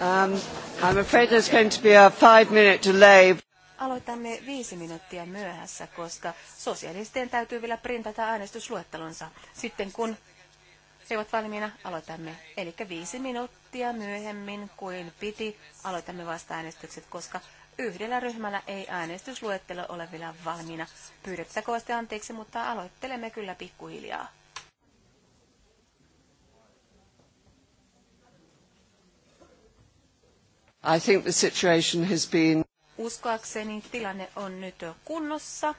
Um, I'm afraid there's going to be a five minute delay. Aloitamme viisi minuuttia myöhässä, koska sosialistien täytyy vielä printata äänestysluettelonsa. Sitten kun he ovat valmiina, aloitamme. Eli viisi minuuttia myöhemmin kuin piti, aloitamme vasta äänestykset, koska yhdellä ryhmällä ei äänestysluettelo ole vielä valmiina. Pyydettä kovasti anteeksi, mutta aloittelemme kyllä pikkuhiljaa. I think the situation has been... Uskoakseni tilanne on nyt kunnossa.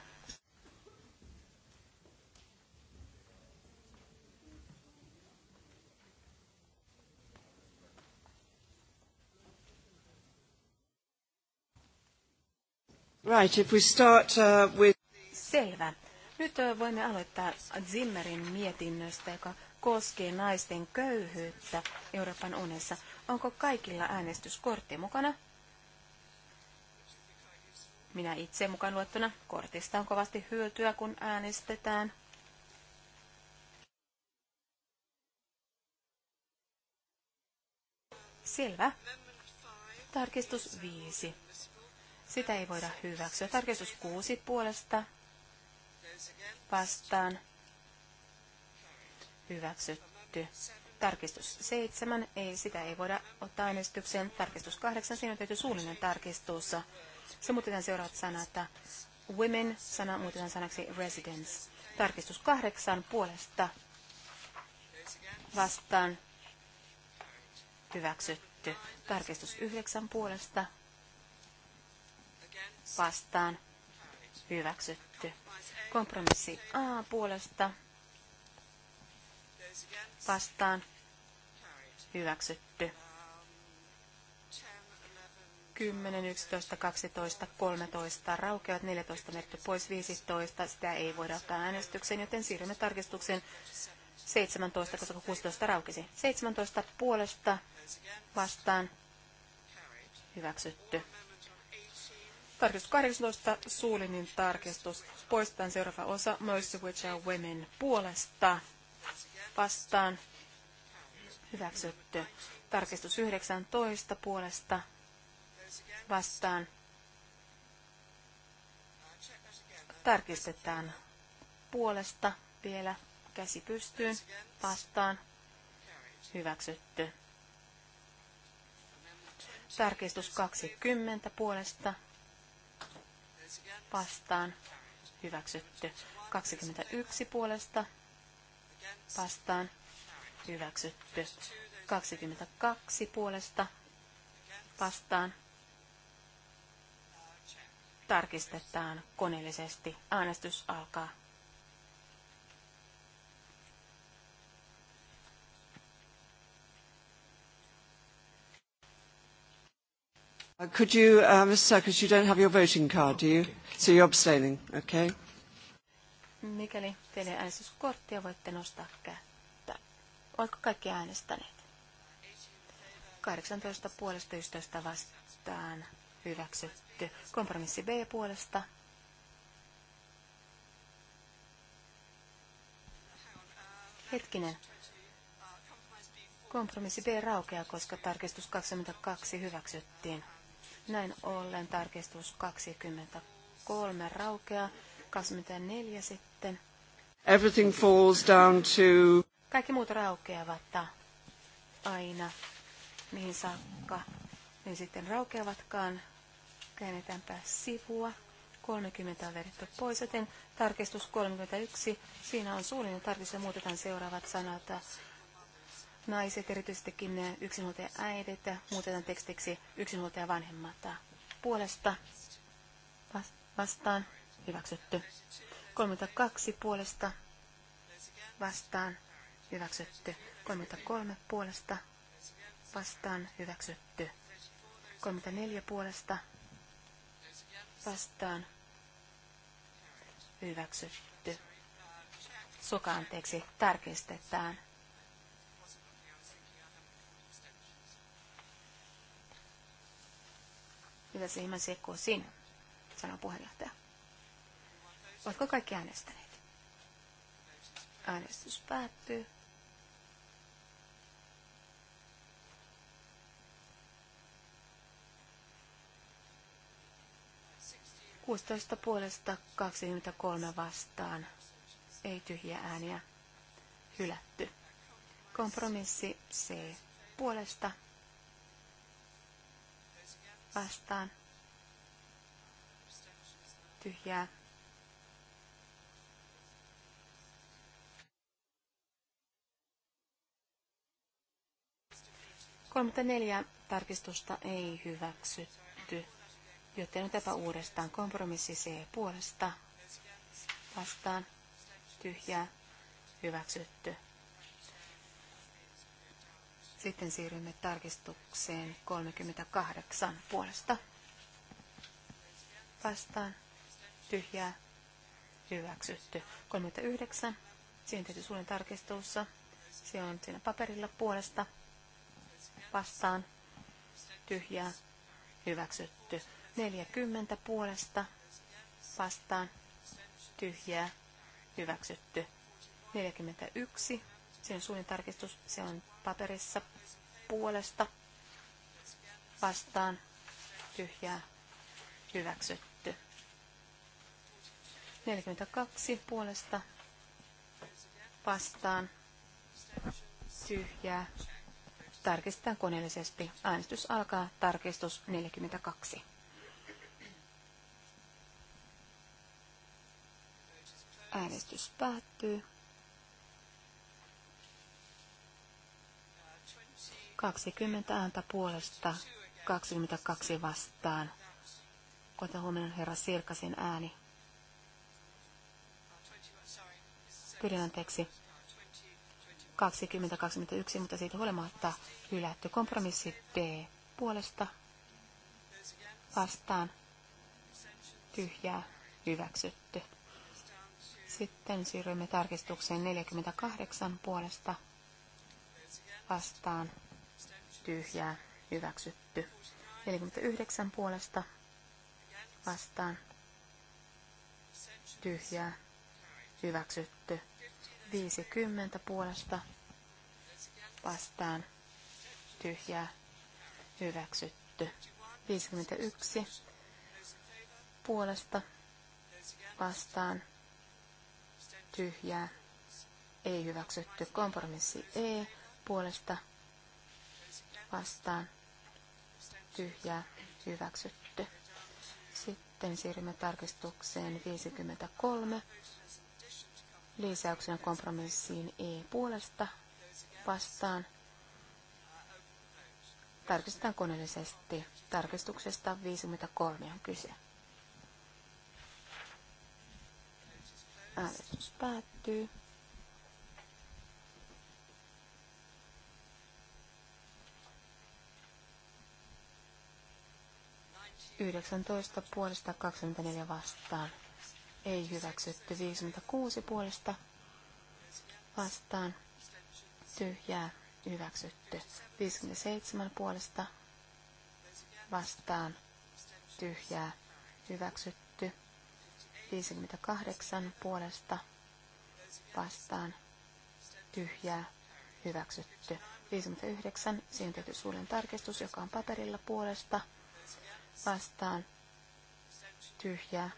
Right, if we start uh, with... Selvä. Nyt uh, voimme aloittaa Zimmerin mietinnöstä, joka koskee naisten köyhyyttä Euroopan unessa. Onko kaikilla äänestyskortti mukana? Minä itse mukaan luettuna kortista on kovasti hyötyä, kun äänestetään. Selvä. Tarkistus 5. Sitä ei voida hyväksyä. Tarkistus 6 puolesta vastaan hyväksytty. Tarkistus 7, ei, sitä ei voida ottaa äänestykseen. Tarkistus 8, siinä on tehty suullinen tarkistus. Se muutetaan seuraavat sanat. Women, sana muutetaan sanaksi residents. Tarkistus 8 puolesta vastaan hyväksytty. Tarkistus 9 puolesta vastaan hyväksytty. Kompromissi A puolesta vastaan hyväksytty. 10, 11, 12, 13 raukeavat, 14 merkitty pois, 15, sitä ei voida ottaa äänestykseen, joten siirrymme tarkistukseen 17, koska 16 raukesi. 17 puolesta vastaan hyväksytty. Tarkistus 18, suullinen tarkistus. Poistetaan seuraava osa, most of which are women puolesta vastaan hyväksytty. Tarkistus 19 puolesta vastaan tarkistetaan puolesta vielä käsi pystyyn vastaan hyväksytty. Tarkistus 20 puolesta vastaan hyväksytty. 21 puolesta vastaan hyväksytty. 22 puolesta vastaan tarkistetaan koneellisesti. Äänestys alkaa. Could you, uh, Mr. Sarkis, you don't have your voting card, do you? So you're abstaining, okay? Mikäli teille äänestyskorttia voitte nostaa kättä. Oletko kaikki äänestäneet? 18 puolesta 11 vastaan hyväksytty. Kompromissi B puolesta. Hetkinen. Kompromissi B raukeaa, koska tarkistus 22 hyväksyttiin. Näin ollen tarkistus 23 raukeaa, 24 sitten sitten? Everything falls down to... Kaikki muut raukeavat aina, mihin saakka ne niin sitten raukeavatkaan. Käännetäänpä sivua. 30 on vedetty pois, joten tarkistus 31. Siinä on suullinen tarkistus ja muutetaan seuraavat sanat. Naiset, erityisestikin yksinhuoltaja äidit, muutetaan tekstiksi ja vanhemmat. Puolesta vastaan hyväksytty. 32 puolesta vastaan hyväksytty. 33 puolesta vastaan hyväksytty. 34 puolesta vastaan hyväksytty. Suka anteeksi, tarkistetaan. Mitä se ihme siinä, sanoo puheenjohtaja. Oletko kaikki äänestäneet? Äänestys päättyy. Kuusitoista puolesta 23 vastaan. Ei tyhjiä ääniä. Hylätty. Kompromissi C puolesta vastaan tyhjää 34 tarkistusta ei hyväksytty, joten otapa uudestaan kompromissi C puolesta vastaan tyhjää hyväksytty. Sitten siirrymme tarkistukseen 38 puolesta. Vastaan tyhjää hyväksytty. 39. Siinä tehty suunnan tarkistussa. Se on siinä paperilla puolesta vastaan tyhjää hyväksytty. 40 puolesta vastaan tyhjää hyväksytty. 41, se on suunnin tarkistus, se on paperissa puolesta vastaan tyhjää hyväksytty. 42 puolesta vastaan tyhjää Tarkistetaan koneellisesti. Äänestys alkaa. Tarkistus 42. Äänestys päättyy. 20 ääntä puolesta, 22 vastaan. Kota huomioon herra Sirkasin ääni. Pyydän anteeksi. 2021, mutta siitä huolimatta hylätty. Kompromissi D puolesta vastaan tyhjää hyväksytty. Sitten siirrymme tarkistukseen 48 puolesta vastaan tyhjää hyväksytty. 49 puolesta vastaan tyhjää hyväksytty. 50 puolesta vastaan tyhjää hyväksytty. 51 puolesta vastaan tyhjää ei hyväksytty. Kompromissi E puolesta vastaan tyhjää hyväksytty. Sitten siirrymme tarkistukseen 53 lisäyksenä kompromissiin E-puolesta vastaan. Tarkistetaan koneellisesti. Tarkistuksesta 53 on kyse. Äänestys päättyy. Yhdeksäntoista puolesta 24 vastaan ei hyväksytty 56 puolesta vastaan tyhjää hyväksytty 57 puolesta vastaan tyhjää hyväksytty 58 puolesta vastaan tyhjää hyväksytty 59 siihen tehty suuren tarkistus joka on paperilla puolesta vastaan tyhjää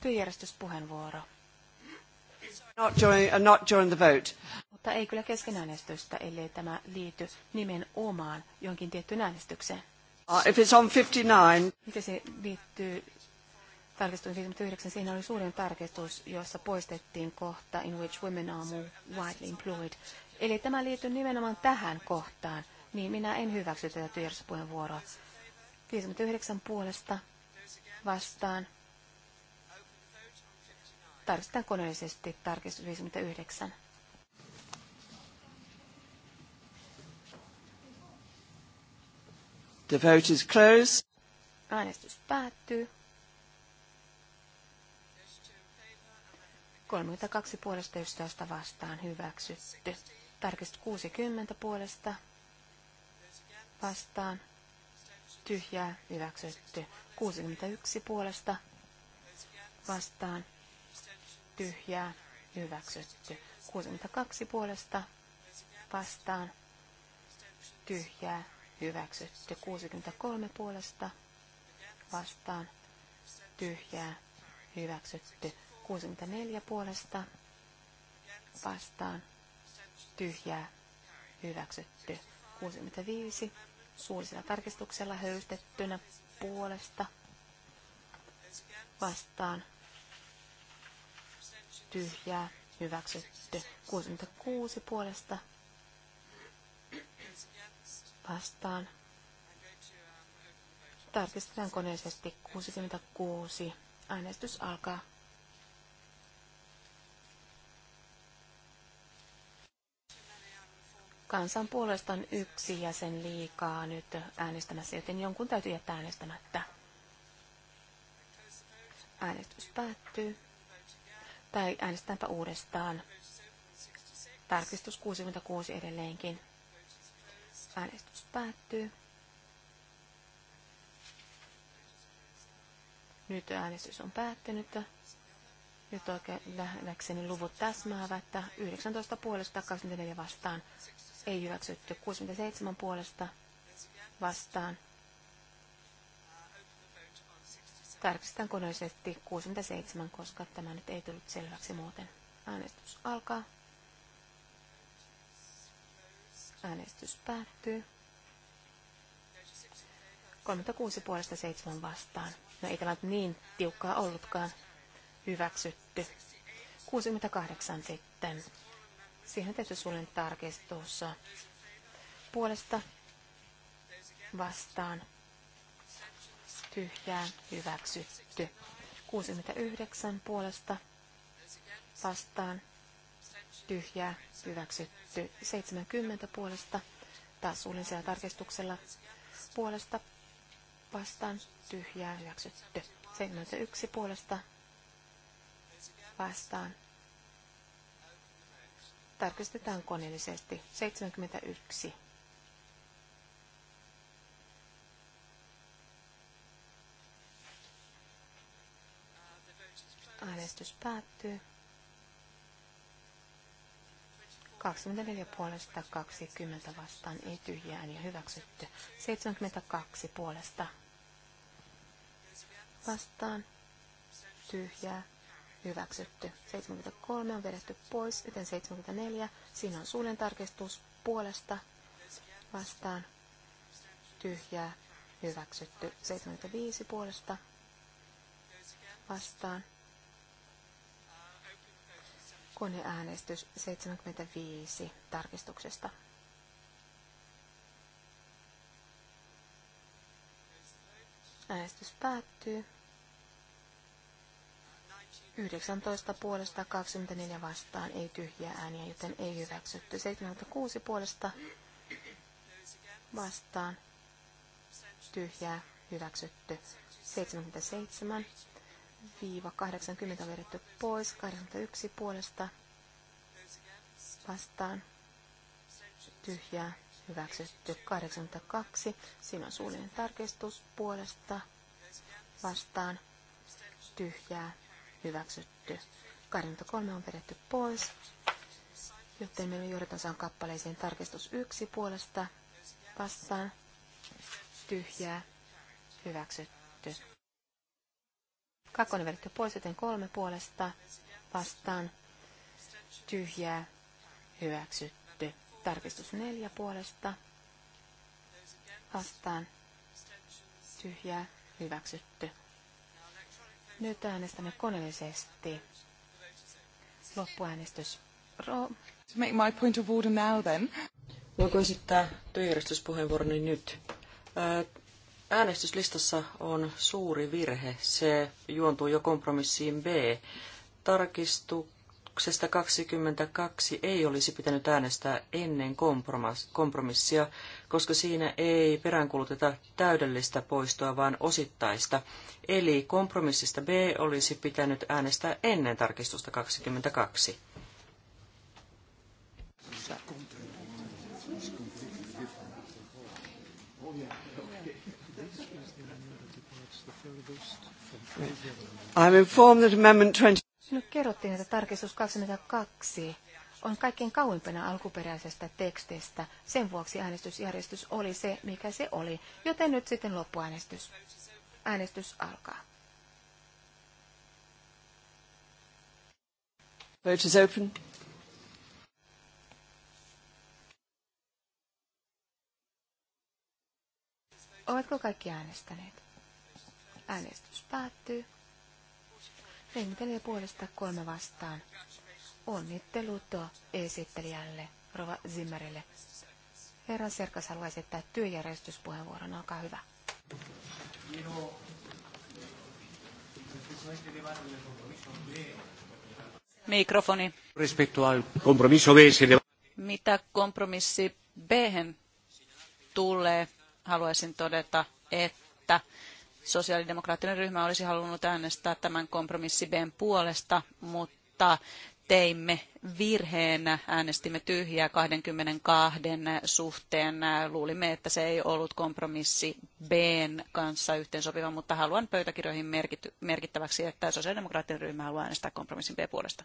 Työjärjestyspuheenvuoro. Not during, uh, not during the vote. Mutta ei kyllä kesken äänestystä, ellei tämä liity nimenomaan jonkin tiettyyn äänestykseen. Uh, if it's on 59. Miten se liittyy tarkistus 59? Siinä oli suurin tarkistus, jossa poistettiin kohta in which women are more widely employed. Eli tämä liittyy nimenomaan tähän kohtaan, niin minä en hyväksy tätä työjärjestyspuheenvuoroa. 59 puolesta vastaan Tarkistetaan koneellisesti tarkistus 59. The vote is closed. Äänestys päättyy. 32 puolesta 11 vastaan hyväksytty. Tarkistus 60 puolesta vastaan tyhjää hyväksytty. 61 puolesta vastaan tyhjää hyväksytty. 62 puolesta vastaan tyhjää hyväksytty. 63 puolesta vastaan tyhjää hyväksytty. 64 puolesta vastaan tyhjää hyväksytty. 65 suullisella tarkistuksella höystettynä puolesta vastaan tyhjää, hyväksytty. 66 puolesta vastaan. Tarkistetaan koneisesti 66. Äänestys alkaa. Kansan puolesta on yksi jäsen liikaa nyt äänestämässä, joten jonkun täytyy jättää äänestämättä. Äänestys päättyy. Tai äänestetäänpä uudestaan. Tarkistus 66 edelleenkin. Äänestys päättyy. Nyt äänestys on päättynyt. Nyt oikein nähdäkseni luvut täsmäävät, että 19 puolesta 24 vastaan ei hyväksytty, 67 puolesta vastaan Tarkistetaan koneellisesti 67, koska tämä nyt ei tullut selväksi muuten. Äänestys alkaa. Äänestys päättyy. 36 puolesta 7 vastaan. No ei tämä niin tiukkaa ollutkaan. Hyväksytty. 68 sitten. Siihen täytyy sulle tarkistus. Puolesta vastaan tyhjää hyväksytty. 69 puolesta vastaan tyhjää hyväksytty. 70 puolesta taas suullisella tarkistuksella puolesta vastaan tyhjää hyväksytty. 71 puolesta vastaan tarkistetaan koneellisesti 71. Äänestys päättyy. 24 puolesta 20 vastaan ei tyhjää ja hyväksytty. 72 puolesta vastaan tyhjää hyväksytty. 73 on vedetty pois, joten 74. Siinä on suunnan tarkistus puolesta vastaan tyhjää hyväksytty. 75 puolesta vastaan koneäänestys 75 tarkistuksesta. Äänestys päättyy. 19 puolesta 24 vastaan ei tyhjiä ääniä, joten ei hyväksytty. 76 puolesta vastaan tyhjää hyväksytty. 77 80 on vedetty pois, 81 puolesta vastaan tyhjää hyväksytty 82. Siinä on suullinen tarkistus puolesta vastaan tyhjää hyväksytty. 83 on vedetty pois, joten meillä joudutaan saan kappaleisiin tarkistus 1 puolesta vastaan tyhjää hyväksytty. Kakkonen vedetty pois, joten kolme puolesta vastaan tyhjää hyväksytty. Tarkistus neljä puolesta vastaan tyhjää hyväksytty. Nyt äänestämme koneellisesti. Loppuäänestys. Ro- to make my point of order now then. esittää työjärjestyspuheenvuoroni nyt? Äh, Äänestyslistassa on suuri virhe. Se juontuu jo kompromissiin B. Tarkistuksesta 22 ei olisi pitänyt äänestää ennen kompromissia, koska siinä ei peräänkuluteta täydellistä poistoa, vaan osittaista. Eli kompromissista B olisi pitänyt äänestää ennen tarkistusta 22. I'm informed that amendment 20... Nyt kerrottiin, että tarkistus 22 on kaikkein kauimpana alkuperäisestä tekstistä. Sen vuoksi äänestysjärjestys oli se, mikä se oli. Joten nyt sitten loppuäänestys. Äänestys alkaa. Vote is open. Ovatko kaikki äänestäneet? Äänestys päättyy. 44 puolesta kolme vastaan. Onnittelut esittelijälle, Rova Zimmerille. Herra Serkas haluaa esittää työjärjestyspuheenvuoron. Olkaa hyvä. Mikrofoni. Mitä kompromissi B tulee, haluaisin todeta, että Sosiaalidemokraattinen ryhmä olisi halunnut äänestää tämän kompromissi B:n puolesta, mutta teimme virheen, äänestimme tyhjää 22 suhteen. Luulimme, että se ei ollut kompromissi Bn kanssa yhteensopiva, mutta haluan pöytäkirjoihin merkittäväksi, että sosiaalidemokraattinen ryhmä haluaa äänestää kompromissin B puolesta.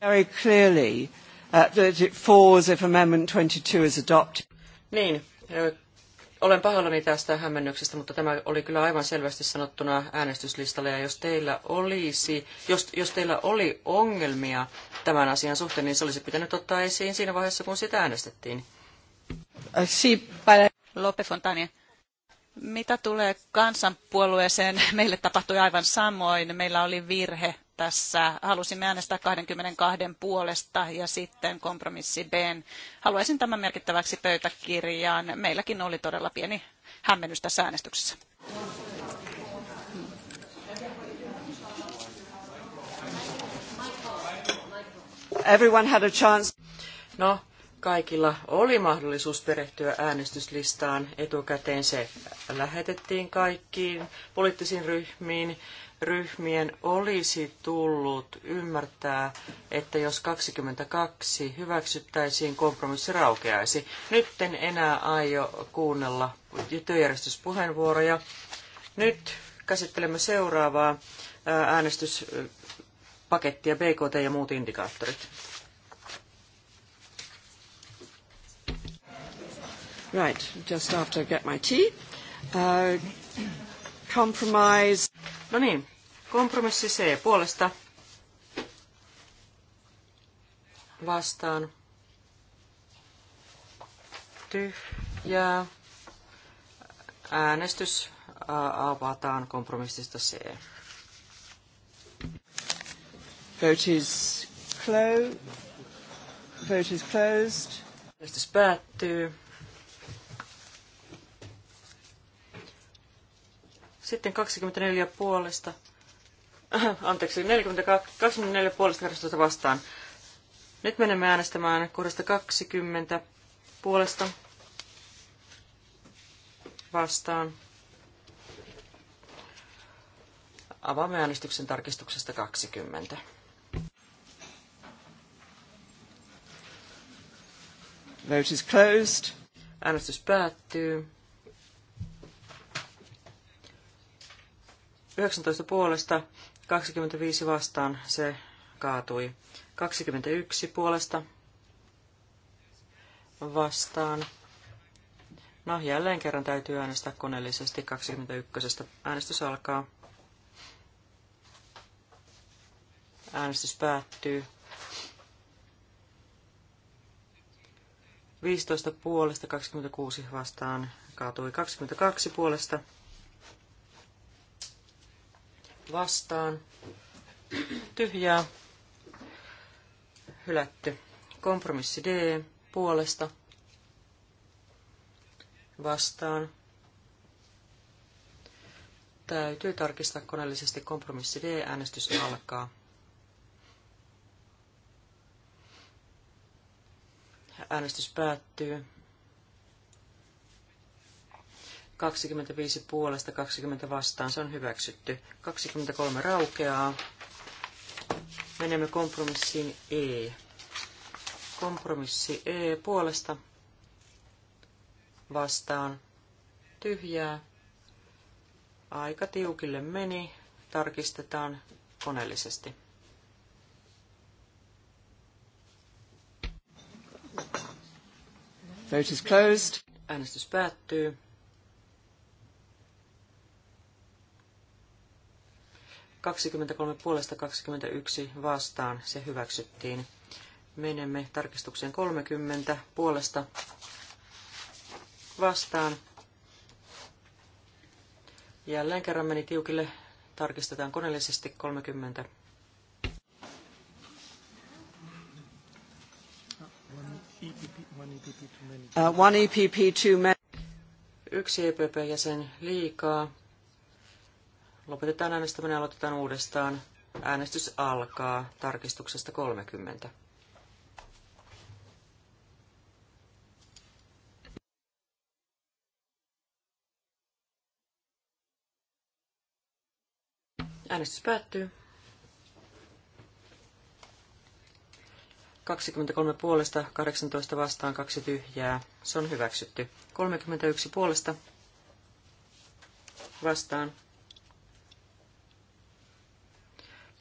Very clearly uh, that it falls if amendment 22 is adopted. Niin, olen pahoillani tästä hämmennyksestä, mutta tämä oli kyllä aivan selvästi sanottuna äänestyslistalla. Ja jos teillä, olisi, jos, jos teillä oli ongelmia tämän asian suhteen, niin se olisi pitänyt ottaa esiin siinä vaiheessa, kun sitä äänestettiin. Äh, Lope Fontania. Mitä tulee kansanpuolueeseen, meille tapahtui aivan samoin. Meillä oli virhe tässä halusimme äänestää 22 puolesta ja sitten kompromissi B. Haluaisin tämän merkittäväksi pöytäkirjaan. Meilläkin oli todella pieni hämmennys tässä äänestyksessä. Everyone had a chance. No, kaikilla oli mahdollisuus perehtyä äänestyslistaan etukäteen. Se lähetettiin kaikkiin poliittisiin ryhmiin ryhmien olisi tullut ymmärtää, että jos 22 hyväksyttäisiin, kompromissi raukeaisi. Nyt en enää aio kuunnella työjärjestyspuheenvuoroja. Nyt käsittelemme seuraavaa äänestyspakettia, BKT ja muut indikaattorit. Right, just after I get my tea. Uh... Compromise. No niin, kompromissi C puolesta. Vastaan. Tyhjää. Äänestys avataan kompromissista C. Vote is closed. Vote is closed. Äänestys päättyy. Sitten 24 puolesta, äh, anteeksi, 42, 24 puolesta 12 vastaan. Nyt menemme äänestämään kohdasta 20 puolesta vastaan. Avaamme äänestyksen tarkistuksesta 20. Vote is closed. Äänestys päättyy. 19 puolesta, 25 vastaan se kaatui. 21 puolesta vastaan. No, jälleen kerran täytyy äänestää koneellisesti 21. Äänestys alkaa. Äänestys päättyy. 15 puolesta, 26 vastaan kaatui 22 puolesta vastaan, tyhjää, hylätty. Kompromissi D puolesta vastaan. Täytyy tarkistaa koneellisesti kompromissi D. Äänestys alkaa. Äänestys päättyy. 25 puolesta 20 vastaan, se on hyväksytty. 23 raukeaa. Menemme kompromissiin E. Kompromissi E puolesta vastaan tyhjää. Aika tiukille meni. Tarkistetaan koneellisesti. Vote is closed. Äänestys päättyy. 23 puolesta 21 vastaan se hyväksyttiin. Menemme tarkistukseen 30 puolesta vastaan. Jälleen kerran meni tiukille. Tarkistetaan koneellisesti 30. Uh, one EPP too many. Yksi EPP-jäsen liikaa. Lopetetaan äänestäminen ja aloitetaan uudestaan. Äänestys alkaa tarkistuksesta 30. Äänestys päättyy. 23 puolesta, 18 vastaan, kaksi tyhjää. Se on hyväksytty. 31 puolesta vastaan,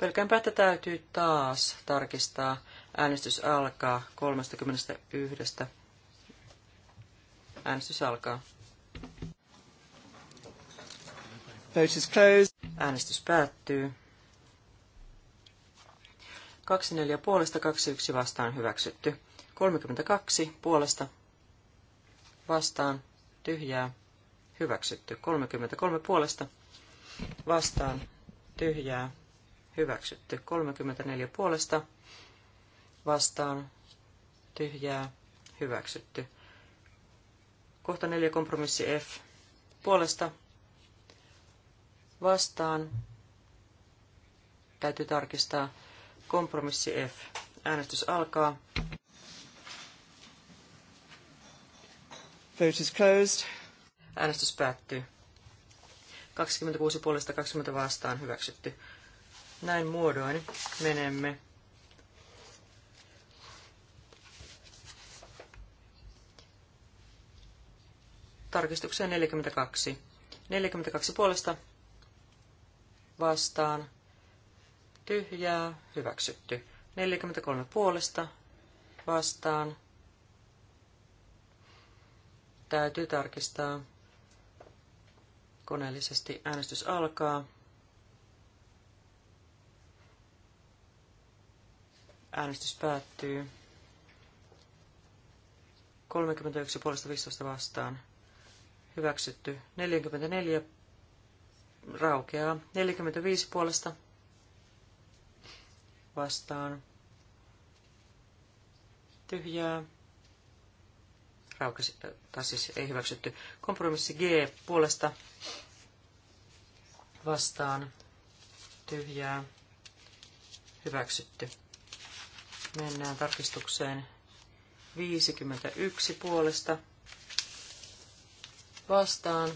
Pelkäänpä, että täytyy taas tarkistaa. Äänestys alkaa 31. Äänestys alkaa. Vote is closed. Äänestys päättyy. 24 puolesta, 21 vastaan hyväksytty. 32 puolesta vastaan tyhjää hyväksytty. 33 puolesta vastaan tyhjää hyväksytty. 34 puolesta vastaan tyhjää hyväksytty. Kohta 4 kompromissi F puolesta vastaan täytyy tarkistaa kompromissi F. Äänestys alkaa. Vote is closed. Äänestys päättyy. 26 puolesta 20 vastaan hyväksytty. Näin muodoin menemme tarkistukseen 42. 42 puolesta vastaan tyhjää hyväksytty. 43 puolesta vastaan täytyy tarkistaa koneellisesti. Äänestys alkaa. Äänestys päättyy. 31 puolesta 15 vastaan. Hyväksytty. 44 raukeaa. 45 puolesta vastaan. Tyhjää. Raukesi, äh, tai siis ei hyväksytty. Kompromissi G puolesta vastaan. Tyhjää. Hyväksytty. Mennään tarkistukseen 51 puolesta vastaan.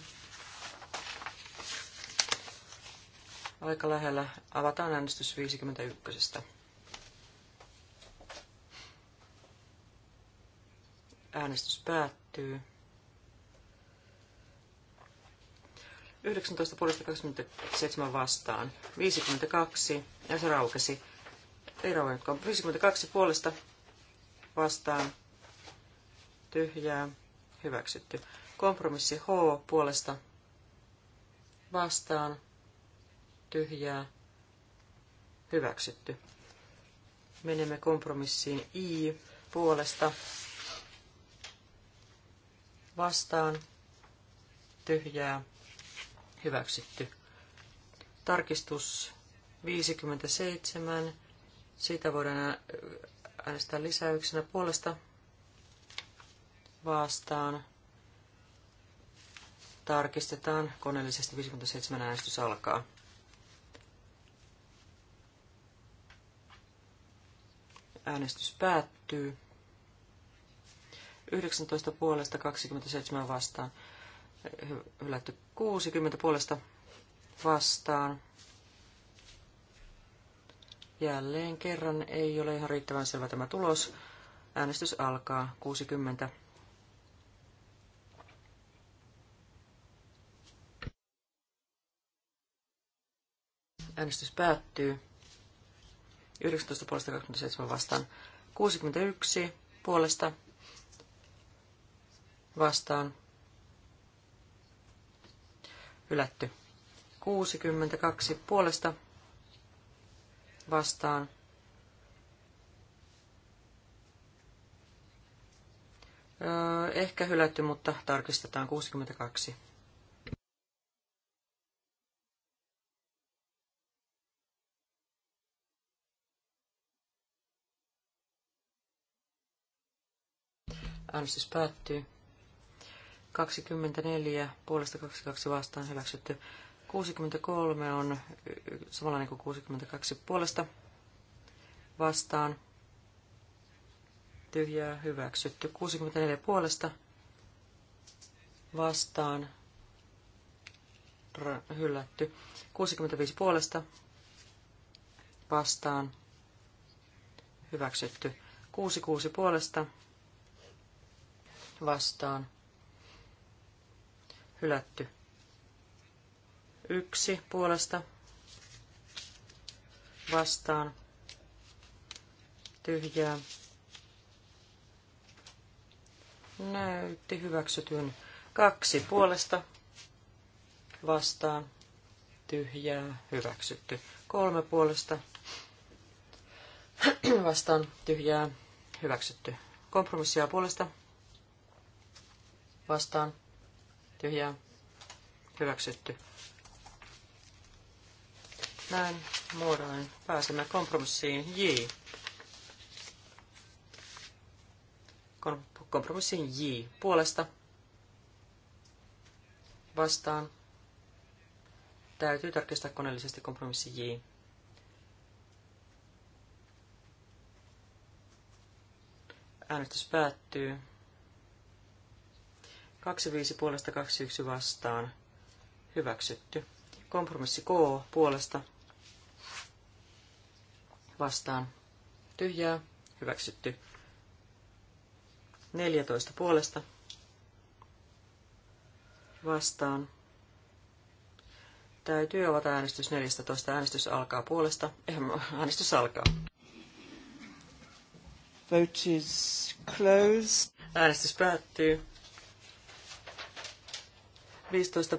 Aika lähellä. Avataan äänestys 51. Äänestys päättyy. 19 puolesta 27 vastaan. 52. Ja se raukesi. Ei on 52 puolesta vastaan tyhjää hyväksytty. Kompromissi H puolesta vastaan tyhjää hyväksytty. Menemme kompromissiin I puolesta vastaan tyhjää hyväksytty. Tarkistus 57 siitä voidaan äänestää lisäyksenä puolesta vastaan. Tarkistetaan. Koneellisesti 57 äänestys alkaa. Äänestys päättyy. 19 puolesta 27 vastaan. Hylätty 60 puolesta vastaan. Jälleen kerran ei ole ihan riittävän selvä tämä tulos. Äänestys alkaa 60. Äänestys päättyy. 19 puolesta 27 vastaan. 61 puolesta vastaan. Hylätty. 62 puolesta vastaan. Ehkä hylätty, mutta tarkistetaan 62. Äänestys päättyy. 24 puolesta 22 vastaan hyväksytty. 63 on samanlainen kuin 62 puolesta vastaan. Tyhjää hyväksytty. 64 puolesta vastaan. Hylätty. 65 puolesta vastaan. Hyväksytty. 66 puolesta vastaan. Hylätty. Yksi puolesta vastaan tyhjää. Näytti hyväksytyn. Kaksi puolesta vastaan tyhjää hyväksytty. Kolme puolesta vastaan tyhjää hyväksytty. Kompromissia puolesta vastaan tyhjää hyväksytty. Näin muodoin pääsemme kompromissiin J. Kompromissiin J puolesta vastaan. Täytyy tarkistaa koneellisesti kompromissi J. Äänestys päättyy. 25 puolesta 21 vastaan. Hyväksytty. Kompromissi K puolesta vastaan tyhjää, hyväksytty. 14 puolesta vastaan. Täytyy avata äänestys 14. Äänestys alkaa puolesta. Äänestys alkaa. Vote is closed. Äänestys päättyy. 15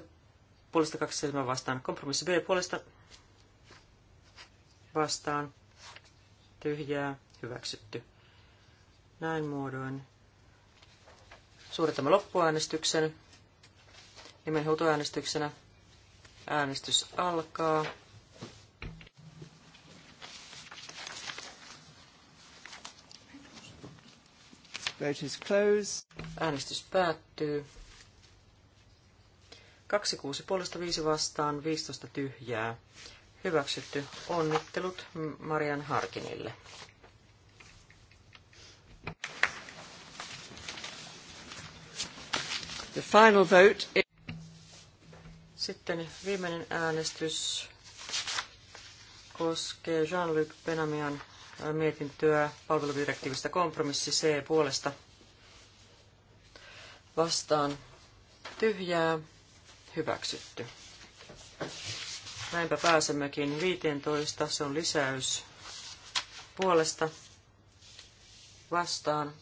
puolesta 27 vastaan. Kompromissi B puolesta vastaan tyhjää, hyväksytty. Näin muodoin suoritamme loppuäänestyksen. Nimenhuutoäänestyksenä äänestys alkaa. Vote Äänestys päättyy. 26 puolesta 5 vastaan, 15 tyhjää. Hyväksytty. Onnittelut Marian Harkinille. The final vote is... Sitten viimeinen äänestys koskee Jean-Luc Benamian mietintöä palveludirektiivistä kompromissi C puolesta. Vastaan tyhjää, hyväksytty. Näinpä pääsemmekin 15. Se on lisäys puolesta vastaan.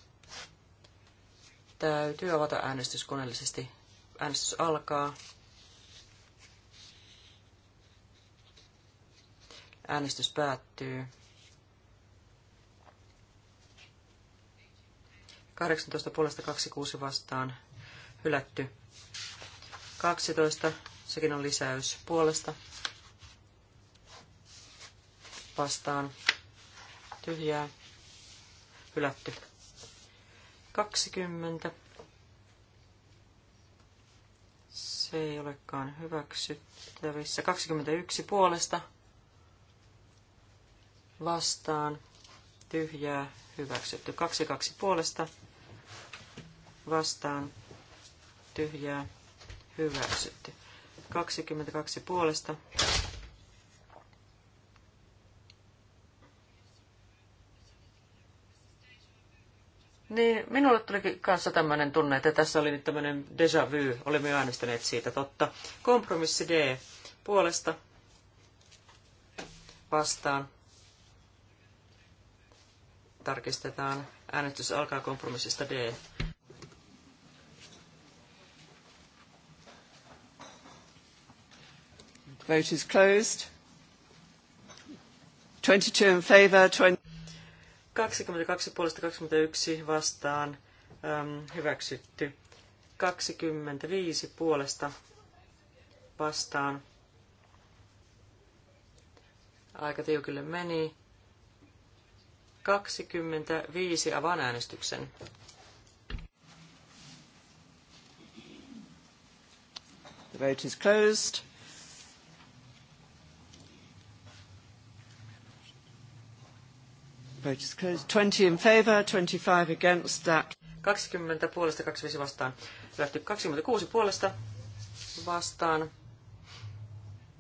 Täytyy avata äänestys koneellisesti. Äänestys alkaa. Äänestys päättyy. 18 puolesta 26 vastaan hylätty. 12, sekin on lisäys puolesta vastaan tyhjää hylätty. 20. Se ei olekaan hyväksyttävissä. 21 puolesta vastaan tyhjää hyväksytty. 22 puolesta vastaan tyhjää hyväksytty. 22 puolesta Niin, minulle tulikin kanssa tämmöinen tunne, että tässä oli nyt tämmöinen déjà vu, olemme äänestäneet siitä totta. Kompromissi D puolesta vastaan. Tarkistetaan. Äänestys alkaa kompromissista D. Vote is closed. 22 in favour, 20... 22 puolesta 21 vastaan äm, hyväksytty. 25 puolesta vastaan. Aika tiukille meni. 25 avaan äänestyksen. The vote is closed. Vote is closed. 20 in favor, 25 against that. 20 puolesta, 25 vastaan. Hylätty 26 puolesta vastaan.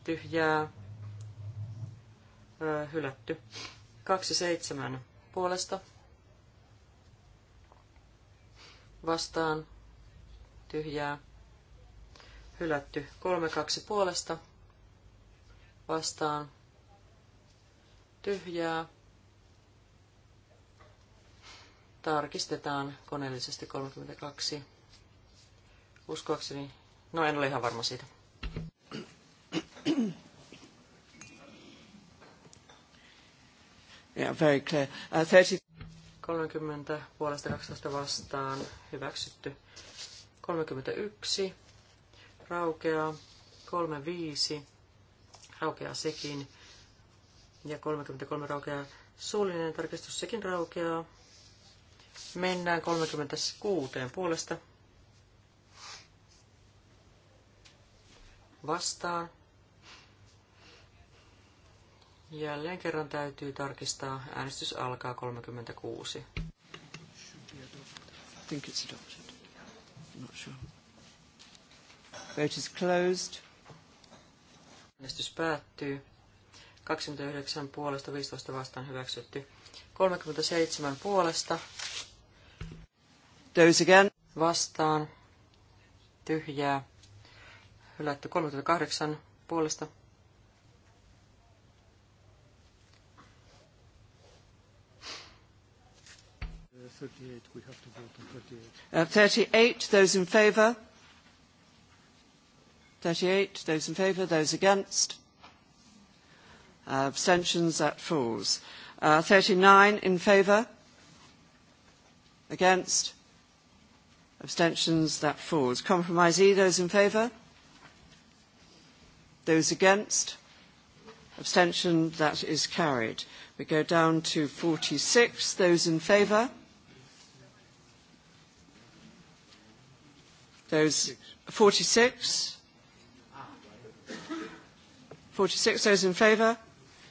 Tyhjää. Öö, hylätty. 27 puolesta vastaan. Tyhjää. Hylätty. 32 puolesta vastaan. Tyhjää Tarkistetaan koneellisesti 32. Uskoakseni, no en ole ihan varma siitä. Yeah, very clear. Uh, 30... 30 puolesta 12 vastaan hyväksytty. 31 raukeaa. 35 raukeaa sekin. Ja 33 raukeaa suullinen tarkistus, sekin raukeaa. Mennään 36 puolesta. Vastaan. Jälleen kerran täytyy tarkistaa. Äänestys alkaa 36. I think it's adopted. I'm not sure. Vote is closed. Äänestys päättyy. 29 puolesta, 15 vastaan hyväksytty. 37 puolesta Those again. Vastaan. Tyhjää. Hylätty 38 puolesta. Uh, 38, we have to vote on 38. Uh, 38, those in favour. 38, those in favour, those against. Uh, abstentions, that falls. Uh, 39 in favour. Against. Abstentions? That falls. Compromise E, those in favour? Those against? Abstention? That is carried. We go down to 46. Those in favour? Those 46? 46. Those in favour?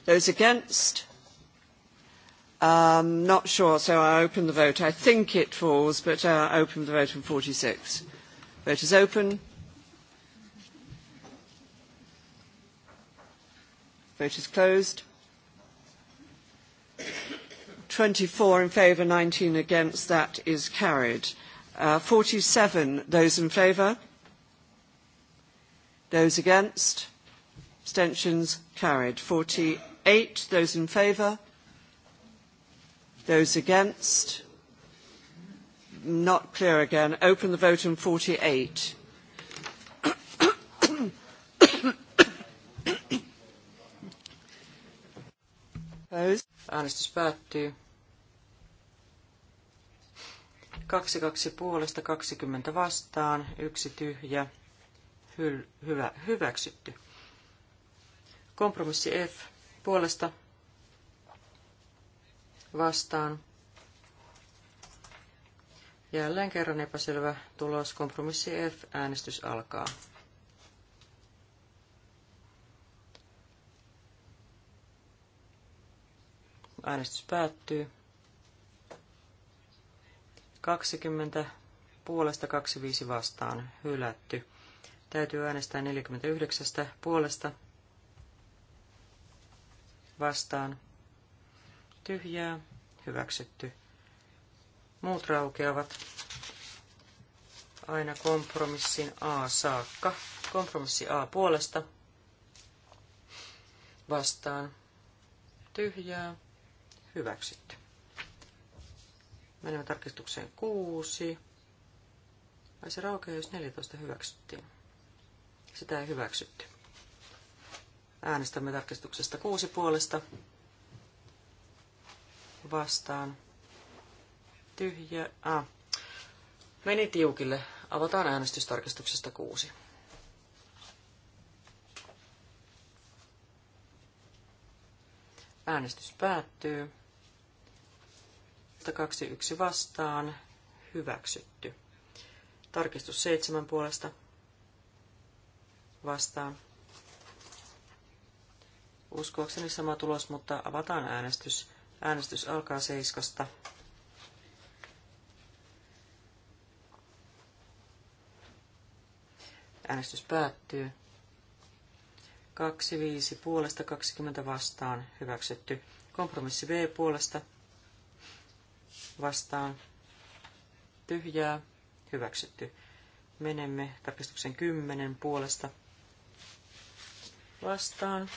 Those against? Um, not sure, so I open the vote. I think it falls, but uh, open the vote on 46. Vote is open. Vote is closed. 24 in favour, 19 against. That is carried. Uh, 47, those in favour? Those against? Abstentions carried. 48, those in favour? Those against? Not clear again. Open the vote on 48. Opposed. Äänestys päättyy. 22 puolesta 20 vastaan, 1 tyhjä, hyväksytty. Kompromissi F puolesta vastaan. Jälleen kerran epäselvä tulos. Kompromissi F. Äänestys alkaa. Äänestys päättyy. 20 puolesta 25 vastaan hylätty. Täytyy äänestää 49 puolesta vastaan tyhjää, hyväksytty. Muut raukeavat aina kompromissin A saakka. Kompromissi A puolesta vastaan tyhjää, hyväksytty. Menemme tarkistukseen 6. Vai se raukeaa, jos 14 hyväksyttiin. Sitä ei hyväksytty. Äänestämme tarkistuksesta 6 puolesta vastaan. Tyhjä. Ah. Meni tiukille. Avataan äänestystarkistuksesta kuusi. Äänestys päättyy. 21 vastaan. Hyväksytty. Tarkistus seitsemän puolesta. Vastaan. Uskoakseni sama tulos, mutta avataan äänestys. Äänestys alkaa seiskasta. Äänestys päättyy. 25 puolesta 20 vastaan hyväksytty. Kompromissi B puolesta vastaan tyhjää hyväksytty. Menemme tarkistuksen 10 puolesta vastaan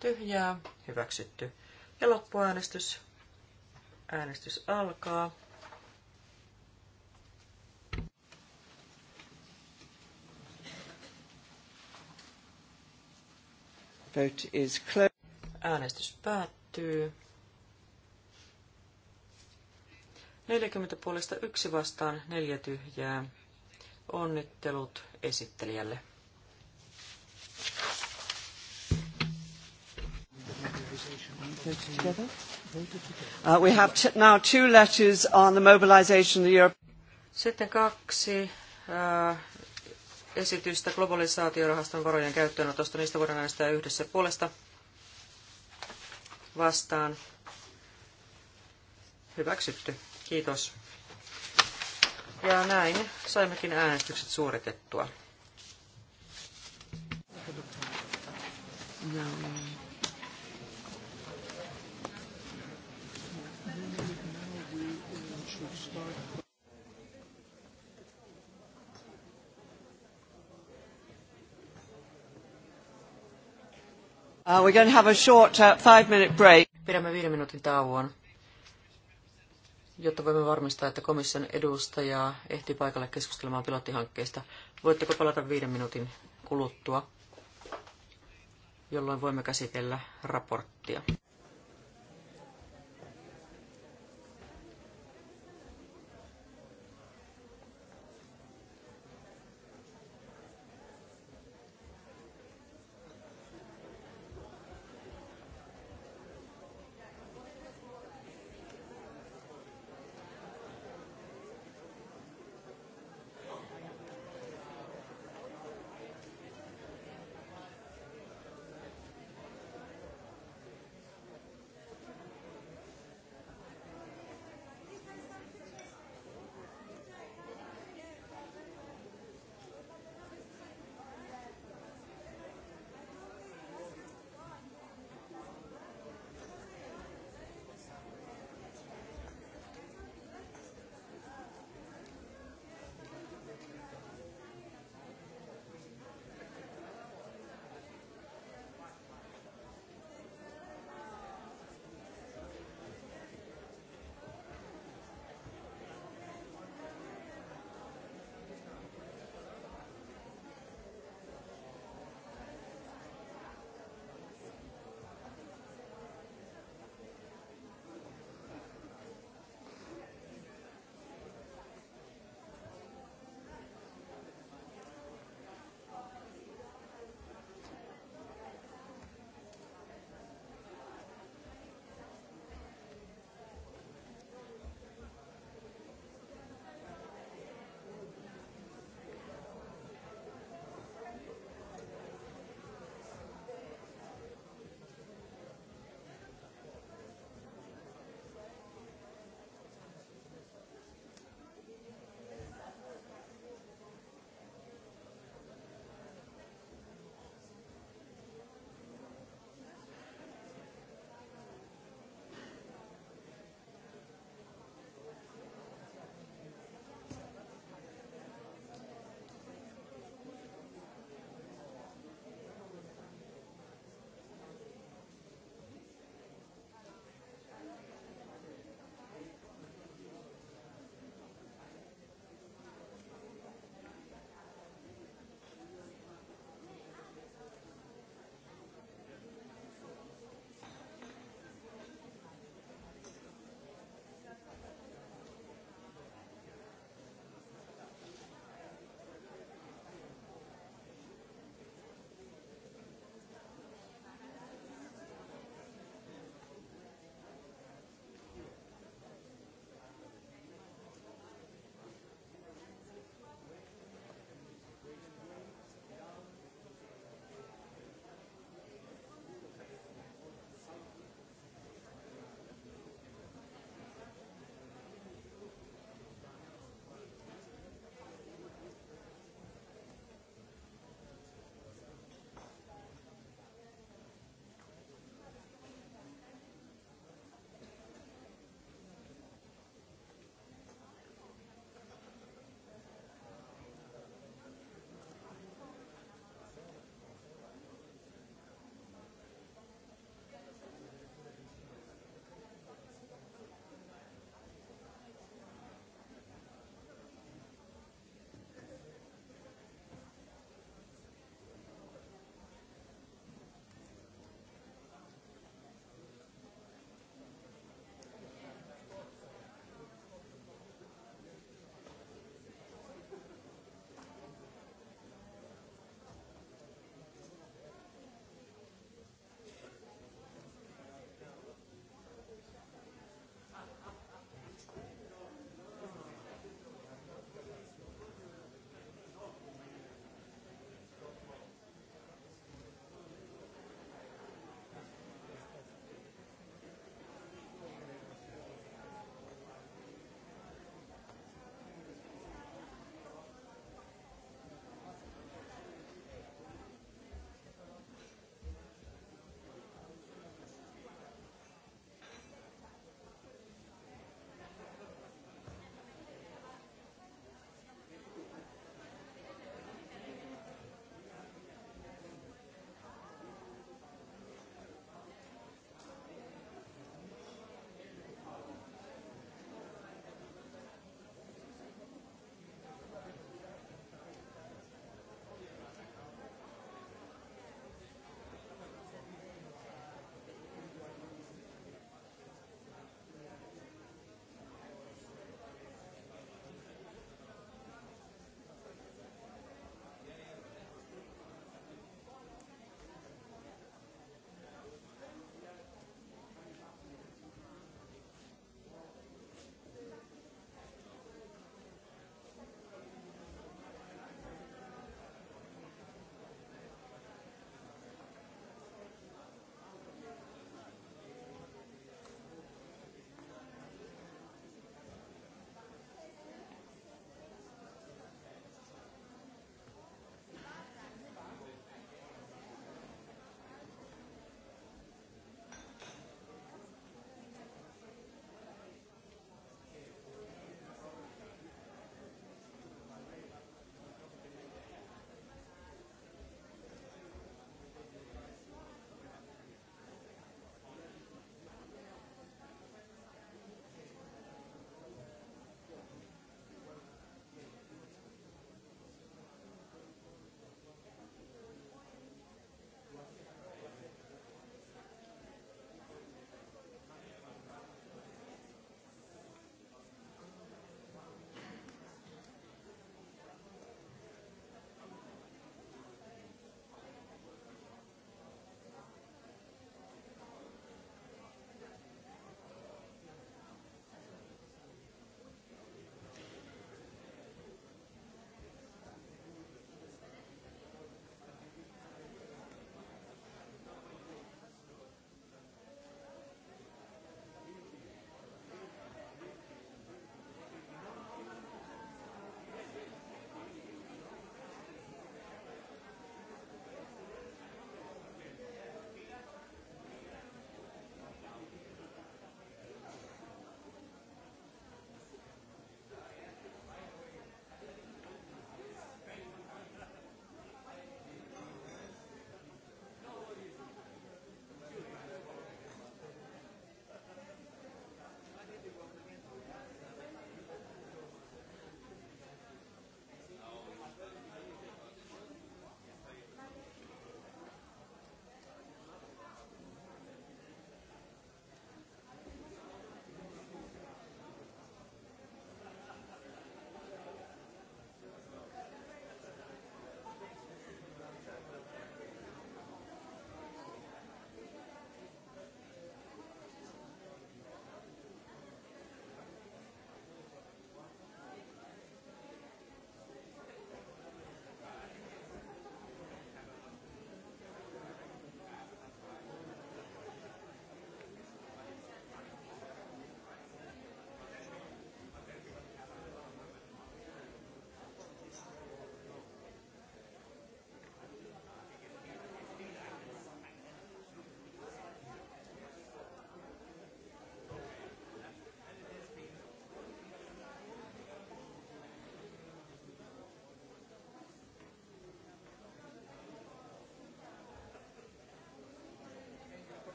tyhjää hyväksytty. Ja loppuäänestys. Äänestys alkaa. Vote is closed. Äänestys päättyy. 40 puolesta yksi vastaan, neljä tyhjää. Onnittelut esittelijälle. together. Uh, we have t- now two letters on the mobilization of the Europe. Sitten kaksi uh, esitystä globalisaatiorahaston varojen käyttöönotosta. Niistä voidaan äänestää yhdessä puolesta vastaan. Hyväksytty. Kiitos. Ja näin saimmekin äänestykset suoritettua. No. no. Uh, we're going to have a short uh, five-minute break. Pidämme viiden minuutin tauon, jotta voimme varmistaa, että komission edustaja ehtii paikalle keskustelemaan pilottihankkeista. Voitteko palata viiden minuutin kuluttua, jolloin voimme käsitellä raporttia?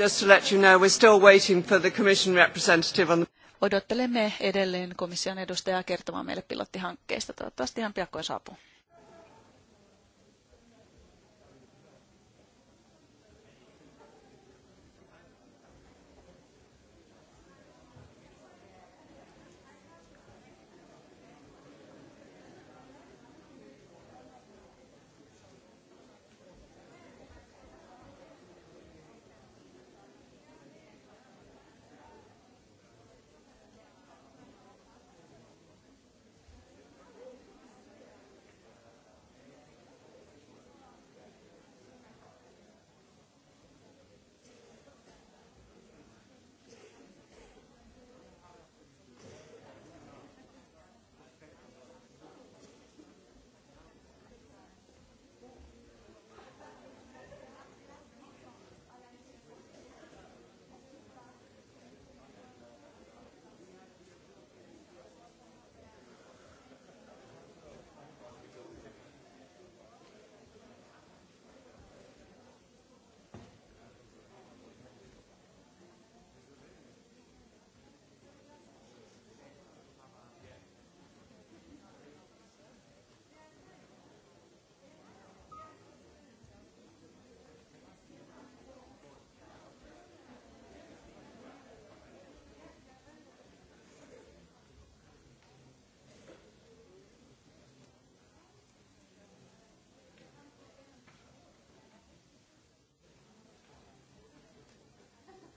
Just to let you know, we're still waiting for the commission representative on the... Odottelemme edelleen komission edustajaa kertomaan meille pilottihankkeista. Toivottavasti ihan piakkoin saapuu.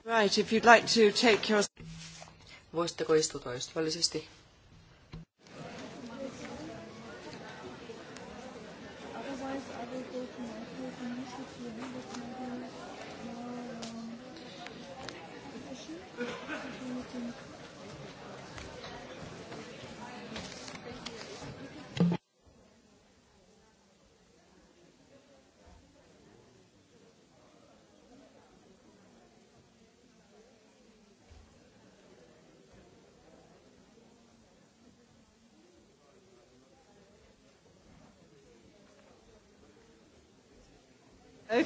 Right, if you'd like to take your... Voisitteko istua ystävällisesti?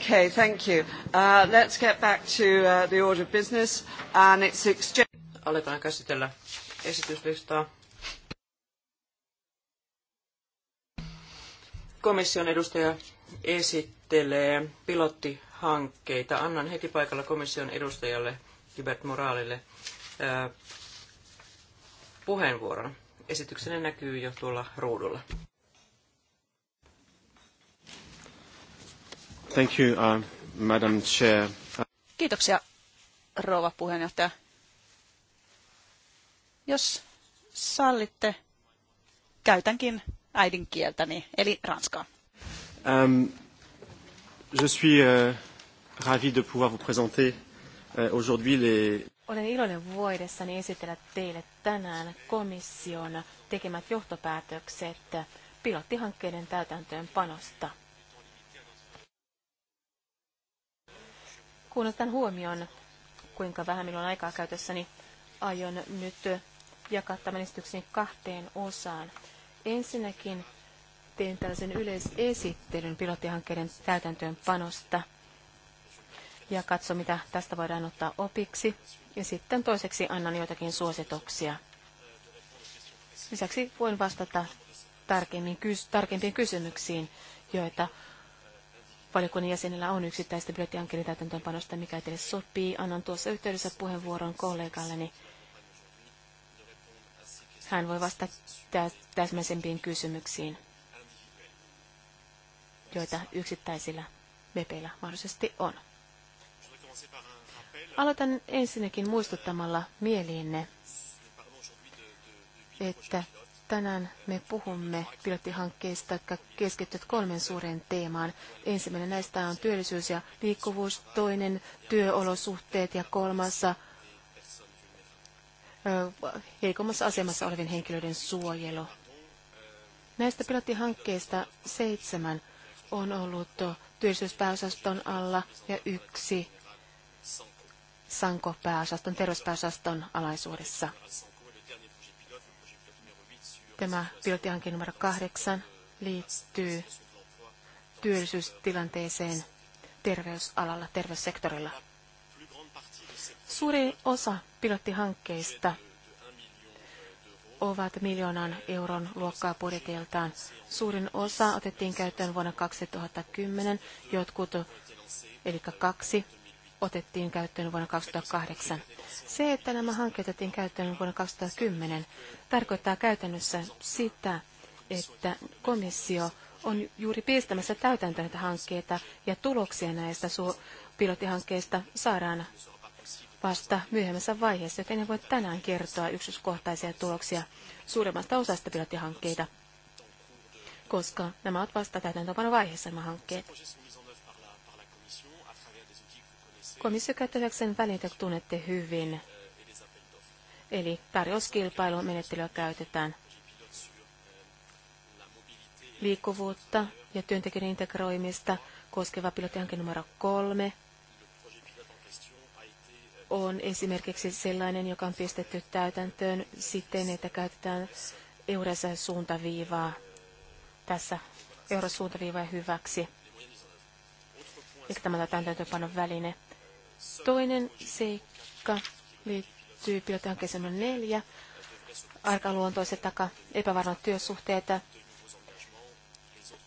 Okay, thank you. Uh, let's get back to uh, the order of business and its exchange. Aletaan käsitellä esityslistaa. Komission edustaja esittelee pilottihankkeita. Annan heti paikalla komission edustajalle Hubert Moraalille uh, puheenvuoron. Esityksenne näkyy jo tuolla ruudulla. Uh, Kiitoksia, rouva puheenjohtaja. Jos sallitte, käytänkin äidinkieltäni, eli ranskaa. Um, je suis euh, ravi de pouvoir vous présenter euh, aujourd'hui les... Olen iloinen voidessani esitellä teille tänään komission tekemät johtopäätökset pilottihankkeiden täytäntöönpanosta. panosta. Kun otan huomioon, kuinka vähän minulla on aikaa käytössäni, niin aion nyt jakaa tämän esityksen kahteen osaan. Ensinnäkin teen tällaisen yleisesittelyn pilottihankkeiden täytäntöönpanosta ja katso, mitä tästä voidaan ottaa opiksi. Ja sitten toiseksi annan joitakin suosituksia. Lisäksi voin vastata tarkempiin kysymyksiin, joita valiokunnan jäsenillä on yksittäistä budjettiankirin täytäntöönpanosta, mikä teille sopii. Annan tuossa yhteydessä puheenvuoron kollegalleni. Hän voi vastata täsmäisempiin kysymyksiin, joita yksittäisillä mepeillä mahdollisesti on. Aloitan ensinnäkin muistuttamalla mieliinne, että Tänään me puhumme pilottihankkeista, jotka keskittyvät kolmen suureen teemaan. Ensimmäinen näistä on työllisyys ja liikkuvuus, toinen työolosuhteet ja kolmas heikommassa asemassa olevien henkilöiden suojelu. Näistä pilottihankkeista seitsemän on ollut työllisyyspääosaston alla ja yksi sankopääosaston, terveyspääosaston alaisuudessa. Tämä pilottihanke numero kahdeksan liittyy työllisyystilanteeseen terveysalalla, terveyssektorilla. Suuri osa pilottihankkeista ovat miljoonan euron luokkaa budjetiltaan. Suurin osa otettiin käyttöön vuonna 2010, jotkut, eli kaksi otettiin käyttöön vuonna 2008. Se, että nämä hankkeet otettiin käyttöön vuonna 2010, tarkoittaa käytännössä sitä, että komissio on juuri pistämässä täytäntöön näitä hankkeita ja tuloksia näistä pilottihankkeista saadaan vasta myöhemmässä vaiheessa, joten en voi tänään kertoa yksityiskohtaisia tuloksia suuremmasta osasta pilottihankkeita, koska nämä ovat vasta täytäntöönpanovaiheessa nämä hankkeet. Komissio käyttää hyväkseen tunnette hyvin. Eli tarjouskilpailun menettelyä käytetään liikkuvuutta ja työntekijän integroimista koskeva pilottihanke numero kolme on esimerkiksi sellainen, joka on pistetty täytäntöön siten, että käytetään eurassa suuntaviivaa tässä eurosuuntaviivaa hyväksi. Eikä tämä täytäntöönpanon väline. Toinen seikka liittyy pilottihankkeeseen neljä, arkaluontoiset taka epävarmat työsuhteet.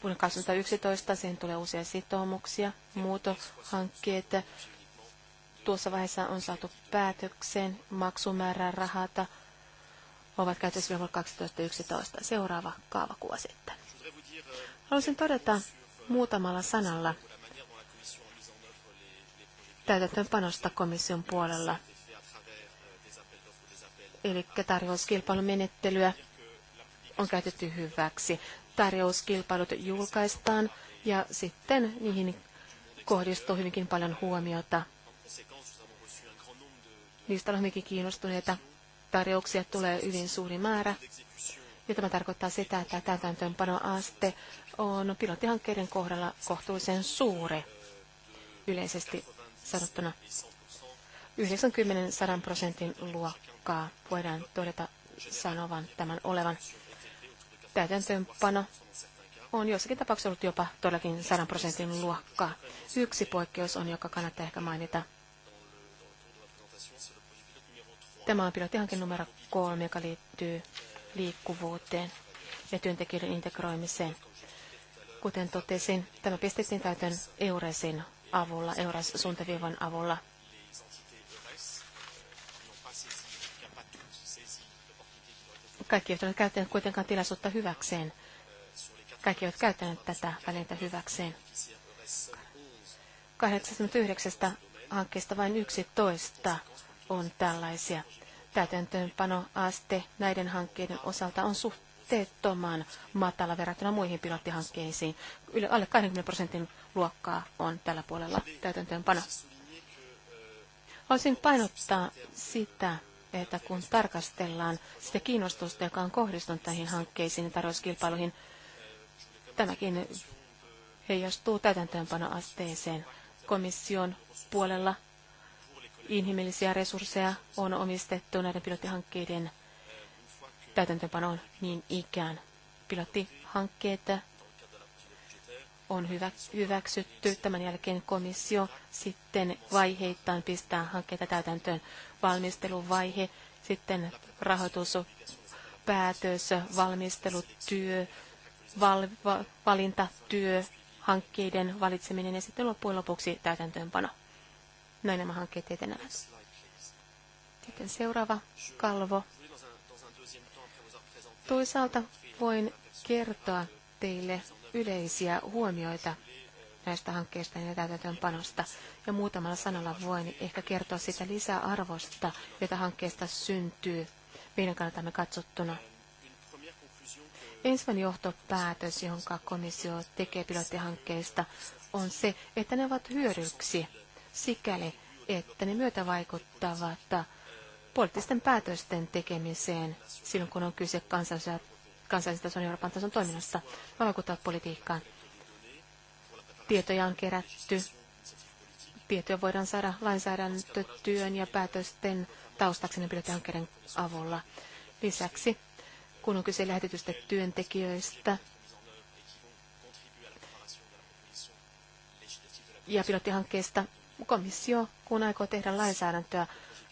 Vuonna 2011 siihen tulee uusia sitoumuksia, muutohankkeet. Tuossa vaiheessa on saatu päätökseen maksumäärän rahata ovat käytössä vuonna 2011. Seuraava kaavakuva sitten. Haluaisin todeta muutamalla sanalla täytäntöönpanosta komission puolella, eli tarjouskilpailumenettelyä on käytetty hyväksi. Tarjouskilpailut julkaistaan ja sitten niihin kohdistuu hyvinkin paljon huomiota. Niistä on hyvinkin kiinnostuneita. Tarjouksia tulee hyvin suuri määrä. Ja tämä tarkoittaa sitä, että täytäntöönpanoaste on pilottihankkeiden kohdalla kohtuullisen suuri yleisesti sanottuna 90 prosentin luokkaa voidaan todeta sanovan tämän olevan. Täytäntöönpano on jossakin tapauksessa ollut jopa todellakin 100 prosentin luokkaa. Yksi poikkeus on, joka kannattaa ehkä mainita. Tämä on pilottihanke numero kolme, joka liittyy liikkuvuuteen ja työntekijöiden integroimiseen. Kuten totesin, tämä pistettiin täytön Euresin avulla, EURAS-suuntaviivan avulla. Kaikki eivät ole käyttäneet kuitenkaan tilaisuutta hyväkseen. Kaikki eivät käyttäneet tätä välintä hyväkseen. 89 hankkeesta vain 11 on tällaisia. Täytäntöönpanoaste näiden hankkeiden osalta on suhteettoman matala verrattuna muihin pilottihankkeisiin. Yli alle 20 prosentin luokkaa on tällä puolella täytäntöönpano. Haluaisin painottaa sitä, että kun tarkastellaan sitä kiinnostusta, joka on kohdistunut näihin hankkeisiin ja tarjouskilpailuihin, tämäkin heijastuu täytäntöönpanoasteeseen. Komission puolella inhimillisiä resursseja on omistettu näiden pilottihankkeiden täytäntöönpanoon niin ikään. Pilottihankkeet on hyväksytty. Tämän jälkeen komissio sitten vaiheittain pistää hankkeita täytäntöön valmisteluvaihe, sitten rahoituspäätös, valmistelutyö, val, va, valintatyö, hankkeiden valitseminen ja sitten loppujen lopuksi täytäntöönpano. Näin nämä hankkeet etenevät. Sitten seuraava kalvo. Toisaalta voin kertoa teille yleisiä huomioita näistä hankkeista ja täytäntöönpanosta. Ja muutamalla sanalla voin ehkä kertoa sitä lisäarvosta, jota hankkeesta syntyy meidän kannaltamme katsottuna. Ensimmäinen johtopäätös, jonka komissio tekee pilottihankkeista, on se, että ne ovat hyödyksi sikäli, että ne vaikuttavat poliittisten päätösten tekemiseen silloin, kun on kyse kansallisesta kansallisen tason Euroopan tason toiminnassa politiikkaan. Tietoja on kerätty. Tietoja voidaan saada lainsäädäntötyön ja päätösten taustaksi hankkeiden avulla. Lisäksi, kun on kyse lähetetystä työntekijöistä, ja pilottihankkeesta komissio, kun aikoo tehdä lainsäädäntöä,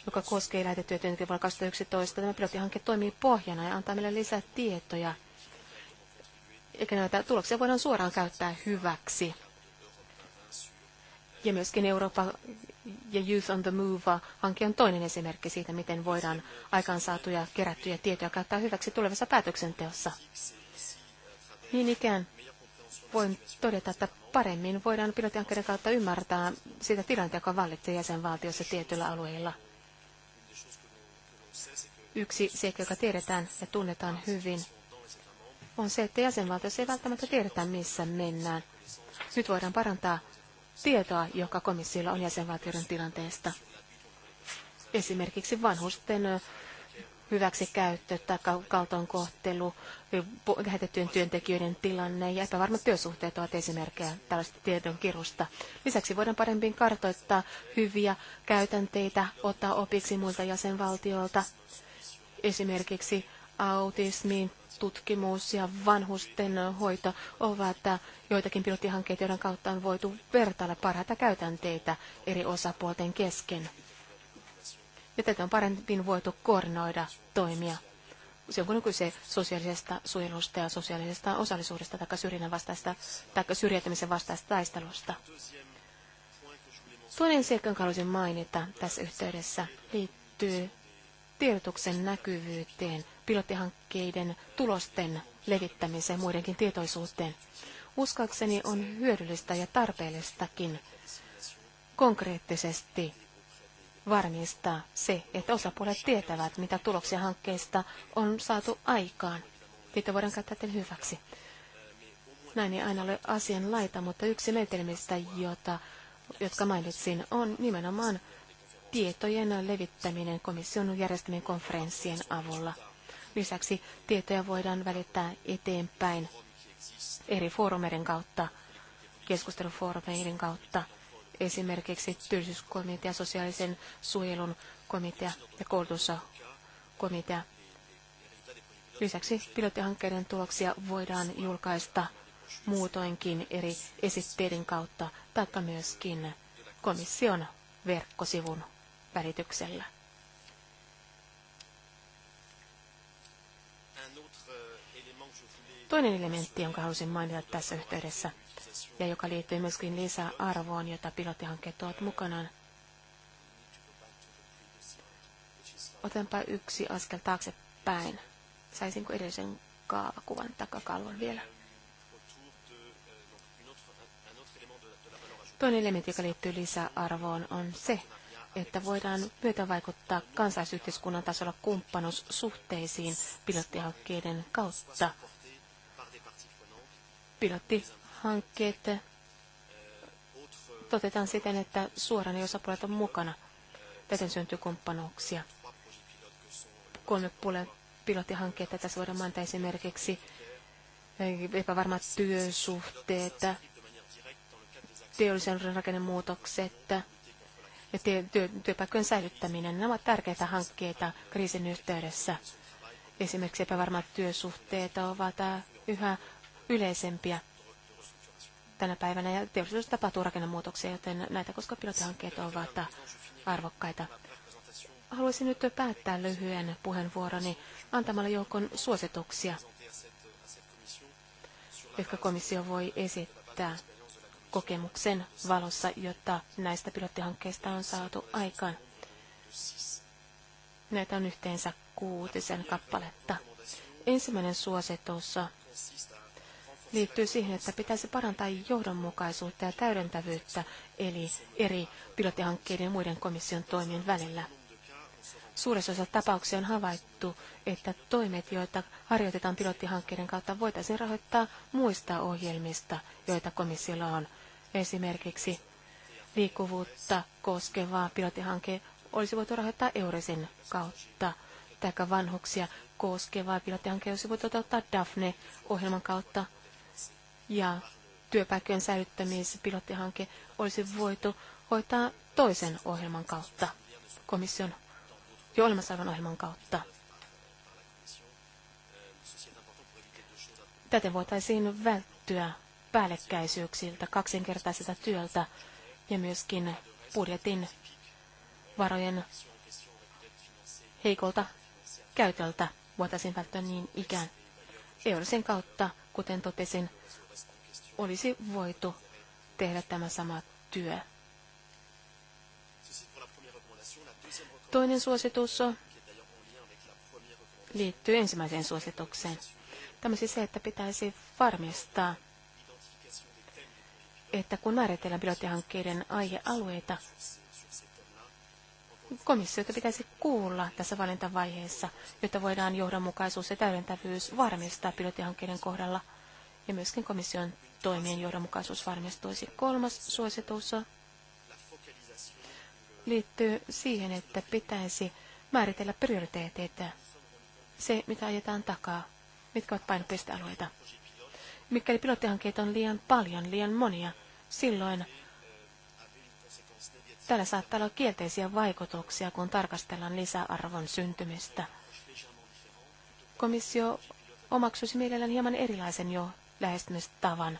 joka koskee lähetettyjä työntekijöitä vuonna 2011. Tämä pilottihanke toimii pohjana ja antaa meille lisää tietoja. Eikä näitä tuloksia voidaan suoraan käyttää hyväksi. Ja myöskin Eurooppa ja Youth on the Move-hanke on toinen esimerkki siitä, miten voidaan aikaansaatuja kerättyjä tietoja käyttää hyväksi tulevassa päätöksenteossa. Niin ikään voin todeta, että paremmin voidaan pilotihankkeiden kautta ymmärtää sitä tilannetta, joka vallitsee jäsenvaltiossa tietyillä alueilla. Yksi seikka, joka tiedetään ja tunnetaan hyvin, on se, että jäsenvaltiossa ei välttämättä tiedetä, missä mennään. Nyt voidaan parantaa tietoa, joka komissiolla on jäsenvaltioiden tilanteesta. Esimerkiksi vanhusten hyväksikäyttö tai kaltoinkohtelu, lähetettyjen työntekijöiden tilanne ja epävarmat työsuhteet ovat esimerkkejä tällaista tiedon kirusta. Lisäksi voidaan paremmin kartoittaa hyviä käytänteitä, ottaa opiksi muilta jäsenvaltioilta Esimerkiksi autismin tutkimus ja vanhusten hoito ovat joitakin pilottihankkeita, joiden kautta on voitu vertailla parhaita käytänteitä eri osapuolten kesken. Ja tätä on paremmin voitu koordinoida toimia. Se on kyse sosiaalisesta suojelusta ja sosiaalisesta osallisuudesta tai syrjinnän vastaista tai syrjäytymisen vastaista taistelusta. Toinen seikka, jonka haluaisin mainita tässä yhteydessä, liittyy tiedotuksen näkyvyyteen, pilottihankkeiden tulosten levittämiseen muidenkin tietoisuuteen. Uskakseni on hyödyllistä ja tarpeellistakin konkreettisesti varmistaa se, että osapuolet tietävät, mitä tuloksia hankkeista on saatu aikaan. Niitä voidaan käyttää hyväksi. Näin ei aina ole asian laita, mutta yksi menetelmistä, jota, jotka mainitsin, on nimenomaan tietojen levittäminen komission järjestämien konferenssien avulla. Lisäksi tietoja voidaan välittää eteenpäin eri foorumeiden kautta, keskustelufoorumeiden kautta, esimerkiksi työllisyyskomitea, sosiaalisen suojelun komitea ja koulutuskomitea. Lisäksi pilottihankkeiden tuloksia voidaan julkaista muutoinkin eri esitteiden kautta, taikka myöskin komission verkkosivun värityksellä. Toinen elementti, jonka halusin mainita tässä yhteydessä, ja joka liittyy myöskin lisää arvoon, jota pilottihankkeet tuovat mukanaan, otanpa yksi askel taaksepäin. Saisinko edellisen kaavakuvan takakalvon vielä? Toinen elementti, joka liittyy lisäarvoon, on se, että voidaan myötävaikuttaa vaikuttaa kansaisyhteiskunnan tasolla kumppanuussuhteisiin pilottihankkeiden kautta. Pilottihankkeet toteutetaan siten, että suoraan ne osapuolet on mukana. Täten syntyy kumppanuuksia. Kolme puolen pilottihankkeita tässä voidaan mainita esimerkiksi epävarmat työsuhteet, teollisen rakennemuutokset, ja työ, työpaikkojen säilyttäminen. ne ovat tärkeitä hankkeita kriisin yhteydessä. Esimerkiksi epävarmat työsuhteet ovat äh, yhä yleisempiä tänä päivänä ja teollisuus tapahtuu rakennemuutoksia, joten näitä koska pilottihankkeet ovat äh, arvokkaita. Haluaisin nyt päättää lyhyen puheenvuoroni antamalla joukon suosituksia, jotka komissio voi esittää kokemuksen valossa, jotta näistä pilottihankkeista on saatu aikaan. Näitä on yhteensä kuutisen kappaletta. Ensimmäinen suositus liittyy siihen, että pitäisi parantaa johdonmukaisuutta ja täydentävyyttä, eli eri pilottihankkeiden ja muiden komission toimien välillä. Suuressa osassa tapauksia on havaittu, että toimet, joita harjoitetaan pilottihankkeiden kautta, voitaisiin rahoittaa muista ohjelmista, joita komissiolla on esimerkiksi liikkuvuutta koskeva pilotihanke olisi voitu rahoittaa Euresin kautta, tai vanhuksia koskeva pilotihanke olisi voitu toteuttaa Daphne-ohjelman kautta, ja työpaikkojen säilyttämispilottihanke olisi voitu hoitaa toisen ohjelman kautta, komission jo olemassa olevan ohjelman kautta. Täten voitaisiin välttyä päällekkäisyyksiltä, kaksinkertaiselta työltä ja myöskin budjetin varojen heikolta käytöltä voitaisiin välttää niin ikään. Eurisen kautta, kuten totesin, olisi voitu tehdä tämä sama työ. Toinen suositus liittyy ensimmäiseen suositukseen. Tämä siis se, että pitäisi varmistaa, että kun määritellään pilottihankkeiden aihealueita, komissiota pitäisi kuulla tässä valintavaiheessa, jotta voidaan johdonmukaisuus ja täydentävyys varmistaa pilottihankkeiden kohdalla ja myöskin komission toimien johdonmukaisuus varmistuisi. Kolmas suositus liittyy siihen, että pitäisi määritellä prioriteeteita. se mitä ajetaan takaa, mitkä ovat painopistealueita. Mikäli pilottihankkeita on liian paljon, liian monia, silloin tällä saattaa olla kielteisiä vaikutuksia, kun tarkastellaan lisäarvon syntymistä. Komissio omaksuisi mielellään hieman erilaisen jo lähestymistavan.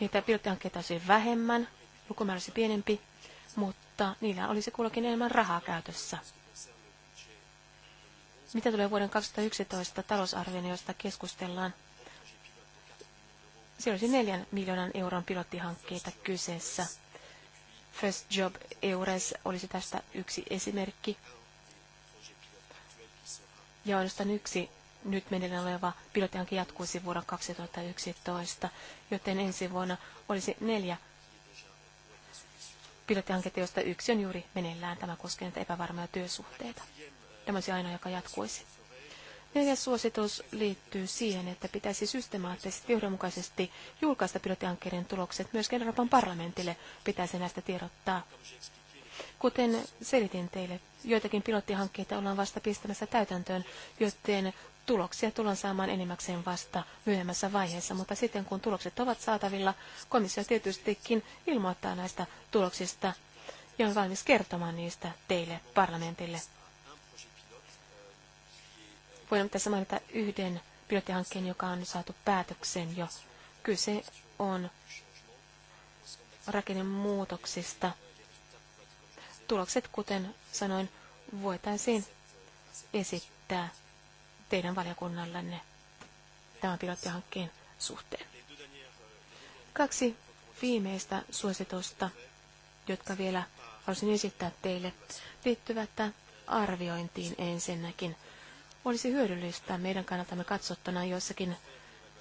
Niitä pilottihankkeita olisi vähemmän, lukumäärä olisi pienempi, mutta niillä olisi kullakin enemmän rahaa käytössä. Mitä tulee vuoden 2011 talousarvioon, josta keskustellaan, siellä olisi neljän miljoonan euron pilottihankkeita kyseessä. First Job Eures olisi tästä yksi esimerkki. Ja ainoastaan yksi nyt meneillään oleva pilottihanke jatkuisi vuonna 2011, joten ensi vuonna olisi neljä pilottihanketta, joista yksi on juuri meneillään. Tämä koskee näitä epävarmoja työsuhteita. Tämä olisi ainoa, joka jatkuisi. Neljäs suositus liittyy siihen, että pitäisi systemaattisesti johdonmukaisesti julkaista pilottihankkeiden tulokset. Myös Euroopan parlamentille pitäisi näistä tiedottaa. Kuten selitin teille, joitakin pilottihankkeita ollaan vasta pistämässä täytäntöön, joten tuloksia tullaan saamaan enimmäkseen vasta myöhemmässä vaiheessa, mutta sitten kun tulokset ovat saatavilla, komissio tietystikin ilmoittaa näistä tuloksista ja on valmis kertomaan niistä teille parlamentille. Voin tässä mainita yhden pilottihankkeen, joka on saatu päätökseen jo. Kyse on rakennemuutoksista. Tulokset, kuten sanoin, voitaisiin esittää teidän valiokunnallenne tämän pilottihankkeen suhteen. Kaksi viimeistä suositusta, jotka vielä haluaisin esittää teille, liittyvät arviointiin ensinnäkin olisi hyödyllistä meidän kannaltamme katsottuna jossakin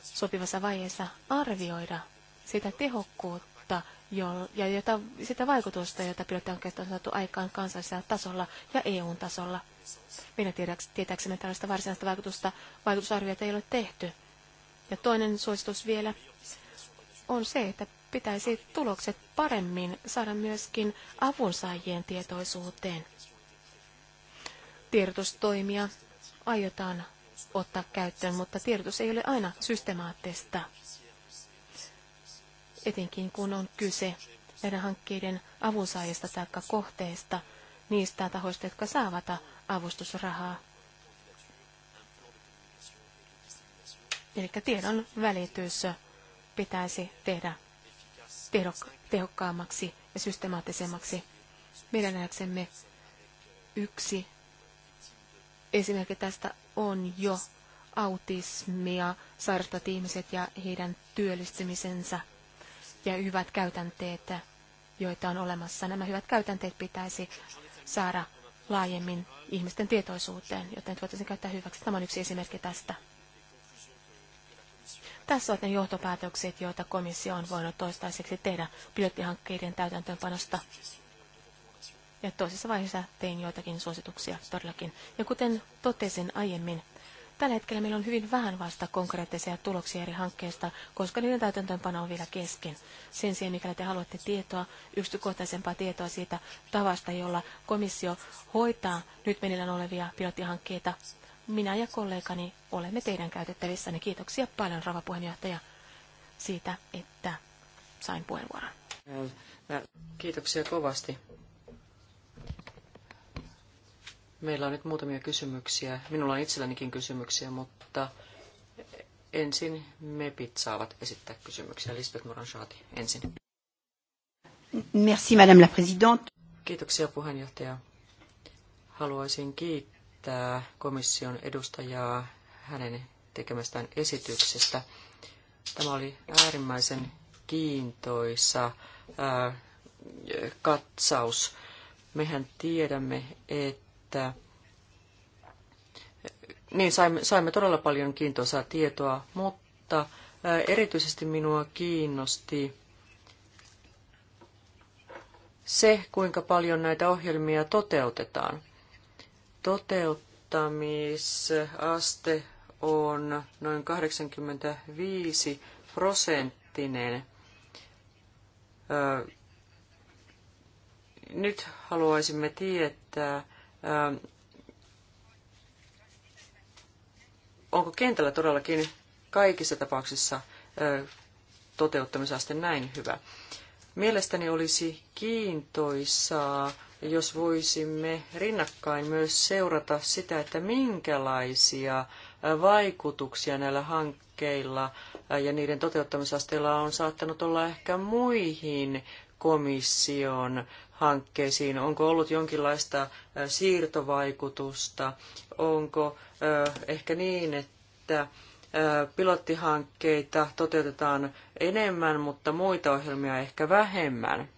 sopivassa vaiheessa arvioida sitä tehokkuutta jo, ja jota, sitä vaikutusta, jota pilottihankkeesta on saatu aikaan kansallisella tasolla ja EU-tasolla. Meidän tietääksemme tällaista varsinaista vaikutusta, vaikutusarviota ei ole tehty. Ja toinen suositus vielä on se, että pitäisi tulokset paremmin saada myöskin avunsaajien tietoisuuteen. Tiedotustoimia aiotaan ottaa käyttöön, mutta tiedotus ei ole aina systemaattista, etenkin kun on kyse näiden hankkeiden avunsaajista tai kohteista, niistä tahoista, jotka saavat avustusrahaa. Eli tiedon välitys pitäisi tehdä tehokkaammaksi ja systemaattisemmaksi. Meidän näyksemme yksi Esimerkki tästä on jo autismia sairastavat ihmiset ja heidän työllistymisensä ja hyvät käytänteet, joita on olemassa. Nämä hyvät käytänteet pitäisi saada laajemmin ihmisten tietoisuuteen, joten nyt voitaisiin käyttää hyväksi. Tämä on yksi esimerkki tästä. Tässä ovat ne johtopäätökset, joita komissio on voinut toistaiseksi tehdä pilottihankkeiden täytäntöönpanosta. Ja toisessa vaiheessa tein joitakin suosituksia todellakin. Ja kuten totesin aiemmin, tällä hetkellä meillä on hyvin vähän vasta konkreettisia tuloksia eri hankkeista, koska niiden täytäntöönpano on vielä kesken. Sen sijaan, mikäli te haluatte tietoa, yksityiskohtaisempaa tietoa siitä tavasta, jolla komissio hoitaa nyt meneillään olevia pilottihankkeita, minä ja kollegani olemme teidän käytettävissänne. Kiitoksia paljon, rava puheenjohtaja, siitä, että sain puheenvuoron. Kiitoksia kovasti. Meillä on nyt muutamia kysymyksiä. Minulla on itsellänikin kysymyksiä, mutta ensin MEPit saavat esittää kysymyksiä. Lisbeth Moranchati ensin. Merci, Madame la Présidente. Kiitoksia puheenjohtaja. Haluaisin kiittää komission edustajaa hänen tekemästään esityksestä. Tämä oli äärimmäisen kiintoisa ää, katsaus. Mehän tiedämme, että että niin saimme, saimme todella paljon kiintoisaa tietoa, mutta erityisesti minua kiinnosti se, kuinka paljon näitä ohjelmia toteutetaan. Toteuttamisaste on noin 85 prosenttinen. Nyt haluaisimme tietää, Ähm, onko kentällä todellakin kaikissa tapauksissa toteuttamisaste näin hyvä. Mielestäni olisi kiintoisaa, jos voisimme rinnakkain myös seurata sitä, että minkälaisia vaikutuksia näillä hankkeilla ja niiden toteuttamisasteilla on saattanut olla ehkä muihin komission hankkeisiin? Onko ollut jonkinlaista siirtovaikutusta? Onko ehkä niin, että pilottihankkeita toteutetaan enemmän, mutta muita ohjelmia ehkä vähemmän?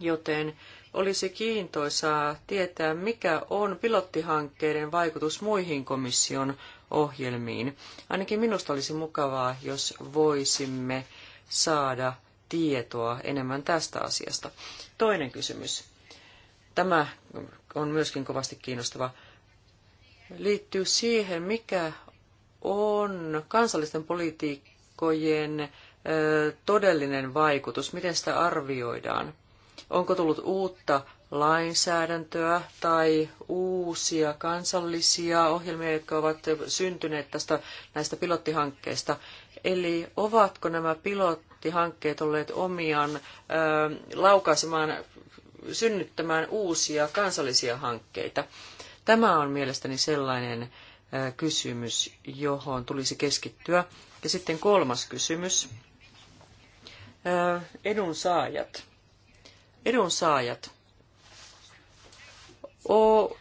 Joten olisi kiintoisaa tietää, mikä on pilottihankkeiden vaikutus muihin komission ohjelmiin. Ainakin minusta olisi mukavaa, jos voisimme saada tietoa enemmän tästä asiasta. Toinen kysymys. Tämä on myöskin kovasti kiinnostava. Liittyy siihen, mikä on kansallisten politiikkojen todellinen vaikutus, miten sitä arvioidaan. Onko tullut uutta lainsäädäntöä tai uusia kansallisia ohjelmia, jotka ovat syntyneet tästä, näistä pilottihankkeista. Eli ovatko nämä pilot, pilottihankkeet olleet omiaan laukaisemaan, synnyttämään uusia kansallisia hankkeita. Tämä on mielestäni sellainen kysymys, johon tulisi keskittyä. Ja sitten kolmas kysymys. Edunsaajat. Edunsaajat o,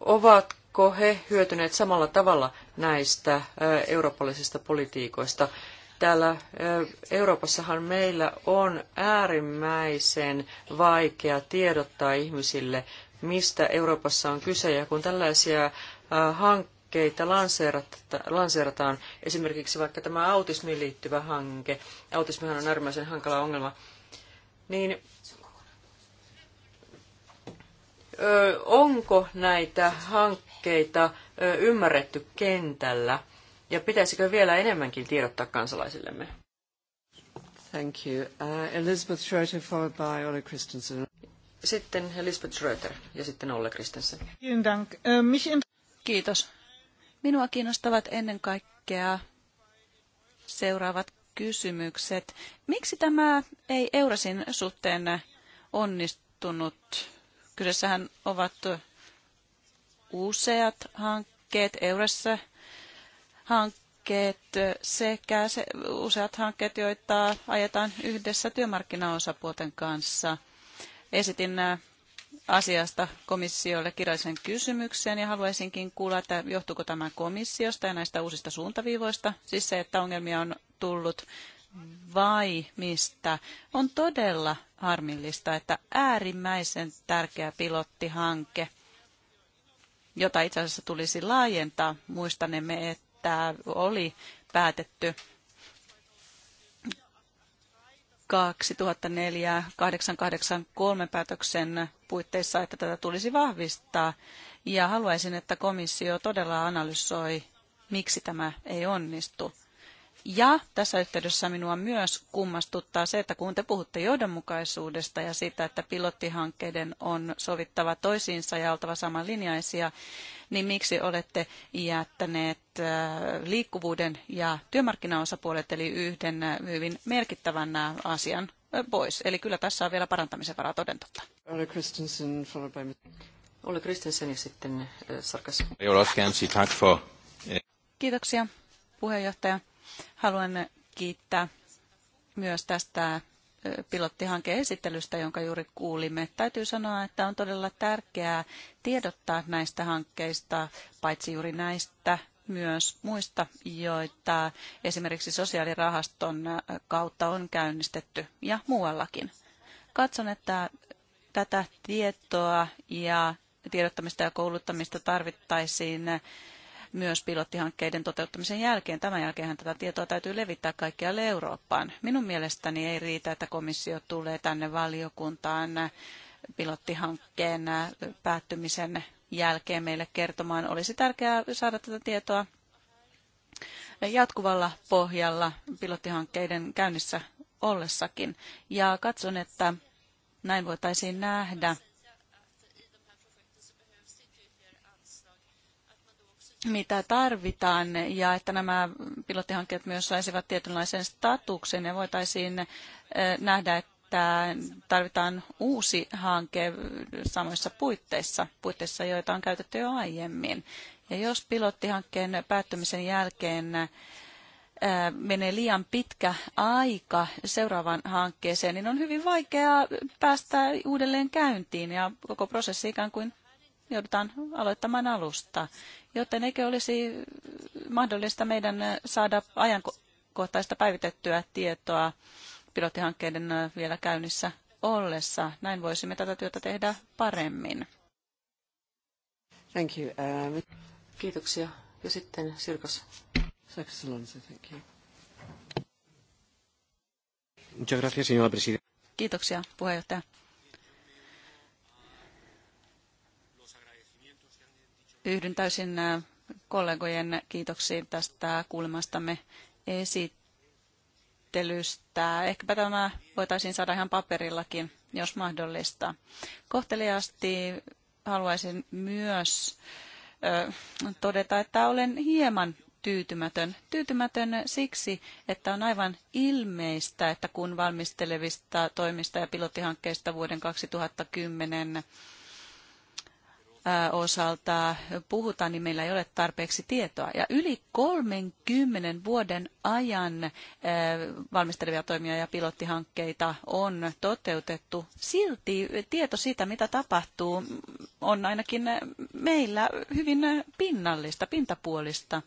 ovatko he hyötyneet samalla tavalla näistä eurooppalaisista politiikoista? Täällä Euroopassahan meillä on äärimmäisen vaikea tiedottaa ihmisille, mistä Euroopassa on kyse. Ja kun tällaisia hankkeita lanseerataan, esimerkiksi vaikka tämä autismiin liittyvä hanke, autismihan on äärimmäisen hankala ongelma, niin onko näitä hankkeita ymmärretty kentällä – ja pitäisikö vielä enemmänkin tiedottaa kansalaisillemme? Thank you. Uh, Elizabeth Schroeter, followed by Ole Christensen. Sitten Elizabeth Schroeter ja sitten Olle Christensen. Äh, Kiitos. Minua kiinnostavat ennen kaikkea seuraavat kysymykset. Miksi tämä ei Eurasin suhteen onnistunut? Kyseessähän ovat useat hankkeet. Eurassa hankkeet sekä se, useat hankkeet, joita ajetaan yhdessä työmarkkinaosapuolten kanssa. Esitin äh, asiasta komissiolle kirjallisen kysymyksen ja haluaisinkin kuulla, että johtuuko tämä komissiosta ja näistä uusista suuntaviivoista, siis se, että ongelmia on tullut vai mistä. On todella harmillista, että äärimmäisen tärkeä pilottihanke, jota itse asiassa tulisi laajentaa, muistanemme, että tämä oli päätetty 2004-883 päätöksen puitteissa, että tätä tulisi vahvistaa. Ja haluaisin, että komissio todella analysoi, miksi tämä ei onnistu. Ja tässä yhteydessä minua myös kummastuttaa se, että kun te puhutte johdonmukaisuudesta ja siitä, että pilottihankkeiden on sovittava toisiinsa ja oltava samanlinjaisia, niin miksi olette jättäneet äh, liikkuvuuden ja työmarkkinaosapuolet, eli yhden äh, hyvin merkittävän äh, asian pois. Eli kyllä tässä on vielä parantamisen varaa todentotta. totta. Ole Christensen, ja sitten Sarkas. Kiitoksia puheenjohtaja. Haluan kiittää myös tästä pilottihankkeen esittelystä, jonka juuri kuulimme. Täytyy sanoa, että on todella tärkeää tiedottaa näistä hankkeista, paitsi juuri näistä, myös muista, joita esimerkiksi sosiaalirahaston kautta on käynnistetty ja muuallakin. Katson, että tätä tietoa ja tiedottamista ja kouluttamista tarvittaisiin myös pilottihankkeiden toteuttamisen jälkeen. Tämän jälkeen tätä tietoa täytyy levittää kaikkialle Eurooppaan. Minun mielestäni ei riitä, että komissio tulee tänne valiokuntaan pilottihankkeen päättymisen jälkeen meille kertomaan. Olisi tärkeää saada tätä tietoa jatkuvalla pohjalla pilottihankkeiden käynnissä ollessakin. Ja katson, että näin voitaisiin nähdä, mitä tarvitaan ja että nämä pilottihankkeet myös saisivat tietynlaisen statuksen ja voitaisiin eh, nähdä, että tarvitaan uusi hanke samoissa puitteissa, puitteissa joita on käytetty jo aiemmin. Ja jos pilottihankkeen päättymisen jälkeen eh, menee liian pitkä aika seuraavaan hankkeeseen, niin on hyvin vaikea päästä uudelleen käyntiin ja koko prosessi ikään kuin joudutaan aloittamaan alusta. Joten eikö olisi mahdollista meidän saada ajankohtaista päivitettyä tietoa pilottihankkeiden vielä käynnissä ollessa? Näin voisimme tätä työtä tehdä paremmin. Thank you. Um... Kiitoksia. Ja sitten Sirkas. Thank you. Muchas gracias, señora presidenta. Kiitoksia, puheenjohtaja. Yhdyn täysin kollegojen kiitoksiin tästä kuulemastamme esittelystä. Ehkäpä tämä voitaisiin saada ihan paperillakin, jos mahdollista. Kohteliaasti haluaisin myös todeta, että olen hieman tyytymätön. Tyytymätön siksi, että on aivan ilmeistä, että kun valmistelevista toimista ja pilottihankkeista vuoden 2010 osalta puhutaan, niin meillä ei ole tarpeeksi tietoa. Ja yli 30 vuoden ajan valmistelevia toimia ja pilottihankkeita on toteutettu. Silti tieto siitä, mitä tapahtuu, on ainakin meillä hyvin pinnallista, pintapuolista.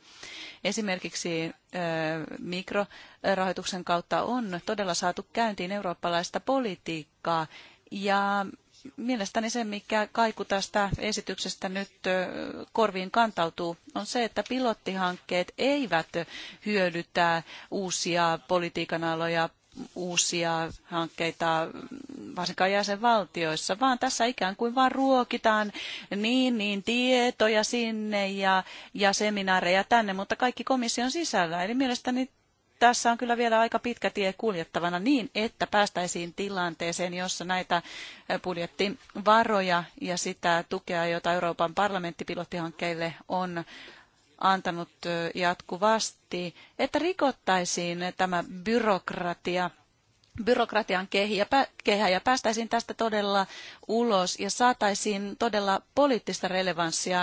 Esimerkiksi mikrorahoituksen kautta on todella saatu käyntiin eurooppalaista politiikkaa ja mielestäni se, mikä kaiku tästä esityksestä nyt korviin kantautuu, on se, että pilottihankkeet eivät hyödytä uusia politiikan aloja, uusia hankkeita mm, varsinkaan jäsenvaltioissa, vaan tässä ikään kuin vaan ruokitaan niin, niin tietoja sinne ja, ja seminaareja tänne, mutta kaikki komission sisällä. Eli mielestäni tässä on kyllä vielä aika pitkä tie kuljettavana niin, että päästäisiin tilanteeseen, jossa näitä budjettivaroja ja sitä tukea, jota Euroopan parlamentti pilottihankkeille on antanut jatkuvasti, että rikottaisiin tämä byrokratia byrokratian kehä ja päästäisiin tästä todella ulos ja saataisiin todella poliittista relevanssia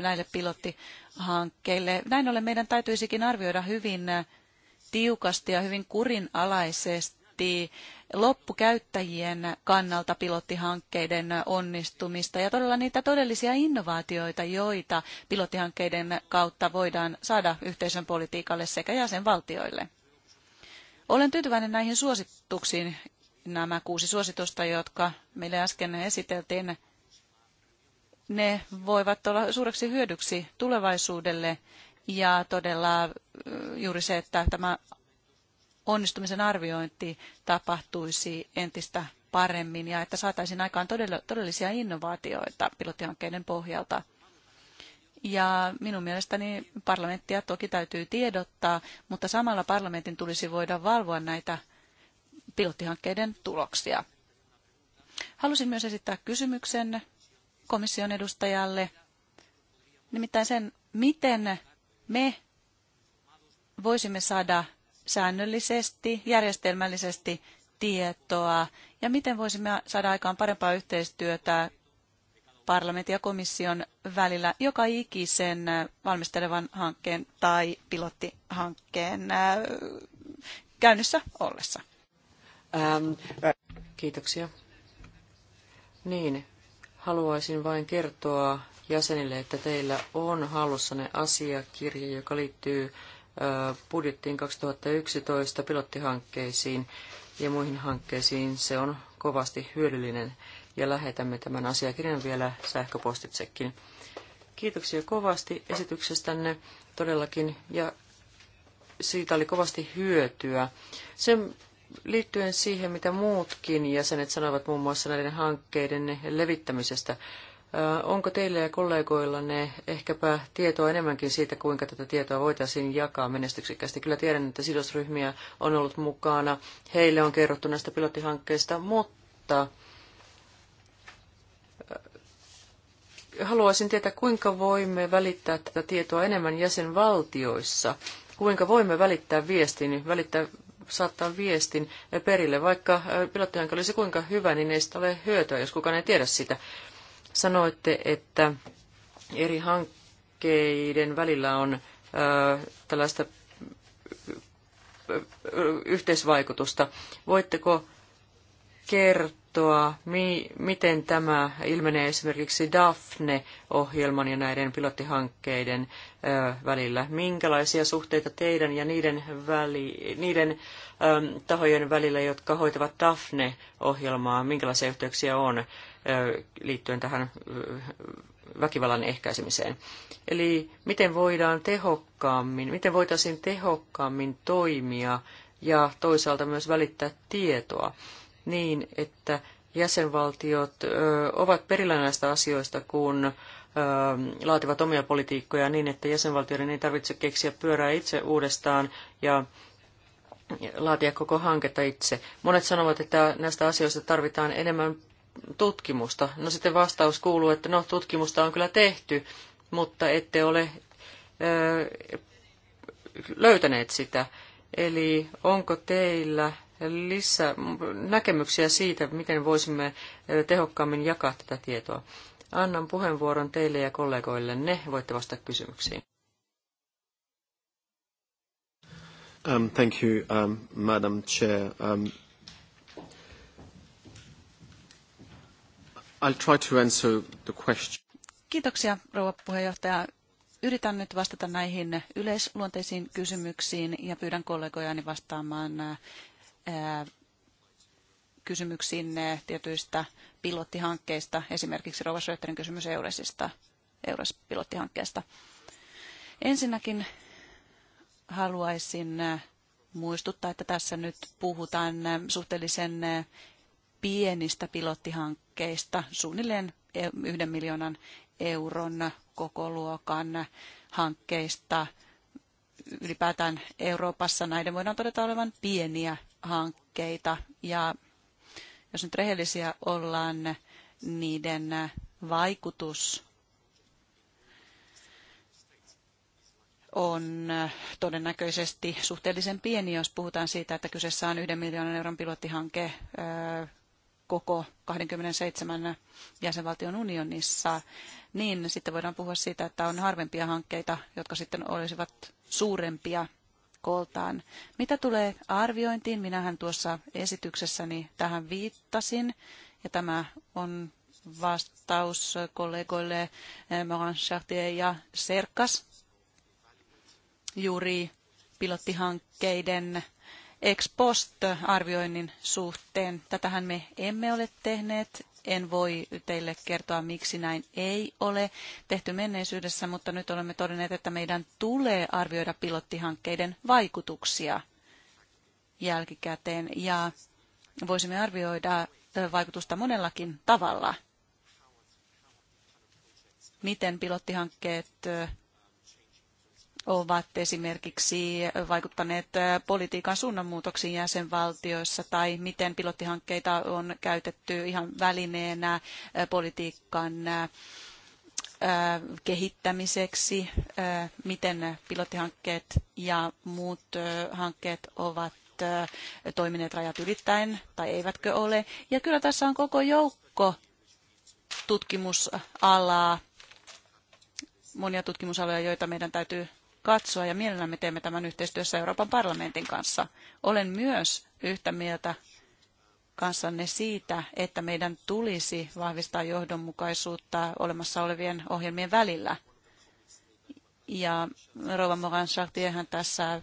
näille pilottihankkeille. Näin ollen meidän täytyisikin arvioida hyvin tiukasti ja hyvin kurinalaisesti loppukäyttäjien kannalta pilottihankkeiden onnistumista ja todella niitä todellisia innovaatioita, joita pilottihankkeiden kautta voidaan saada yhteisön politiikalle sekä jäsenvaltioille. Olen tyytyväinen näihin suosituksiin. Nämä kuusi suositusta, jotka meille äsken esiteltiin, ne voivat olla suureksi hyödyksi tulevaisuudelle ja todella juuri se, että tämä onnistumisen arviointi tapahtuisi entistä paremmin ja että saataisiin aikaan todellisia innovaatioita pilottihankkeiden pohjalta. Ja minun mielestäni parlamenttia toki täytyy tiedottaa, mutta samalla parlamentin tulisi voida valvoa näitä pilottihankkeiden tuloksia. Halusin myös esittää kysymyksen komission edustajalle, nimittäin sen, miten me voisimme saada säännöllisesti, järjestelmällisesti tietoa ja miten voisimme saada aikaan parempaa yhteistyötä parlamentin ja komission välillä joka ikisen valmistelevan hankkeen tai pilottihankkeen äh, käynnissä ollessa. Ähm, äh, kiitoksia. Niin, haluaisin vain kertoa jäsenille, että teillä on hallussanne asiakirja, joka liittyy budjettiin 2011 pilottihankkeisiin ja muihin hankkeisiin. Se on kovasti hyödyllinen ja lähetämme tämän asiakirjan vielä sähköpostitsekin. Kiitoksia kovasti esityksestänne todellakin ja siitä oli kovasti hyötyä. Sen liittyen siihen, mitä muutkin jäsenet sanoivat muun muassa näiden hankkeiden levittämisestä, Äh, onko teillä ja kollegoillanne ehkäpä tietoa enemmänkin siitä, kuinka tätä tietoa voitaisiin jakaa menestyksekkäästi? Kyllä tiedän, että sidosryhmiä on ollut mukana. Heille on kerrottu näistä pilottihankkeista, mutta äh, haluaisin tietää, kuinka voimme välittää tätä tietoa enemmän jäsenvaltioissa. Kuinka voimme välittää viestin, välittää, saattaa viestin perille, vaikka äh, pilottihanke olisi kuinka hyvä, niin ei sitä ole hyötyä, jos kukaan ei tiedä sitä. Sanoitte, että eri hankkeiden välillä on tällaista yhteisvaikutusta. Voitteko kertoa? kertoa, mi- miten tämä ilmenee esimerkiksi DAFNE-ohjelman ja näiden pilottihankkeiden ö, välillä? Minkälaisia suhteita teidän ja niiden, väli- niiden ö, tahojen välillä, jotka hoitavat DAFNE-ohjelmaa, minkälaisia yhteyksiä on ö, liittyen tähän ö, väkivallan ehkäisemiseen? Eli miten voidaan tehokkaammin, miten voitaisiin tehokkaammin toimia ja toisaalta myös välittää tietoa? niin, että jäsenvaltiot ovat perillä näistä asioista, kun laativat omia politiikkoja niin, että jäsenvaltioiden ei tarvitse keksiä pyörää itse uudestaan ja laatia koko hanketta itse. Monet sanovat, että näistä asioista tarvitaan enemmän tutkimusta. No sitten vastaus kuuluu, että no tutkimusta on kyllä tehty, mutta ette ole ö, löytäneet sitä. Eli onko teillä lisä, näkemyksiä siitä, miten voisimme tehokkaammin jakaa tätä tietoa. Annan puheenvuoron teille ja kollegoille. Ne voitte vastata kysymyksiin. Um, thank you, um, Madam Chair. Um, I'll try to answer the question. Kiitoksia, rouva puheenjohtaja. Yritän nyt vastata näihin yleisluonteisiin kysymyksiin ja pyydän kollegojani vastaamaan Äh, kysymyksiin äh, tietyistä pilottihankkeista, esimerkiksi Rova Schröterin kysymys Euresista, Eures-pilottihankkeesta. Ensinnäkin haluaisin äh, muistuttaa, että tässä nyt puhutaan suhteellisen pienistä pilottihankkeista, suunnilleen yhden miljoonan euron kokoluokan hankkeista. Ylipäätään Euroopassa näiden voidaan todeta olevan pieniä hankkeita ja jos nyt rehellisiä ollaan, niiden vaikutus on todennäköisesti suhteellisen pieni, jos puhutaan siitä, että kyseessä on yhden miljoonan euron pilottihanke koko 27 jäsenvaltion unionissa, niin sitten voidaan puhua siitä, että on harvempia hankkeita, jotka sitten olisivat suurempia kooltaan. Mitä tulee arviointiin, minähän tuossa esityksessäni tähän viittasin, ja tämä on vastaus kollegoille eh, Moran Chartier ja Serkas juuri pilottihankkeiden ex post arvioinnin suhteen. Tätähän me emme ole tehneet en voi teille kertoa, miksi näin ei ole tehty menneisyydessä, mutta nyt olemme todenneet, että meidän tulee arvioida pilottihankkeiden vaikutuksia jälkikäteen ja voisimme arvioida vaikutusta monellakin tavalla. Miten pilottihankkeet ovat esimerkiksi vaikuttaneet politiikan suunnanmuutoksiin jäsenvaltioissa tai miten pilottihankkeita on käytetty ihan välineenä politiikan kehittämiseksi, miten pilottihankkeet ja muut hankkeet ovat toimineet rajat ylittäen tai eivätkö ole. Ja kyllä tässä on koko joukko tutkimusalaa, monia tutkimusaloja, joita meidän täytyy katsoa ja mielellämme teemme tämän yhteistyössä Euroopan parlamentin kanssa. Olen myös yhtä mieltä kanssanne siitä, että meidän tulisi vahvistaa johdonmukaisuutta olemassa olevien ohjelmien välillä. Ja Rova Moran Chartierhän tässä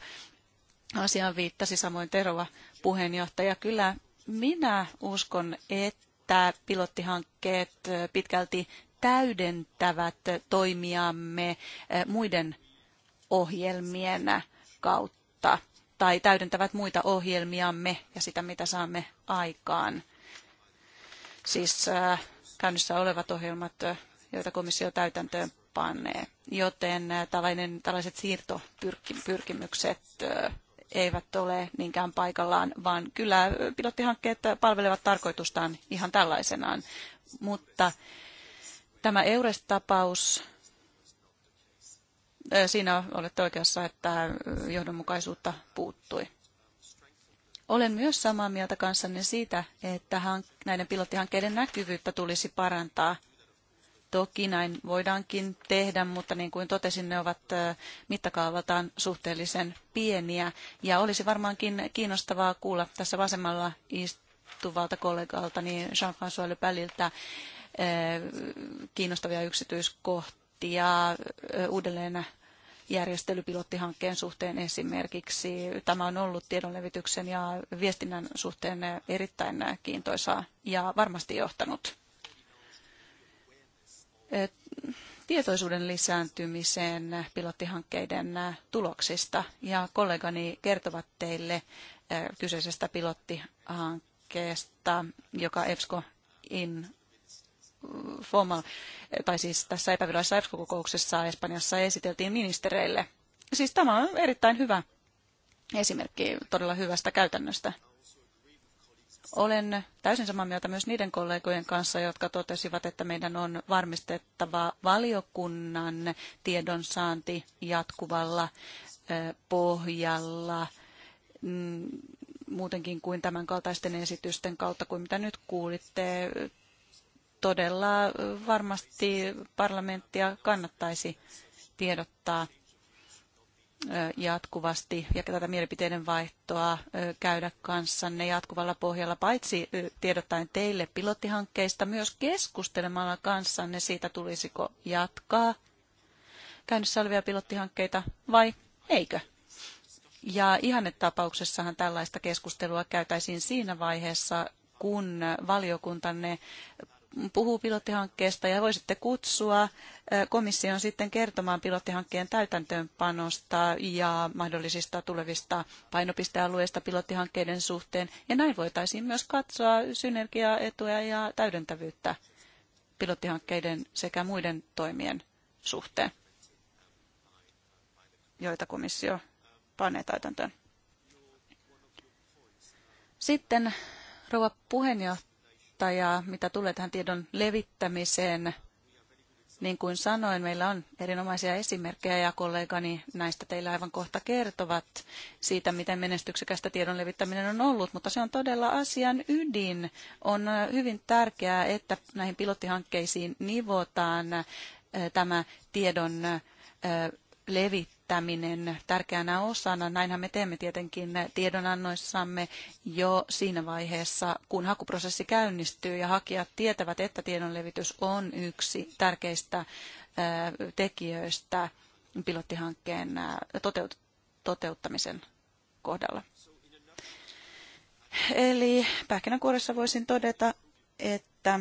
asiaan viittasi, samoin Terova puheenjohtaja. Kyllä minä uskon, että pilottihankkeet pitkälti täydentävät toimiamme muiden ohjelmien kautta tai täydentävät muita ohjelmiamme ja sitä, mitä saamme aikaan. Siis äh, käynnissä olevat ohjelmat, äh, joita komissio täytäntöön panee. Joten äh, tällainen, tällaiset siirtopyrkimykset äh, eivät ole niinkään paikallaan, vaan kyllä pilottihankkeet palvelevat tarkoitustaan ihan tällaisenaan. Mutta tämä Eures-tapaus Siinä olette oikeassa, että johdonmukaisuutta puuttui. Olen myös samaa mieltä kanssanne siitä, että näiden pilottihankkeiden näkyvyyttä tulisi parantaa. Toki näin voidaankin tehdä, mutta niin kuin totesin, ne ovat mittakaavaltaan suhteellisen pieniä. Ja olisi varmaankin kiinnostavaa kuulla tässä vasemmalla istuvalta kollegalta, niin Jean-François Le Pelliltä, kiinnostavia yksityiskohtia uudelleen järjestelypilottihankkeen suhteen esimerkiksi. Tämä on ollut tiedonlevityksen ja viestinnän suhteen erittäin kiintoisaa ja varmasti johtanut tietoisuuden lisääntymiseen pilottihankkeiden tuloksista. Ja kollegani kertovat teille eh, kyseisestä pilottihankkeesta, joka EPSCO in FOMA, tai siis tässä epävirallisessa EPSCO-kokouksessa Espanjassa esiteltiin ministereille. Siis tämä on erittäin hyvä esimerkki todella hyvästä käytännöstä. Olen täysin samaa mieltä myös niiden kollegojen kanssa, jotka totesivat, että meidän on varmistettava valiokunnan tiedonsaanti jatkuvalla pohjalla mm, muutenkin kuin tämän kaltaisten esitysten kautta kuin mitä nyt kuulitte todella varmasti parlamenttia kannattaisi tiedottaa jatkuvasti ja tätä mielipiteiden vaihtoa käydä kanssanne jatkuvalla pohjalla, paitsi tiedottaen teille pilottihankkeista, myös keskustelemalla kanssanne siitä, tulisiko jatkaa käynnissä olevia pilottihankkeita vai eikö. Ja ihannetapauksessahan tällaista keskustelua käytäisiin siinä vaiheessa, kun valiokuntanne puhuu pilottihankkeesta ja voisitte kutsua komission sitten kertomaan pilottihankkeen täytäntöönpanosta ja mahdollisista tulevista painopistealueista pilottihankkeiden suhteen. Ja näin voitaisiin myös katsoa synergiaetuja ja täydentävyyttä pilottihankkeiden sekä muiden toimien suhteen, joita komissio panee täytäntöön. Sitten rouva puheenjohtaja huolta ja mitä tulee tähän tiedon levittämiseen, niin kuin sanoin, meillä on erinomaisia esimerkkejä ja kollegani näistä teillä aivan kohta kertovat siitä, miten menestyksekästä tiedon levittäminen on ollut, mutta se on todella asian ydin. On äh, hyvin tärkeää, että näihin pilottihankkeisiin nivotaan äh, tämä tiedon äh, levittäminen vähentäminen tärkeänä osana. Näinhän me teemme tietenkin tiedonannoissamme jo siinä vaiheessa, kun hakuprosessi käynnistyy ja hakijat tietävät, että tiedonlevitys on yksi tärkeistä tekijöistä pilottihankkeen toteuttamisen kohdalla. Eli pähkinänkuoressa voisin todeta, että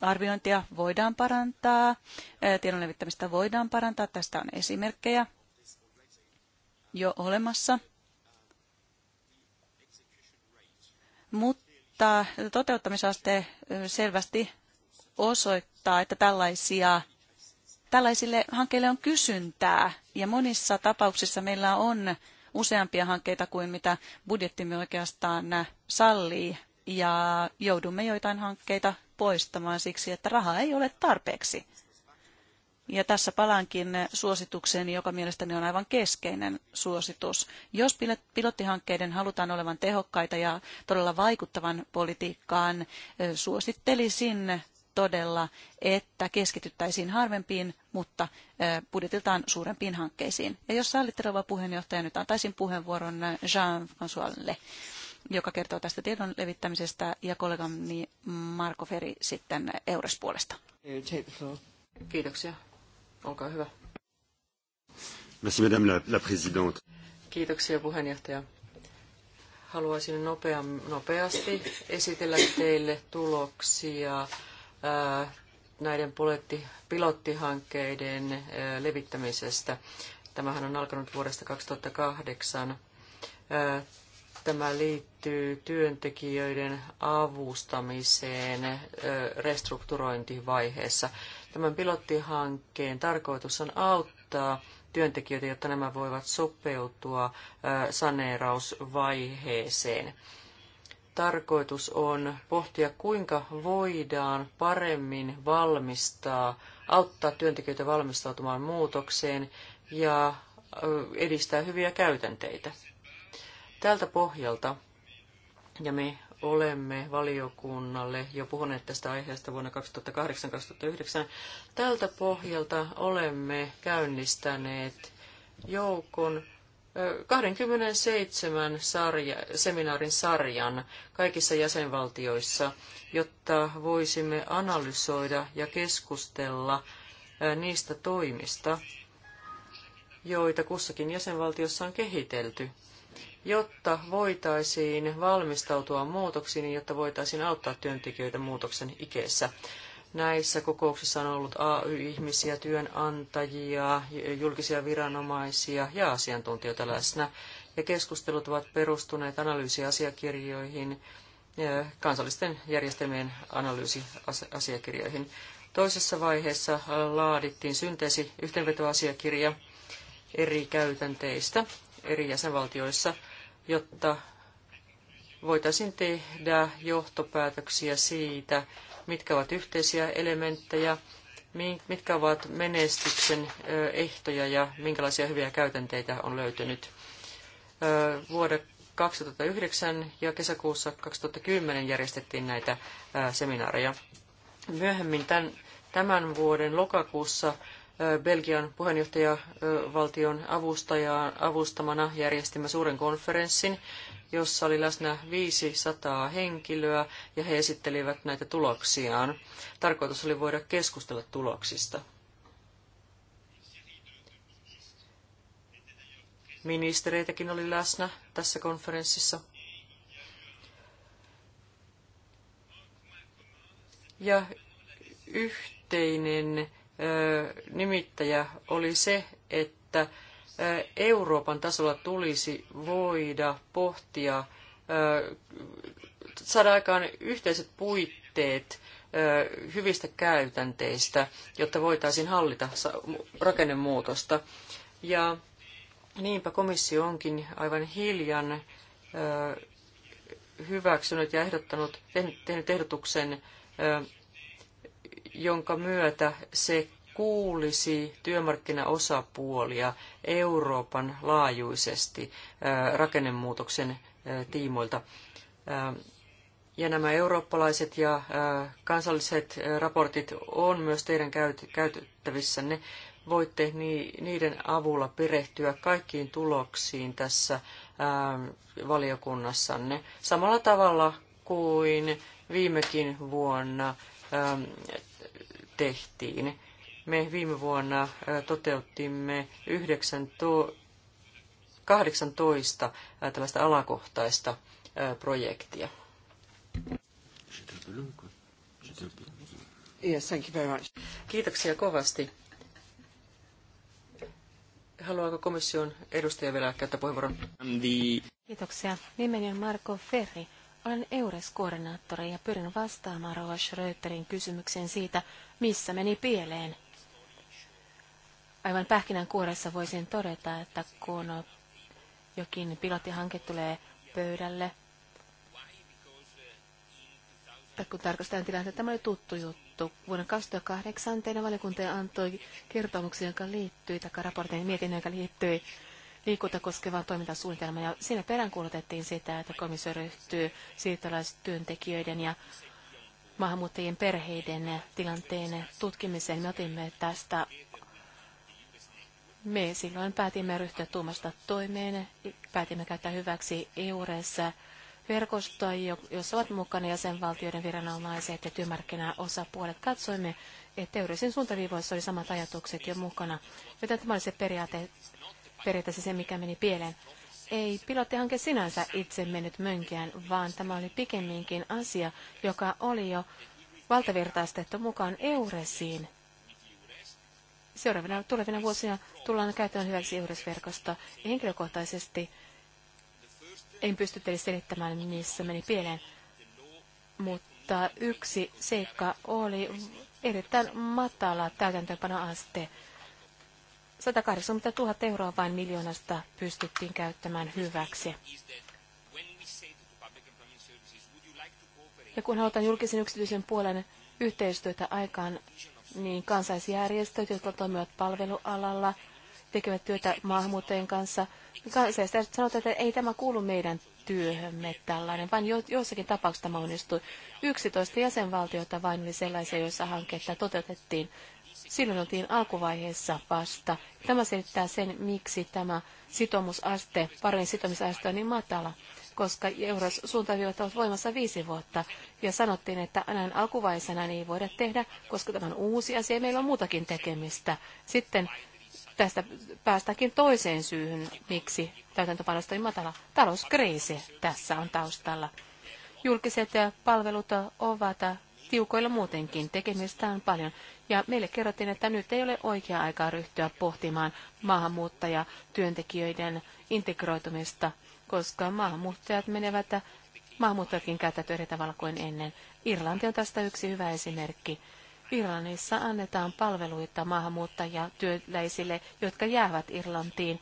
arviointia voidaan parantaa, eh, tiedon levittämistä voidaan parantaa. Tästä on esimerkkejä jo olemassa. Mutta toteuttamisaste eh, selvästi osoittaa, että tällaisia, tällaisille hankkeille on kysyntää. Ja monissa tapauksissa meillä on useampia hankkeita kuin mitä budjettimme oikeastaan sallii ja joudumme joitain hankkeita poistamaan siksi, että raha ei ole tarpeeksi. Ja tässä palaankin suositukseen, joka mielestäni on aivan keskeinen suositus. Jos pilottihankkeiden halutaan olevan tehokkaita ja todella vaikuttavan politiikkaan, suosittelisin todella, että keskityttäisiin harvempiin, mutta budjetiltaan suurempiin hankkeisiin. Ja jos sallitte rouva puheenjohtaja, nyt antaisin puheenvuoron Jean-Françoislle joka kertoo tästä tiedon levittämisestä, ja kollegani Marko Feri sitten Eures puolesta. Kiitoksia. Olkaa hyvä. Merci, madame la, la présidente. Kiitoksia puheenjohtaja. Haluaisin nopea, nopeasti esitellä teille tuloksia ää, äh, näiden pilottihankkeiden ää, äh, levittämisestä. Tämähän on alkanut vuodesta 2008. Ää, äh, Tämä liittyy työntekijöiden avustamiseen restrukturointivaiheessa. Tämän pilottihankkeen tarkoitus on auttaa työntekijöitä, jotta nämä voivat sopeutua saneerausvaiheeseen. Tarkoitus on pohtia, kuinka voidaan paremmin valmistaa, auttaa työntekijöitä valmistautumaan muutokseen ja edistää hyviä käytänteitä. Tältä pohjalta, ja me olemme valiokunnalle jo puhuneet tästä aiheesta vuonna 2008-2009, tältä pohjalta olemme käynnistäneet joukon 27 sarja, seminaarin sarjan kaikissa jäsenvaltioissa, jotta voisimme analysoida ja keskustella niistä toimista, joita kussakin jäsenvaltiossa on kehitelty jotta voitaisiin valmistautua muutoksiin ja niin jotta voitaisiin auttaa työntekijöitä muutoksen ikeessä. Näissä kokouksissa on ollut AY-ihmisiä, työnantajia, julkisia viranomaisia ja asiantuntijoita läsnä. Ja keskustelut ovat perustuneet analyysiasiakirjoihin, eh, kansallisten järjestelmien analyysiasiakirjoihin. Toisessa vaiheessa laadittiin synteesi yhteenvetoasiakirja eri käytänteistä eri jäsenvaltioissa – jotta voitaisiin tehdä johtopäätöksiä siitä, mitkä ovat yhteisiä elementtejä, mitkä ovat menestyksen ehtoja ja minkälaisia hyviä käytänteitä on löytynyt. Vuoden 2009 ja kesäkuussa 2010 järjestettiin näitä seminaareja. Myöhemmin tämän, tämän vuoden lokakuussa Belgian puheenjohtajavaltion avustajaa, avustamana järjestimme suuren konferenssin, jossa oli läsnä 500 henkilöä ja he esittelivät näitä tuloksiaan. Tarkoitus oli voida keskustella tuloksista. Ministereitäkin oli läsnä tässä konferenssissa. Ja yhteinen nimittäjä oli se, että Euroopan tasolla tulisi voida pohtia, saada aikaan yhteiset puitteet hyvistä käytänteistä, jotta voitaisiin hallita rakennemuutosta. Ja niinpä komissio onkin aivan hiljan hyväksynyt ja ehdottanut, tehnyt ehdotuksen jonka myötä se kuulisi työmarkkinaosapuolia Euroopan laajuisesti rakennemuutoksen tiimoilta. Ja nämä eurooppalaiset ja kansalliset raportit on myös teidän käytettävissänne. Voitte niiden avulla perehtyä kaikkiin tuloksiin tässä valiokunnassanne samalla tavalla kuin viimekin vuonna tehtiin. Me viime vuonna toteuttimme 18 tällaista alakohtaista projektia. Yes, thank you very much. Kiitoksia kovasti. Haluaako komission edustaja vielä käyttää puheenvuoron? Kiitoksia. Nimeni on Marko Ferri. Olen EURES-koordinaattori ja pyrin vastaamaan Rova Schröterin kysymykseen siitä, missä meni pieleen. Aivan kuoressa voisin todeta, että kun jokin pilottihanke tulee pöydälle, tai kun tarkastetaan tilannetta, tämä oli tuttu juttu. Vuonna 2008 teidän valiokunta antoi kertomuksen, joka liittyi, tai raportin mietinnön, joka liittyi liikunta koskevaan toimintasuunnitelmaan, ja siinä peräänkuulutettiin sitä, että komissio ryhtyy siirtolaistyöntekijöiden ja maahanmuuttajien perheiden tilanteen tutkimiseen. Me otimme tästä me silloin päätimme ryhtyä tuomasta toimeen, päätimme käyttää hyväksi EURES verkostoa, jossa ovat mukana jäsenvaltioiden viranomaiset ja työmarkkinaosapuolet. Katsoimme, että EURESin suuntaviivoissa oli samat ajatukset jo mukana, joten tämä oli se periaate, periaatteessa siis se, mikä meni pieleen ei pilottihanke sinänsä itse mennyt mönkään, vaan tämä oli pikemminkin asia, joka oli jo valtavirtaistettu mukaan Euresiin. Seuraavina tulevina vuosina tullaan käyttämään hyväksi Eures-verkosta. Henkilökohtaisesti en pysty teille selittämään, missä meni pieleen, mutta yksi seikka oli erittäin matala täytäntöönpanoaste. aste 180 000 euroa vain miljoonasta pystyttiin käyttämään hyväksi. Ja kun halutaan julkisen yksityisen puolen yhteistyötä aikaan, niin kansaisjärjestöt, jotka toimivat palvelualalla, tekevät työtä maahanmuuttajien kanssa, kansaisjärjestöt sanovat, että ei tämä kuulu meidän työhömme tällainen, vaan jo, joissakin tapauksissa tämä onnistui. 11 jäsenvaltiota vain oli sellaisia, joissa hanketta toteutettiin Silloin oltiin alkuvaiheessa vasta. Tämä selittää sen, miksi tämä sitomusaste, parin sitomisaste on niin matala, koska euros suuntaviivat ovat voimassa viisi vuotta. Ja sanottiin, että näin alkuvaiheessa näin ei voida tehdä, koska tämä on uusi asia ja meillä on muutakin tekemistä. Sitten tästä päästäänkin toiseen syyhyn, miksi täytäntöpanosta on niin matala. Talouskriisi tässä on taustalla. Julkiset palvelut ovat tiukoilla muutenkin. Tekemistä on paljon. Ja meille kerrottiin, että nyt ei ole oikea aika ryhtyä pohtimaan maahanmuuttajatyöntekijöiden integroitumista, koska maahanmuuttajat menevät maahanmuuttajatkin käyttäytyy eri tavalla kuin ennen. Irlanti on tästä yksi hyvä esimerkki. Irlannissa annetaan palveluita maahanmuuttajia työläisille, jotka jäävät Irlantiin.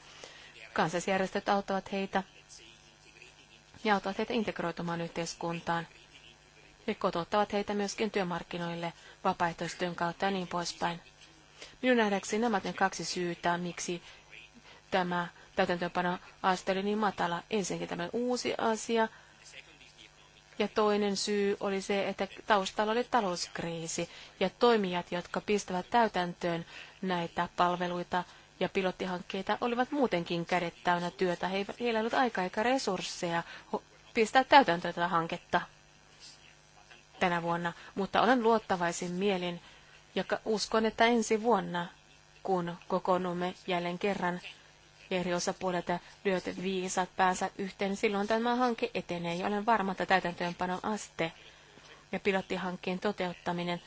Kansallisjärjestöt auttavat heitä ja auttavat heitä integroitumaan yhteiskuntaan. He kotouttavat heitä myöskin työmarkkinoille vapaaehtoistyön kautta ja niin poispäin. Minun nähdäkseni nämä ne kaksi syytä, miksi tämä aste oli niin matala. Ensinnäkin tämä uusi asia, ja toinen syy oli se, että taustalla oli talouskriisi ja toimijat, jotka pistävät täytäntöön näitä palveluita ja pilottihankkeita, olivat muutenkin kädet täynnä työtä. Heillä ei ollut aikaa eikä resursseja pistää täytäntöön tätä hanketta tänä vuonna, mutta olen luottavaisin mielin ja uskon, että ensi vuonna, kun kokoonnumme jälleen kerran ja eri osapuolet lyöt viisat päänsä yhteen, niin silloin tämä hanke etenee ja olen varma, että täytäntöönpanon aste ja pilottihankkeen toteuttaminen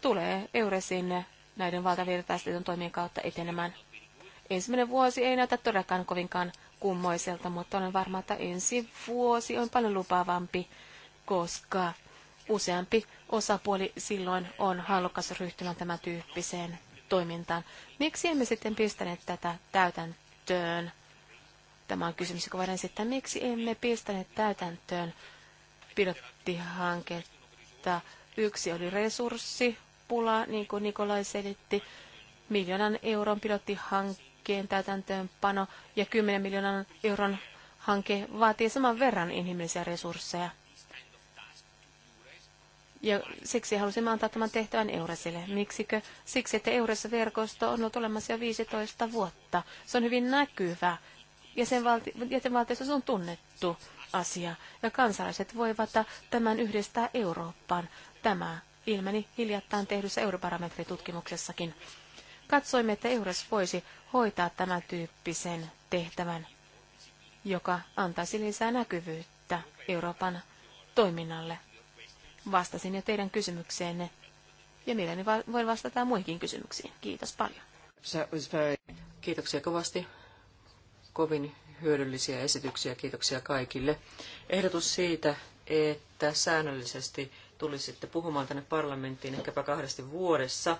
tulee Euresin näiden valtavirtaistetun toimien kautta etenemään. Ensimmäinen vuosi ei näytä todellakaan kovinkaan kummoiselta, mutta olen varma, että ensi vuosi on paljon lupaavampi koska useampi osapuoli silloin on halukas ryhtymään tämän tyyppiseen toimintaan. Miksi emme sitten pistäneet tätä täytäntöön? Tämä on kysymys, joka voidaan esittää. Miksi emme pistäneet täytäntöön pilottihanketta? Yksi oli resurssipula, niin kuin Nikolai selitti, miljoonan euron pilottihankkeen täytäntöönpano ja 10 miljoonan euron hanke vaatii saman verran inhimillisiä resursseja. Ja siksi halusimme antaa tämän tehtävän Euresille. Miksikö? Siksi, että Eures-verkosto on ollut olemassa jo 15 vuotta. Se on hyvin näkyvä. ja jäsenvaltiossa se on tunnettu asia. Ja kansalaiset voivat tämän yhdistää Eurooppaan. Tämä ilmeni hiljattain tehdyssä eurobarometritutkimuksessakin. Katsoimme, että Eures voisi hoitaa tämän tyyppisen tehtävän, joka antaisi lisää näkyvyyttä Euroopan toiminnalle Vastasin jo teidän kysymykseenne ja mielelläni va- voin vastata muihinkin kysymyksiin. Kiitos paljon. Kiitoksia kovasti. Kovin hyödyllisiä esityksiä. Kiitoksia kaikille. Ehdotus siitä, että säännöllisesti tulisitte puhumaan tänne parlamenttiin ehkäpä kahdesti vuodessa,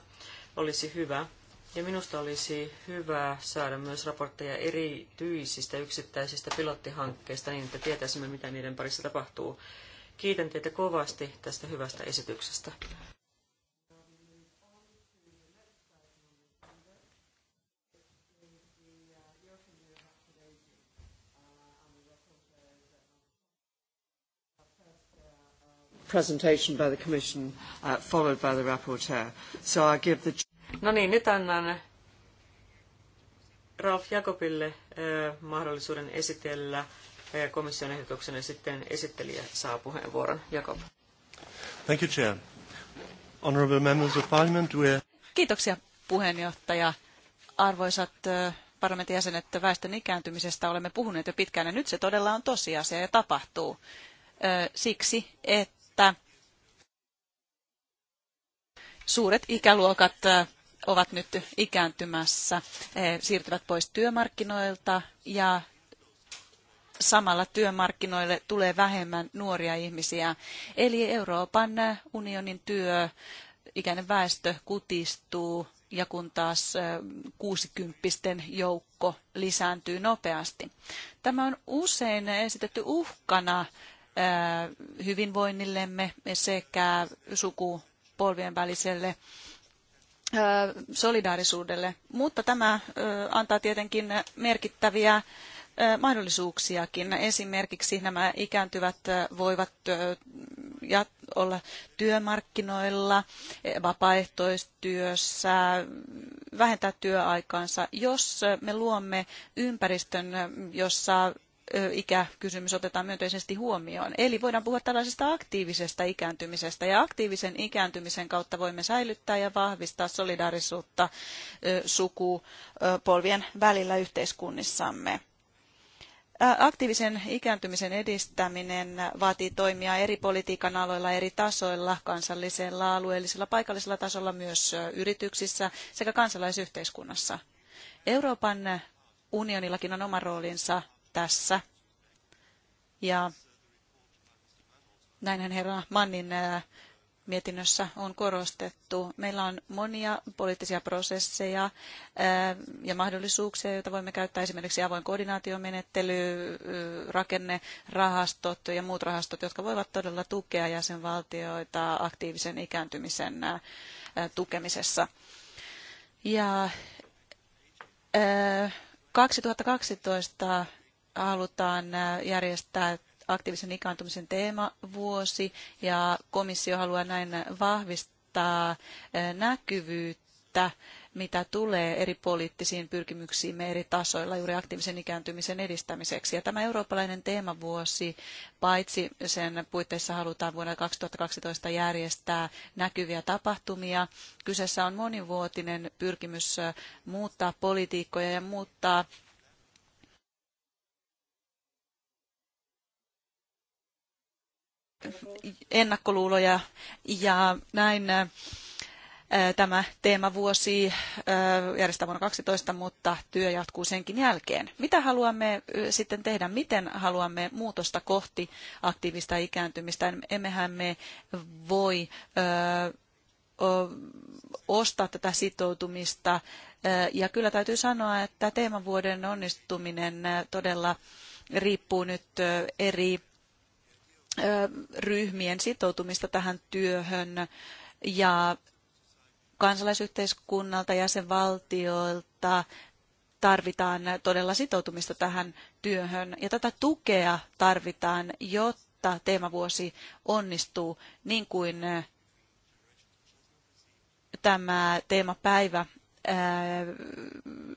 olisi hyvä. Ja minusta olisi hyvä saada myös raportteja erityisistä yksittäisistä pilottihankkeista niin, että tietäisimme, mitä niiden parissa tapahtuu. Kiitän teitä kovasti tästä hyvästä esityksestä. presentation by the Commission, uh, followed by the rapporteur. So I give the... No niin, nyt annan Ralf Jakobille uh, mahdollisuuden esitellä komission ehdotuksen ja sitten esittelijä saa puheenvuoron. Jakob. Thank you, Chair. Honorable members of parliament, we... Kiitoksia puheenjohtaja. Arvoisat parlamentin jäsenet, väestön ikääntymisestä olemme puhuneet jo pitkään ja nyt se todella on tosiasia ja tapahtuu siksi, että suuret ikäluokat ovat nyt ikääntymässä, siirtyvät pois työmarkkinoilta ja samalla työmarkkinoille tulee vähemmän nuoria ihmisiä. Eli Euroopan unionin työ, ikäinen väestö kutistuu ja kun taas kuusikymppisten joukko lisääntyy nopeasti. Tämä on usein esitetty uhkana hyvinvoinnillemme sekä sukupolvien väliselle solidaarisuudelle, mutta tämä antaa tietenkin merkittäviä mahdollisuuksiakin. Esimerkiksi nämä ikääntyvät voivat olla työmarkkinoilla, e, vapaaehtoistyössä, vähentää työaikaansa. Jos me luomme ympäristön, jossa ikäkysymys otetaan myönteisesti huomioon. Eli voidaan puhua tällaisesta aktiivisesta ikääntymisestä ja aktiivisen ikääntymisen kautta voimme säilyttää ja vahvistaa solidaarisuutta sukupolvien välillä yhteiskunnissamme. Aktiivisen ikääntymisen edistäminen vaatii toimia eri politiikan aloilla, eri tasoilla, kansallisella, alueellisella, paikallisella tasolla, myös yrityksissä sekä kansalaisyhteiskunnassa. Euroopan unionillakin on oma roolinsa tässä. Ja näinhän herra Mannin mietinnössä on korostettu. Meillä on monia poliittisia prosesseja ja mahdollisuuksia, joita voimme käyttää esimerkiksi avoin koordinaatiomenettely, rakennerahastot ja muut rahastot, jotka voivat todella tukea jäsenvaltioita aktiivisen ikääntymisen tukemisessa. Ja 2012 halutaan järjestää aktiivisen ikääntymisen teemavuosi ja komissio haluaa näin vahvistaa eh, näkyvyyttä mitä tulee eri poliittisiin pyrkimyksiin eri tasoilla juuri aktiivisen ikääntymisen edistämiseksi. Ja tämä eurooppalainen teemavuosi, paitsi sen puitteissa halutaan vuonna 2012 järjestää näkyviä tapahtumia, kyseessä on monivuotinen pyrkimys eh, muuttaa politiikkoja ja muuttaa ennakkoluuloja ja näin äh, tämä vuosi äh, järjestää vuonna 12, mutta työ jatkuu senkin jälkeen. Mitä haluamme äh, sitten tehdä? Miten haluamme muutosta kohti aktiivista ikääntymistä? Emmehän me voi ostaa tätä sitoutumista. Ja kyllä täytyy sanoa, että teemavuoden onnistuminen todella riippuu nyt eri ryhmien sitoutumista tähän työhön ja kansalaisyhteiskunnalta, ja jäsenvaltioilta tarvitaan todella sitoutumista tähän työhön ja tätä tukea tarvitaan, jotta teemavuosi onnistuu niin kuin tämä teemapäivä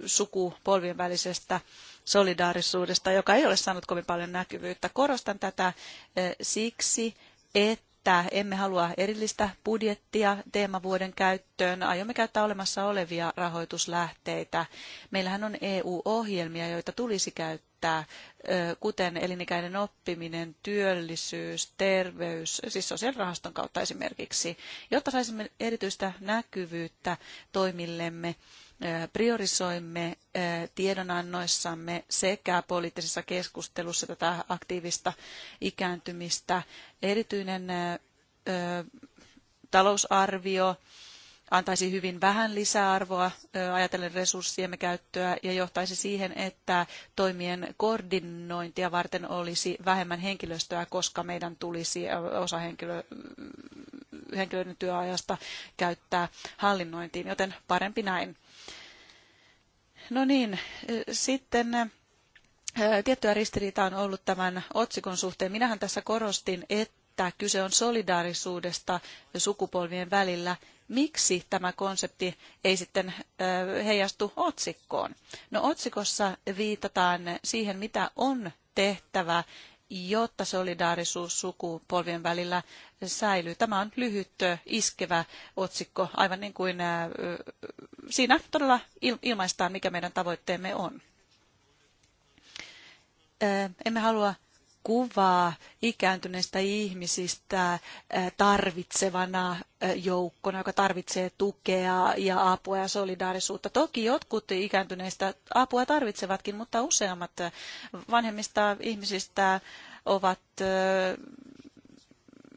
sukupolvien välisestä solidaarisuudesta, joka ei ole saanut kovin paljon näkyvyyttä. Korostan tätä eh, siksi, että emme halua erillistä budjettia teemavuoden käyttöön. Aiomme käyttää olemassa olevia rahoituslähteitä. Meillähän on EU-ohjelmia, joita tulisi käyttää, eh, kuten elinikäinen oppiminen, työllisyys, terveys, siis sosiaalirahaston kautta esimerkiksi, jotta saisimme erityistä näkyvyyttä toimillemme priorisoimme tiedonannoissamme sekä poliittisessa keskustelussa tätä aktiivista ikääntymistä. Erityinen talousarvio antaisi hyvin vähän lisäarvoa ajatellen resurssiemme käyttöä ja johtaisi siihen, että toimien koordinointia varten olisi vähemmän henkilöstöä, koska meidän tulisi osa henkilö, henkilöiden työajasta käyttää hallinnointiin, joten parempi näin. No niin, sitten tiettyä ristiriitaa on ollut tämän otsikon suhteen. Minähän tässä korostin, että kyse on solidaarisuudesta sukupolvien välillä. Miksi tämä konsepti ei sitten heijastu otsikkoon? No otsikossa viitataan siihen, mitä on tehtävä, jotta solidaarisuus sukupolvien välillä säilyy. Tämä on lyhyt iskevä otsikko, aivan niin kuin siinä todella ilmaistaan, mikä meidän tavoitteemme on. Emme halua kuvaa ikääntyneistä ihmisistä tarvitsevana joukkona, joka tarvitsee tukea ja apua ja solidaarisuutta. Toki jotkut ikääntyneistä apua tarvitsevatkin, mutta useammat vanhemmista ihmisistä ovat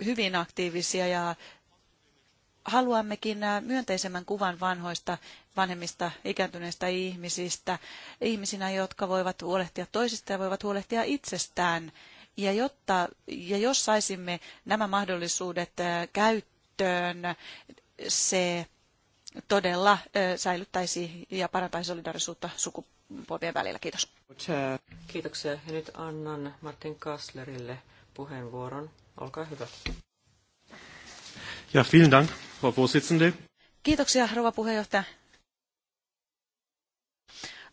hyvin aktiivisia ja haluammekin myönteisemmän kuvan vanhoista vanhemmista ikääntyneistä ihmisistä, ihmisinä, jotka voivat huolehtia toisista ja voivat huolehtia itsestään. Ja, jotta, ja jos saisimme nämä mahdollisuudet käyttöön, se todella säilyttäisi ja parantaisi solidarisuutta sukupolvien välillä. Kiitos. Kiitoksia. Ja nyt annan Martin Kasslerille puheenvuoron. Olkaa hyvä. Ja, vielen Dank, Frau Vorsitzende. Kiitoksia, rouva puheenjohtaja.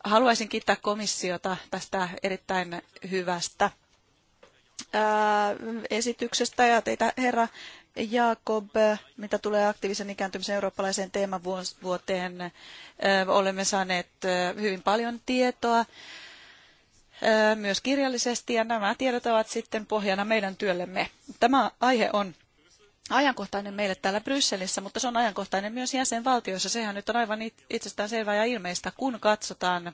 Haluaisin kiittää komissiota tästä erittäin hyvästä esityksestä ja teitä herra Jakob, mitä tulee aktiivisen ikääntymisen eurooppalaiseen teemavuoteen, olemme saaneet hyvin paljon tietoa myös kirjallisesti ja nämä tiedot ovat sitten pohjana meidän työllemme. Tämä aihe on ajankohtainen meille täällä Brysselissä, mutta se on ajankohtainen myös jäsenvaltioissa. Sehän nyt on aivan itsestään selvää ja ilmeistä, kun katsotaan,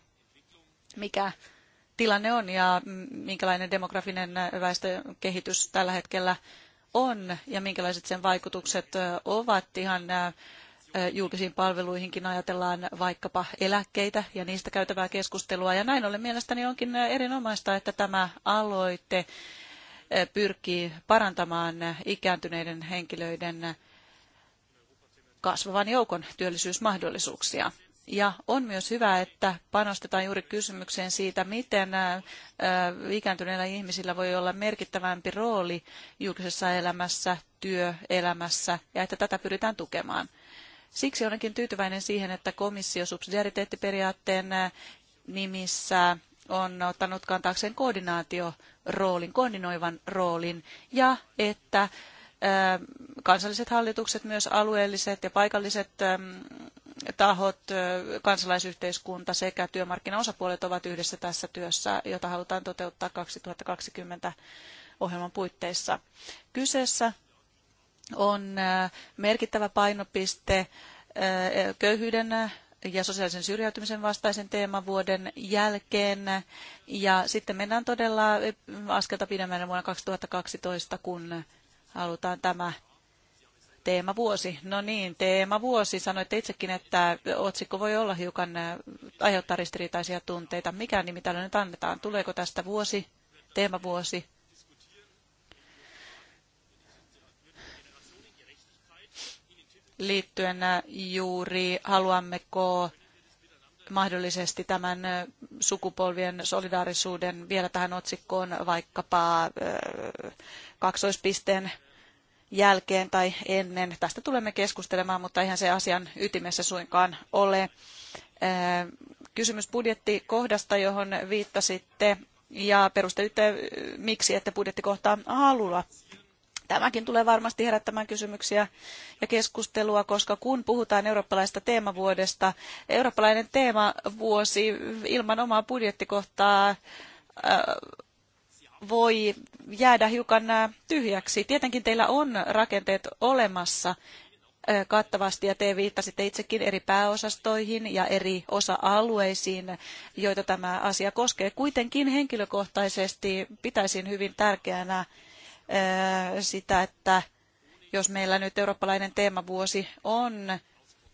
mikä tilanne on ja minkälainen demografinen väestökehitys tällä hetkellä on ja minkälaiset sen vaikutukset ovat ihan julkisiin palveluihinkin ajatellaan vaikkapa eläkkeitä ja niistä käytävää keskustelua. Ja näin ollen mielestäni onkin erinomaista, että tämä aloite pyrkii parantamaan ikääntyneiden henkilöiden kasvavan joukon työllisyysmahdollisuuksia. Ja on myös hyvä, että panostetaan juuri kysymykseen siitä, miten ikääntyneillä ihmisillä voi olla merkittävämpi rooli julkisessa elämässä, työelämässä ja että tätä pyritään tukemaan. Siksi olenkin tyytyväinen siihen, että komissio subsidiariteettiperiaatteen nimissä on ottanut kantaakseen koordinaatio roolin, koordinoivan roolin ja että ähm, kansalliset hallitukset, myös alueelliset ja paikalliset ähm, tahot, äh, kansalaisyhteiskunta sekä työmarkkinaosapuolet ovat yhdessä tässä työssä, jota halutaan toteuttaa 2020 ohjelman puitteissa. Kyseessä on äh, merkittävä painopiste äh, köyhyyden ja sosiaalisen syrjäytymisen vastaisen teemavuoden jälkeen. Ja sitten mennään todella askelta pidemmälle vuonna 2012, kun halutaan tämä teemavuosi. No niin, teemavuosi. Sanoitte itsekin, että otsikko voi olla hiukan aiheuttaa ristiriitaisia tunteita. Mikä nimi tällä nyt annetaan? Tuleeko tästä vuosi, teemavuosi liittyen äh, juuri haluammeko mahdollisesti tämän äh, sukupolvien solidaarisuuden vielä tähän otsikkoon vaikkapa äh, kaksoispisteen jälkeen tai ennen. Tästä tulemme keskustelemaan, mutta eihän se asian ytimessä suinkaan ole. Kysymys budjettikohdasta, johon viittasitte, ja perustelitte, miksi ette budjettikohtaa halua Tämäkin tulee varmasti herättämään kysymyksiä ja keskustelua, koska kun puhutaan eurooppalaisesta teemavuodesta, eurooppalainen teemavuosi ilman omaa budjettikohtaa äh, voi jäädä hiukan äh, tyhjäksi. Tietenkin teillä on rakenteet olemassa äh, kattavasti ja te viittasitte itsekin eri pääosastoihin ja eri osa-alueisiin, joita tämä asia koskee. Kuitenkin henkilökohtaisesti pitäisin hyvin tärkeänä sitä, että jos meillä nyt eurooppalainen teemavuosi on,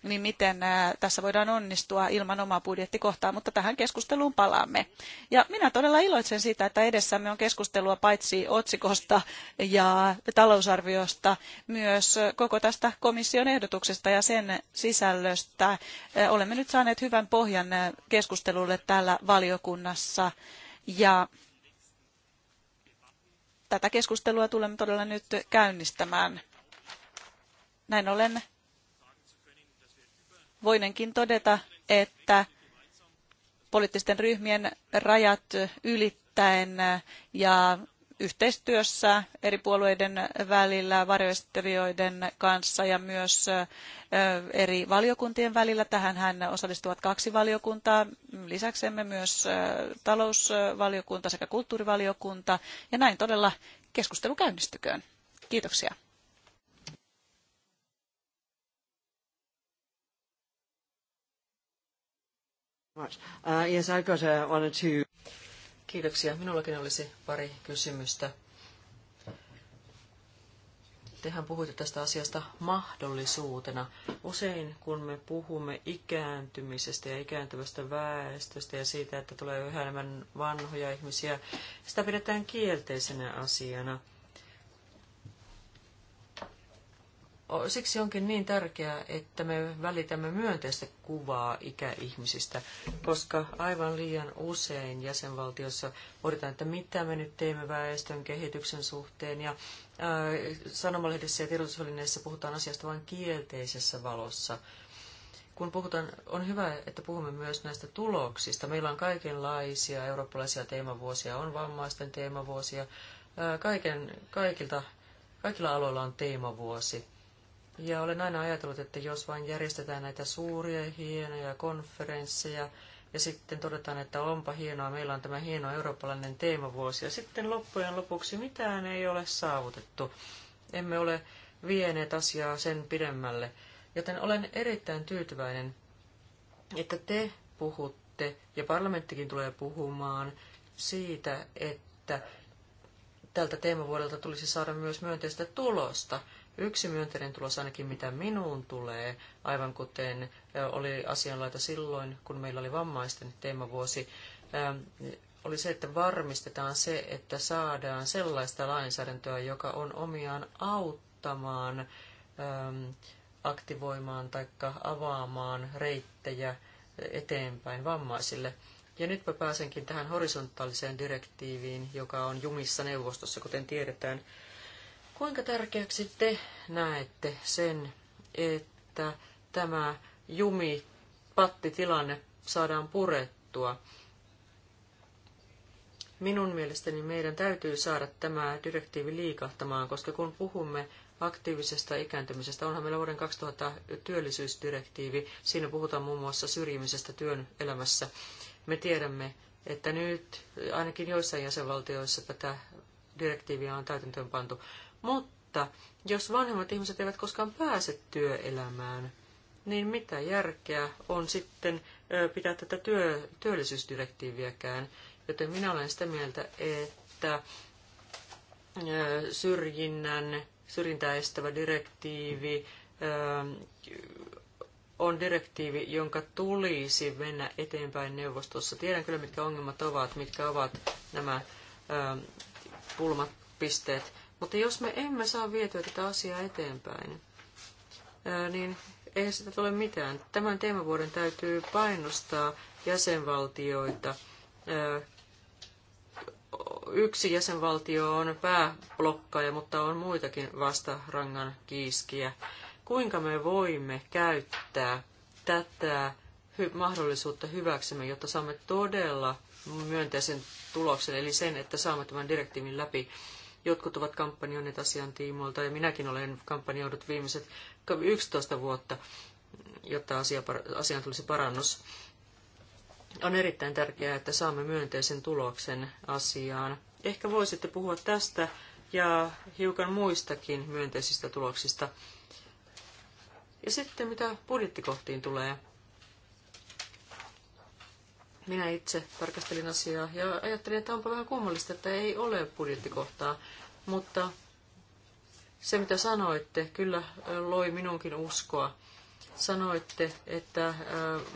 niin miten tässä voidaan onnistua ilman omaa budjettikohtaa, mutta tähän keskusteluun palaamme. Ja minä todella iloitsen siitä, että edessämme on keskustelua paitsi otsikosta ja talousarviosta, myös koko tästä komission ehdotuksesta ja sen sisällöstä. Olemme nyt saaneet hyvän pohjan keskustelulle täällä valiokunnassa ja tätä keskustelua tulemme todella nyt käynnistämään. Näin ollen voinenkin todeta, että poliittisten ryhmien rajat ylittäen ja yhteistyössä eri puolueiden välillä, varjoistelijoiden kanssa ja myös eri valiokuntien välillä. Tähän hän osallistuvat kaksi valiokuntaa, lisäksemme myös talousvaliokunta sekä kulttuurivaliokunta. Ja näin todella keskustelu käynnistyköön. Kiitoksia. much. Uh, yes, I've got one or two. Kiitoksia. Minullakin olisi pari kysymystä. Tehän puhuitte tästä asiasta mahdollisuutena. Usein kun me puhumme ikääntymisestä ja ikääntyvästä väestöstä ja siitä, että tulee yhä enemmän vanhoja ihmisiä, sitä pidetään kielteisenä asiana – Siksi onkin niin tärkeää, että me välitämme myönteistä kuvaa ikäihmisistä, koska aivan liian usein jäsenvaltiossa odotetaan, että mitä me nyt teemme väestön kehityksen suhteen. Ja sanomalehdissä sanomalehdessä ja tiedotusvälineissä puhutaan asiasta vain kielteisessä valossa. Kun puhutaan, on hyvä, että puhumme myös näistä tuloksista. Meillä on kaikenlaisia eurooppalaisia teemavuosia, on vammaisten teemavuosia, kaiken, kaikilta, kaikilla aloilla on teemavuosi ja olen aina ajatellut, että jos vain järjestetään näitä suuria, hienoja konferensseja, ja sitten todetaan, että onpa hienoa, meillä on tämä hieno eurooppalainen teemavuosi. Ja sitten loppujen lopuksi mitään ei ole saavutettu. Emme ole vieneet asiaa sen pidemmälle. Joten olen erittäin tyytyväinen, että te puhutte, ja parlamenttikin tulee puhumaan siitä, että tältä teemavuodelta tulisi saada myös myönteistä tulosta – Yksi myönteinen tulos ainakin mitä minuun tulee, aivan kuten oli asianlaita silloin, kun meillä oli vammaisten teemavuosi, ähm, oli se, että varmistetaan se, että saadaan sellaista lainsäädäntöä, joka on omiaan auttamaan, ähm, aktivoimaan tai avaamaan reittejä eteenpäin vammaisille. Ja nyt pääsenkin tähän horisontaaliseen direktiiviin, joka on jumissa neuvostossa, kuten tiedetään. Kuinka tärkeäksi te näette sen, että tämä jumi-pattitilanne saadaan purettua? Minun mielestäni meidän täytyy saada tämä direktiivi liikahtamaan, koska kun puhumme aktiivisesta ikääntymisestä, onhan meillä vuoden 2000 työllisyysdirektiivi, siinä puhutaan muun muassa syrjimisestä työn elämässä. Me tiedämme, että nyt ainakin joissain jäsenvaltioissa tätä direktiiviä on täytäntöönpantu. Mutta jos vanhemmat ihmiset eivät koskaan pääse työelämään, niin mitä järkeä on sitten pitää tätä työ, työllisyysdirektiiviäkään? Joten minä olen sitä mieltä, että syrjinnän, syrjintää estävä direktiivi on direktiivi, jonka tulisi mennä eteenpäin neuvostossa. Tiedän kyllä, mitkä ongelmat ovat, mitkä ovat nämä pulmapisteet mutta jos me emme saa vietyä tätä asiaa eteenpäin, niin eihän sitä tule mitään. Tämän teemavuoden täytyy painostaa jäsenvaltioita. Yksi jäsenvaltio on pääblokkaaja, mutta on muitakin vastarangan kiiskiä. Kuinka me voimme käyttää tätä mahdollisuutta hyväksemme, jotta saamme todella myönteisen tuloksen, eli sen, että saamme tämän direktiivin läpi Jotkut ovat kampanjoineet asian tiimoilta ja minäkin olen kampanjoidut viimeiset 11 vuotta, jotta asia, asiaan tulisi parannus. On erittäin tärkeää, että saamme myönteisen tuloksen asiaan. Ehkä voisitte puhua tästä ja hiukan muistakin myönteisistä tuloksista. Ja sitten mitä budjettikohtiin tulee, minä itse tarkastelin asiaa ja ajattelin, että onpa vähän kummallista, että ei ole budjettikohtaa, mutta se mitä sanoitte kyllä loi minunkin uskoa. Sanoitte, että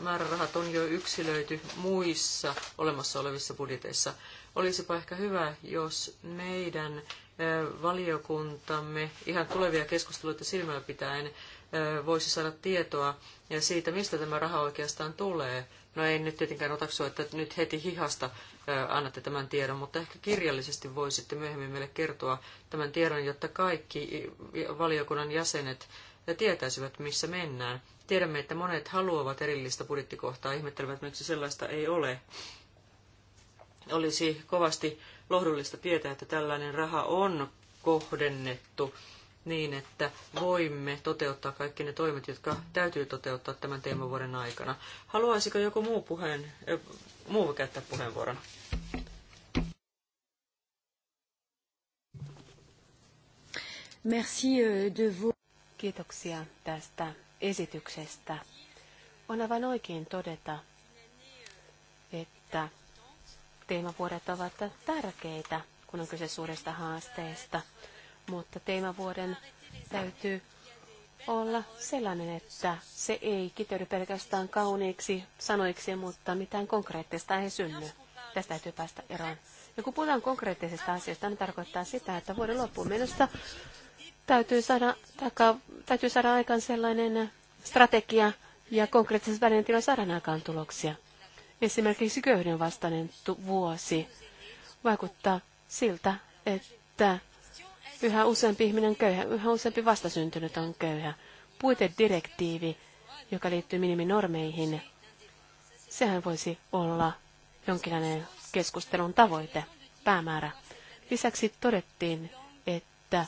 määrärahat on jo yksilöity muissa olemassa olevissa budjeteissa. Olisipa ehkä hyvä, jos meidän valiokuntamme ihan tulevia keskusteluita silmällä pitäen voisi saada tietoa siitä, mistä tämä raha oikeastaan tulee. No ei nyt tietenkään otaksua, että nyt heti hihasta annatte tämän tiedon, mutta ehkä kirjallisesti voisitte myöhemmin meille kertoa tämän tiedon, jotta kaikki valiokunnan jäsenet tietäisivät, missä mennään. Tiedämme, että monet haluavat erillistä budjettikohtaa, ihmettelevät, miksi sellaista ei ole. Olisi kovasti lohdullista tietää, että tällainen raha on kohdennettu niin, että voimme toteuttaa kaikki ne toimet, jotka täytyy toteuttaa tämän teemavuoden aikana. Haluaisiko joku muu, puheen, äh, muu käyttää puheenvuoron? Merci de vous. Kiitoksia tästä esityksestä. On aivan oikein todeta, että teemavuodet ovat tärkeitä, kun on kyse suuresta haasteesta mutta teemavuoden täytyy olla sellainen, että se ei kiteydy pelkästään kauniiksi sanoiksi, mutta mitään konkreettista ei synny. Tästä täytyy päästä eroon. Ja kun puhutaan konkreettisista asioista, niin tarkoittaa sitä, että vuoden loppuun mennessä täytyy saada, taka, täytyy saada aikaan sellainen strategia ja konkreettisessa välineillä saadaan aikaan tuloksia. Esimerkiksi köyhden vastainen vuosi vaikuttaa siltä, että Yhä useampi ihminen on köyhä, yhä useampi vastasyntynyt on köyhä. Puitedirektiivi, joka liittyy miniminormeihin, sehän voisi olla jonkinlainen keskustelun tavoite, päämäärä. Lisäksi todettiin, että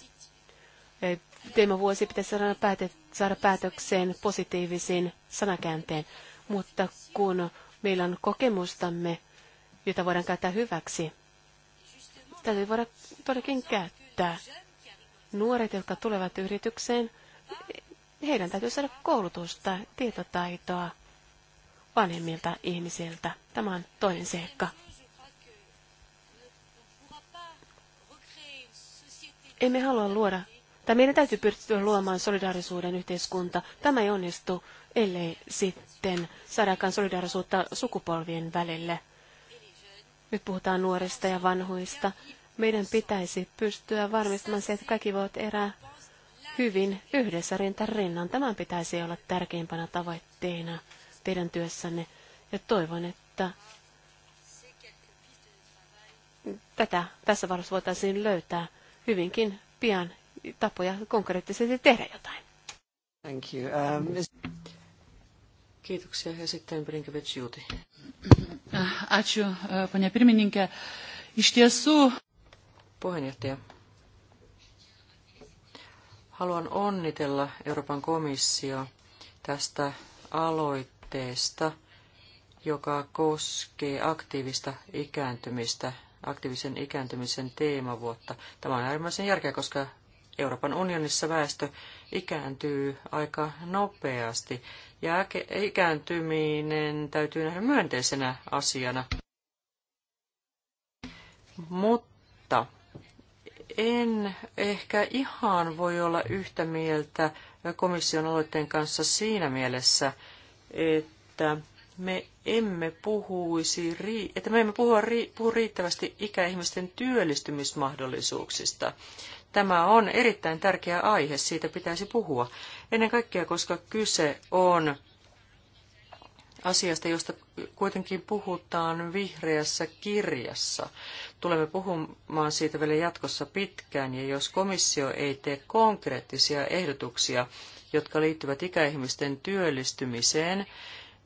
e, teemavuosi pitäisi saada, päätet, saada päätökseen positiivisiin sanakäänteen, mutta kun meillä on kokemustamme, jota voidaan käyttää hyväksi, täytyy voida todellakin käyttää että nuoret, jotka tulevat yritykseen, heidän täytyy saada koulutusta, tietotaitoa vanhemmilta ihmisiltä. Tämä on toinen seikka. Emme halua luoda, tai meidän täytyy pyrkiä luomaan solidaarisuuden yhteiskunta. Tämä ei onnistu, ellei sitten saadaakaan solidaarisuutta sukupolvien välille. Nyt puhutaan nuorista ja vanhuista. Meidän pitäisi pystyä varmistamaan se, että kaikki voivat erää hyvin yhdessä rinta rinnan. Tämän pitäisi olla tärkeimpänä tavoitteena teidän työssänne. Ja toivon, että tätä tässä valossa voitaisiin löytää hyvinkin pian tapoja konkreettisesti tehdä jotain. Thank you. Um, Kiitoksia ja sitten Brinkovic Juuti. Ačiū, uh, ponia pirmininkė. Iš tiesų puheenjohtaja. Haluan onnitella Euroopan komissio tästä aloitteesta, joka koskee aktiivista ikääntymistä, aktiivisen ikääntymisen teemavuotta. Tämä on äärimmäisen järkeä, koska Euroopan unionissa väestö ikääntyy aika nopeasti ja ikääntyminen täytyy nähdä myönteisenä asiana. Mutta en ehkä ihan voi olla yhtä mieltä komission aloitteen kanssa siinä mielessä, että me emme puhuisi, että me emme puhua, puhu riittävästi ikäihmisten työllistymismahdollisuuksista. Tämä on erittäin tärkeä aihe, siitä pitäisi puhua. Ennen kaikkea, koska kyse on asiasta, josta kuitenkin puhutaan vihreässä kirjassa. Tulemme puhumaan siitä vielä jatkossa pitkään, ja jos komissio ei tee konkreettisia ehdotuksia, jotka liittyvät ikäihmisten työllistymiseen,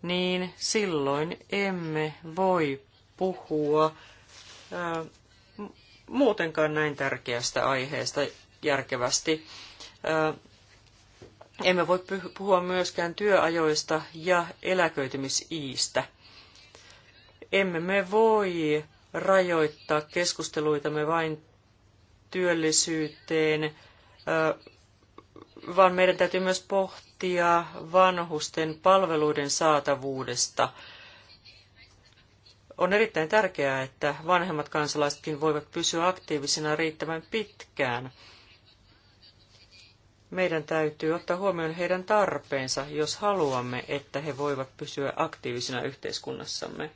niin silloin emme voi puhua ää, muutenkaan näin tärkeästä aiheesta järkevästi. Ää, emme voi puhua myöskään työajoista ja eläköitymisiistä. Emme me voi rajoittaa keskusteluitamme vain työllisyyteen, vaan meidän täytyy myös pohtia vanhusten palveluiden saatavuudesta. On erittäin tärkeää, että vanhemmat kansalaisetkin voivat pysyä aktiivisina riittävän pitkään – meidän täytyy ottaa huomioon heidän tarpeensa, jos haluamme, että he voivat pysyä aktiivisina yhteiskunnassamme.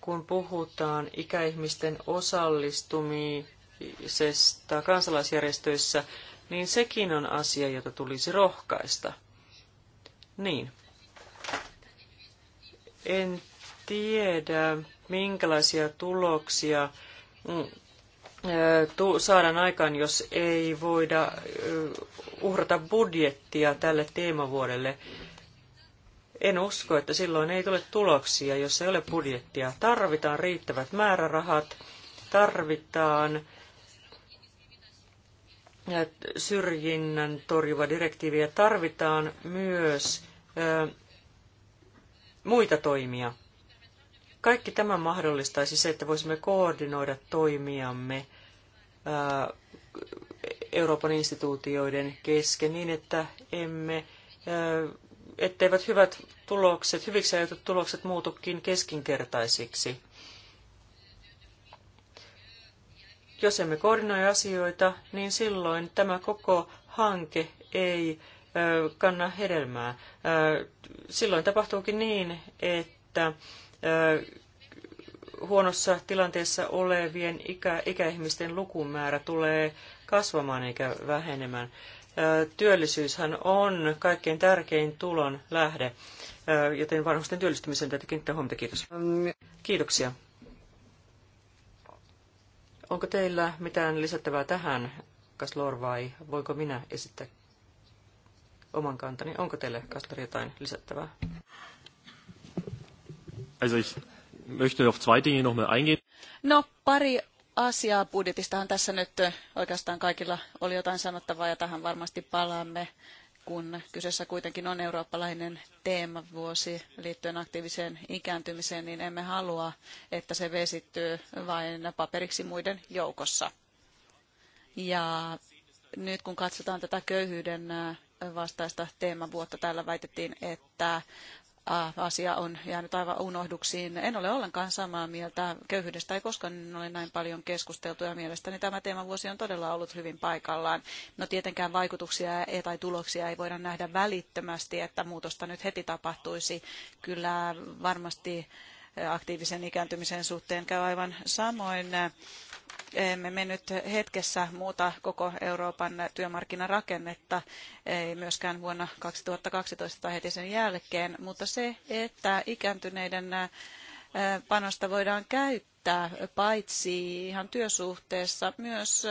Kun puhutaan ikäihmisten osallistumisesta kansalaisjärjestöissä, niin sekin on asia, jota tulisi rohkaista. Niin. En tiedä, minkälaisia tuloksia saadaan aikaan, jos ei voida uhrata budjettia tälle teemavuodelle. En usko, että silloin ei tule tuloksia, jos ei ole budjettia. Tarvitaan riittävät määrärahat, tarvitaan syrjinnän torjuva direktiivi ja tarvitaan myös muita toimia. Kaikki tämä mahdollistaisi se, että voisimme koordinoida toimiamme Euroopan instituutioiden kesken niin, että emme, etteivät hyvät tulokset, hyviksi ajatut tulokset muutukin keskinkertaisiksi. Jos emme koordinoi asioita, niin silloin tämä koko hanke ei kanna hedelmää. Silloin tapahtuukin niin, että huonossa tilanteessa olevien ikä, ikäihmisten lukumäärä tulee kasvamaan eikä vähenemään. Työllisyyshän on kaikkein tärkein tulon lähde, joten vanhusten työllistymisen täytyy kiinnittää huomiota. Kiitos. Kiitoksia. Onko teillä mitään lisättävää tähän, Kaslor, vai voinko minä esittää oman kantani? Onko teille, Kaslor, jotain lisättävää? Also ich möchte auf zwei Dinge mal eingehen. No, pari asiaa budjetistahan tässä nyt oikeastaan kaikilla oli jotain sanottavaa ja tähän varmasti palaamme, kun kyseessä kuitenkin on eurooppalainen teemavuosi liittyen aktiiviseen ikääntymiseen, niin emme halua, että se vesittyy vain paperiksi muiden joukossa. Ja nyt kun katsotaan tätä köyhyyden vastaista teemavuotta, täällä väitettiin, että asia on jäänyt aivan unohduksiin. En ole ollenkaan samaa mieltä. Köyhyydestä ei koskaan ole näin paljon keskusteltu ja mielestäni tämä teemavuosi on todella ollut hyvin paikallaan. No tietenkään vaikutuksia tai tuloksia ei voida nähdä välittömästi, että muutosta nyt heti tapahtuisi. Kyllä varmasti aktiivisen ikääntymisen suhteen käy aivan samoin emme me nyt hetkessä muuta koko Euroopan työmarkkinarakennetta, ei myöskään vuonna 2012 tai heti sen jälkeen, mutta se, että ikääntyneiden panosta voidaan käyttää paitsi ihan työsuhteessa, myös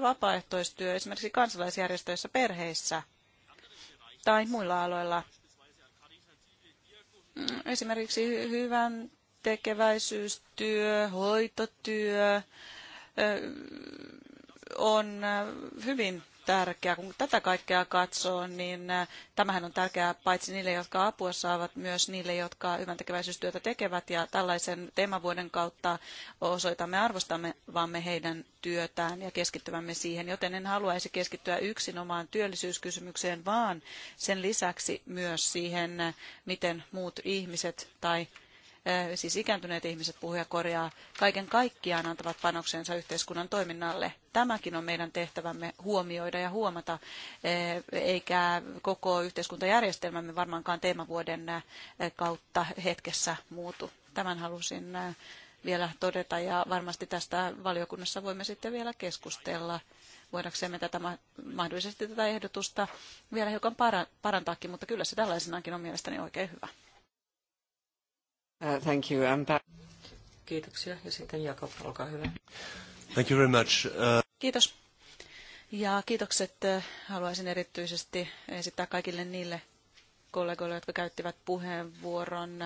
vapaaehtoistyö esimerkiksi kansalaisjärjestöissä, perheissä tai muilla aloilla. Esimerkiksi hyvän tekeväisyystyö, hoitotyö, on hyvin tärkeä. Kun tätä kaikkea katsoo, niin tämähän on tärkeää paitsi niille, jotka apua saavat, myös niille, jotka hyvän tekeväisyystyötä tekevät. Ja tällaisen teemavuoden kautta osoitamme arvostamme vamme heidän työtään ja keskittyvämme siihen. Joten en haluaisi keskittyä yksinomaan työllisyyskysymykseen, vaan sen lisäksi myös siihen, miten muut ihmiset tai Äh, siis ikääntyneet ihmiset, puhuja korjaa, kaiken kaikkiaan antavat panoksensa yhteiskunnan toiminnalle. Tämäkin on meidän tehtävämme huomioida ja huomata, äh, eikä koko yhteiskuntajärjestelmämme varmaankaan teemavuoden äh, kautta hetkessä muutu. Tämän halusin vielä todeta ja varmasti tästä valiokunnassa voimme sitten vielä keskustella voidaksemme tätä, mahdollisesti tätä ehdotusta vielä hiukan parantaakin, mutta kyllä se tällaisenaankin on mielestäni oikein hyvä. Uh, thank you. I'm Kiitoksia. Ja sitten Jakob, olkaa hyvä. Thank you very much. Uh, Kiitos. Ja kiitokset uh, haluaisin erityisesti esittää kaikille niille kollegoille, jotka käyttivät puheenvuoron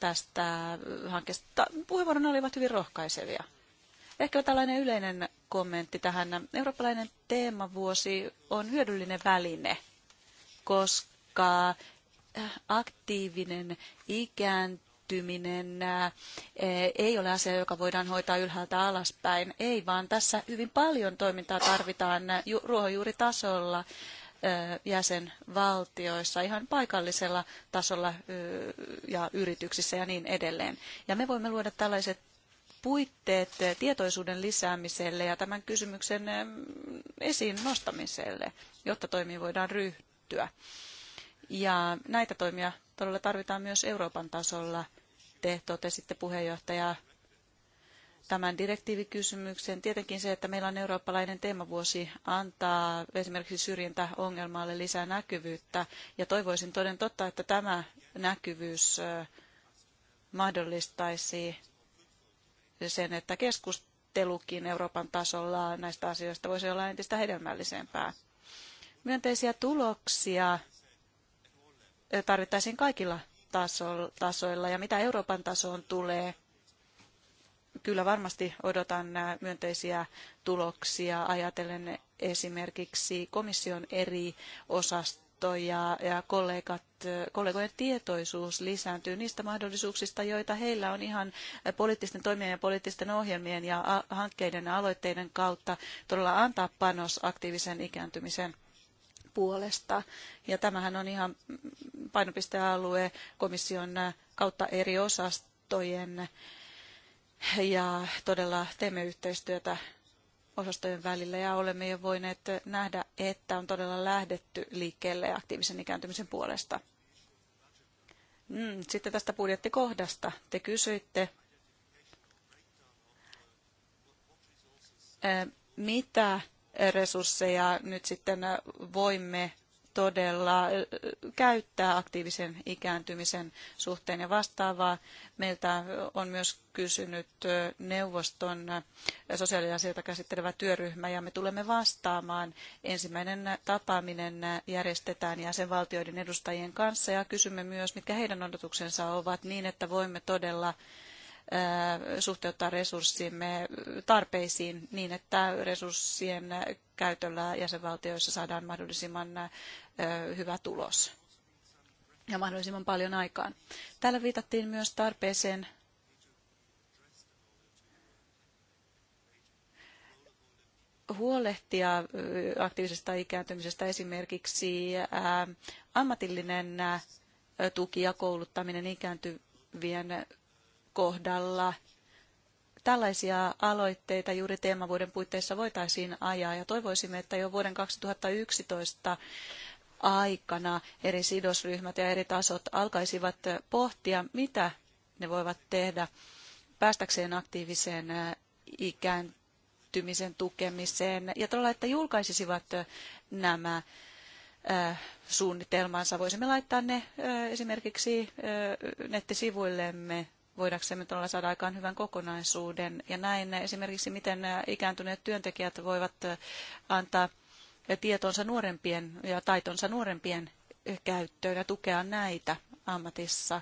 tästä hankkeesta. Puheenvuoron olivat hyvin rohkaisevia. Ehkä tällainen yleinen kommentti tähän. Eurooppalainen teemavuosi on hyödyllinen väline, koska äh, aktiivinen ikääntyminen kehittyminen ei ole asia, joka voidaan hoitaa ylhäältä alaspäin. Ei, vaan tässä hyvin paljon toimintaa tarvitaan ruohonjuuritasolla jäsenvaltioissa, ihan paikallisella tasolla ja yrityksissä ja niin edelleen. Ja me voimme luoda tällaiset puitteet tietoisuuden lisäämiselle ja tämän kysymyksen esiin nostamiselle, jotta toimiin voidaan ryhtyä. Ja näitä toimia todella tarvitaan myös Euroopan tasolla. Te totesitte puheenjohtaja tämän direktiivikysymyksen. Tietenkin se, että meillä on eurooppalainen teemavuosi, antaa esimerkiksi syrjintäongelmalle lisää näkyvyyttä. Ja toivoisin toden totta, että tämä näkyvyys mahdollistaisi sen, että keskustelukin Euroopan tasolla näistä asioista voisi olla entistä hedelmällisempää. Myönteisiä tuloksia tarvittaisiin kaikilla tasoilla. Ja mitä Euroopan tasoon tulee, kyllä varmasti odotan äh, myönteisiä tuloksia ajatellen esimerkiksi komission eri osastoja ja kollegat, äh, kollegojen tietoisuus lisääntyy niistä mahdollisuuksista, joita heillä on ihan äh, poliittisten toimien ja poliittisten ohjelmien ja hankkeiden ja aloitteiden kautta todella antaa panos aktiivisen ikääntymisen puolesta. Ja tämähän on ihan painopistealue komission kautta eri osastojen ja todella teemme yhteistyötä osastojen välillä ja olemme jo voineet nähdä, että on todella lähdetty liikkeelle aktiivisen ikääntymisen puolesta. Mm, sitten tästä budjettikohdasta. Te kysyitte, eh, mitä resursseja nyt sitten voimme todella käyttää aktiivisen ikääntymisen suhteen. Ja vastaavaa meiltä on myös kysynyt neuvoston sosiaaliasioita käsittelevä työryhmä ja me tulemme vastaamaan. Ensimmäinen tapaaminen järjestetään jäsenvaltioiden edustajien kanssa ja kysymme myös, mitkä heidän odotuksensa ovat niin, että voimme todella suhteuttaa resurssimme tarpeisiin niin, että resurssien käytöllä jäsenvaltioissa saadaan mahdollisimman hyvä tulos ja mahdollisimman paljon aikaan. Täällä viitattiin myös tarpeeseen huolehtia aktiivisesta ikääntymisestä esimerkiksi ammatillinen tuki ja kouluttaminen ikääntyvien kohdalla tällaisia aloitteita juuri teemavuoden puitteissa voitaisiin ajaa ja toivoisimme, että jo vuoden 2011 aikana eri sidosryhmät ja eri tasot alkaisivat pohtia, mitä ne voivat tehdä päästäkseen aktiiviseen ikääntymisen tukemiseen ja todella, että julkaisisivat nämä suunnitelmansa. Voisimme laittaa ne esimerkiksi nettisivuillemme voidaksemme todella saada aikaan hyvän kokonaisuuden. Ja näin esimerkiksi, miten ikääntyneet työntekijät voivat antaa tietonsa nuorempien ja taitonsa nuorempien käyttöön ja tukea näitä ammatissa.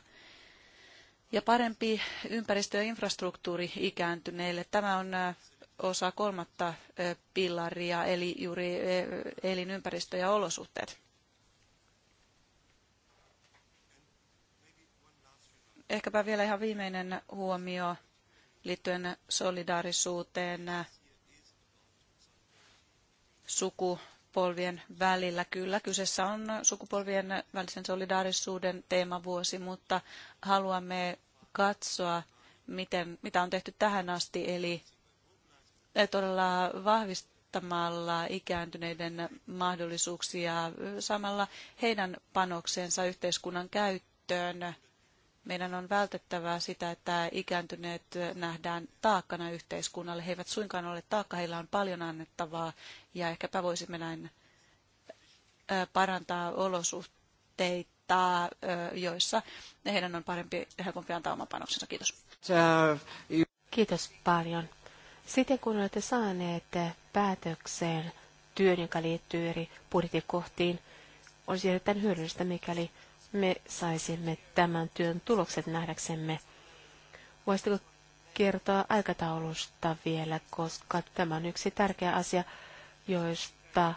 Ja parempi ympäristö ja infrastruktuuri ikääntyneille. Tämä on osa kolmatta pilaria, eli juuri elinympäristö ja olosuhteet. Ehkäpä vielä ihan viimeinen huomio liittyen solidaarisuuteen äh, sukupolvien välillä. Kyllä, kyseessä on sukupolvien välisen solidaarisuuden teemavuosi, mutta haluamme katsoa, miten, mitä on tehty tähän asti, eli eh, todella vahvistamalla ikääntyneiden mahdollisuuksia eh, samalla heidän panoksensa yhteiskunnan käyttöön meidän on vältettävää sitä, että ikääntyneet nähdään taakkana yhteiskunnalle. He eivät suinkaan ole taakka, heillä on paljon annettavaa ja ehkäpä voisimme näin parantaa olosuhteita, joissa heidän on parempi, helpompi antaa oma panoksensa. Kiitos. Kiitos paljon. Sitten kun olette saaneet päätökseen työn, joka liittyy eri budjetikohtiin, olisi erittäin hyödyllistä, mikäli me saisimme tämän työn tulokset nähdäksemme. Voisitko kertoa aikataulusta vielä, koska tämä on yksi tärkeä asia, joista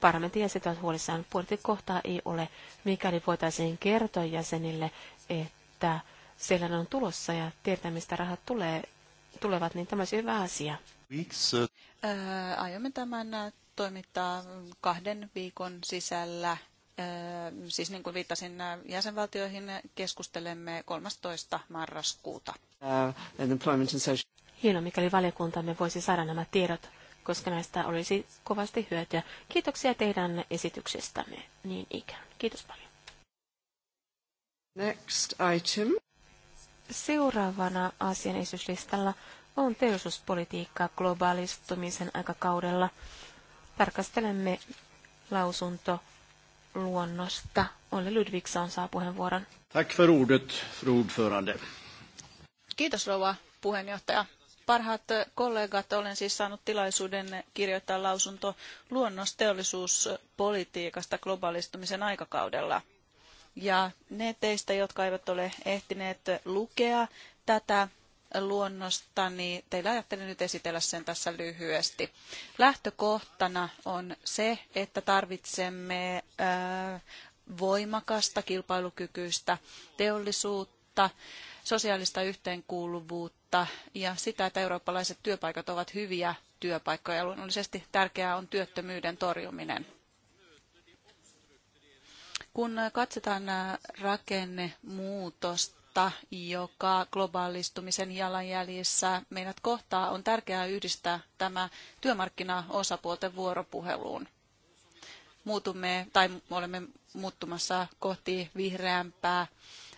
parlamentin jäsenet ovat huolissaan. kohtaa ei ole, mikäli voitaisiin kertoa jäsenille, että siellä on tulossa ja tietää, mistä rahat tulee, tulevat, niin tämä olisi hyvä asia. Uh, Ää, aiomme tämän toimittaa kahden viikon sisällä siis niin kuin viittasin jäsenvaltioihin, keskustelemme 13. marraskuuta. Uh, Hienoa, mikäli valiokuntamme voisi saada nämä tiedot, koska näistä olisi kovasti hyötyä. Kiitoksia teidän esityksestämme niin ikään. Kiitos paljon. Next item. Seuraavana asian esityslistalla on teollisuuspolitiikka globaalistumisen aikakaudella. Tarkastelemme lausunto luonnosta. Olle Ludvigsson saa puheenvuoron. Tack för ordet, fru ordförande. Kiitos rouva puheenjohtaja. Parhaat kollegat, olen siis saanut tilaisuuden kirjoittaa lausunto luonnosteollisuuspolitiikasta globaalistumisen aikakaudella. Ja ne teistä, jotka eivät ole ehtineet lukea tätä luonnostani. Teillä ajattelin nyt esitellä sen tässä lyhyesti. Lähtökohtana on se, että tarvitsemme voimakasta, kilpailukykyistä teollisuutta, sosiaalista yhteenkuuluvuutta ja sitä, että eurooppalaiset työpaikat ovat hyviä työpaikkoja. Luonnollisesti tärkeää on työttömyyden torjuminen. Kun katsotaan rakennemuutosta, kohta, joka globaalistumisen jalanjäljissä meidät kohtaa, on tärkeää yhdistää tämä työmarkkinaosapuolten vuoropuheluun. Muutumme tai olemme muuttumassa kohti vihreämpää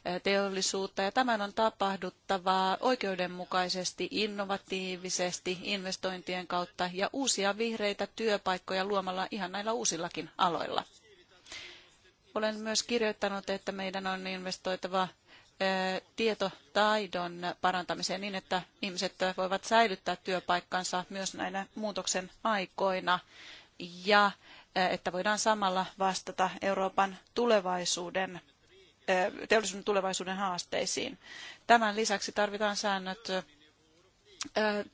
eh, teollisuutta ja tämän on tapahduttava oikeudenmukaisesti, innovatiivisesti, investointien kautta ja uusia vihreitä työpaikkoja luomalla ihan näillä uusillakin aloilla. Olen myös kirjoittanut, että meidän on investoitava tietotaidon parantamiseen niin, että ihmiset voivat säilyttää työpaikkansa myös näinä muutoksen aikoina ja että voidaan samalla vastata Euroopan tulevaisuuden teollisuuden tulevaisuuden haasteisiin. Tämän lisäksi tarvitaan säännöt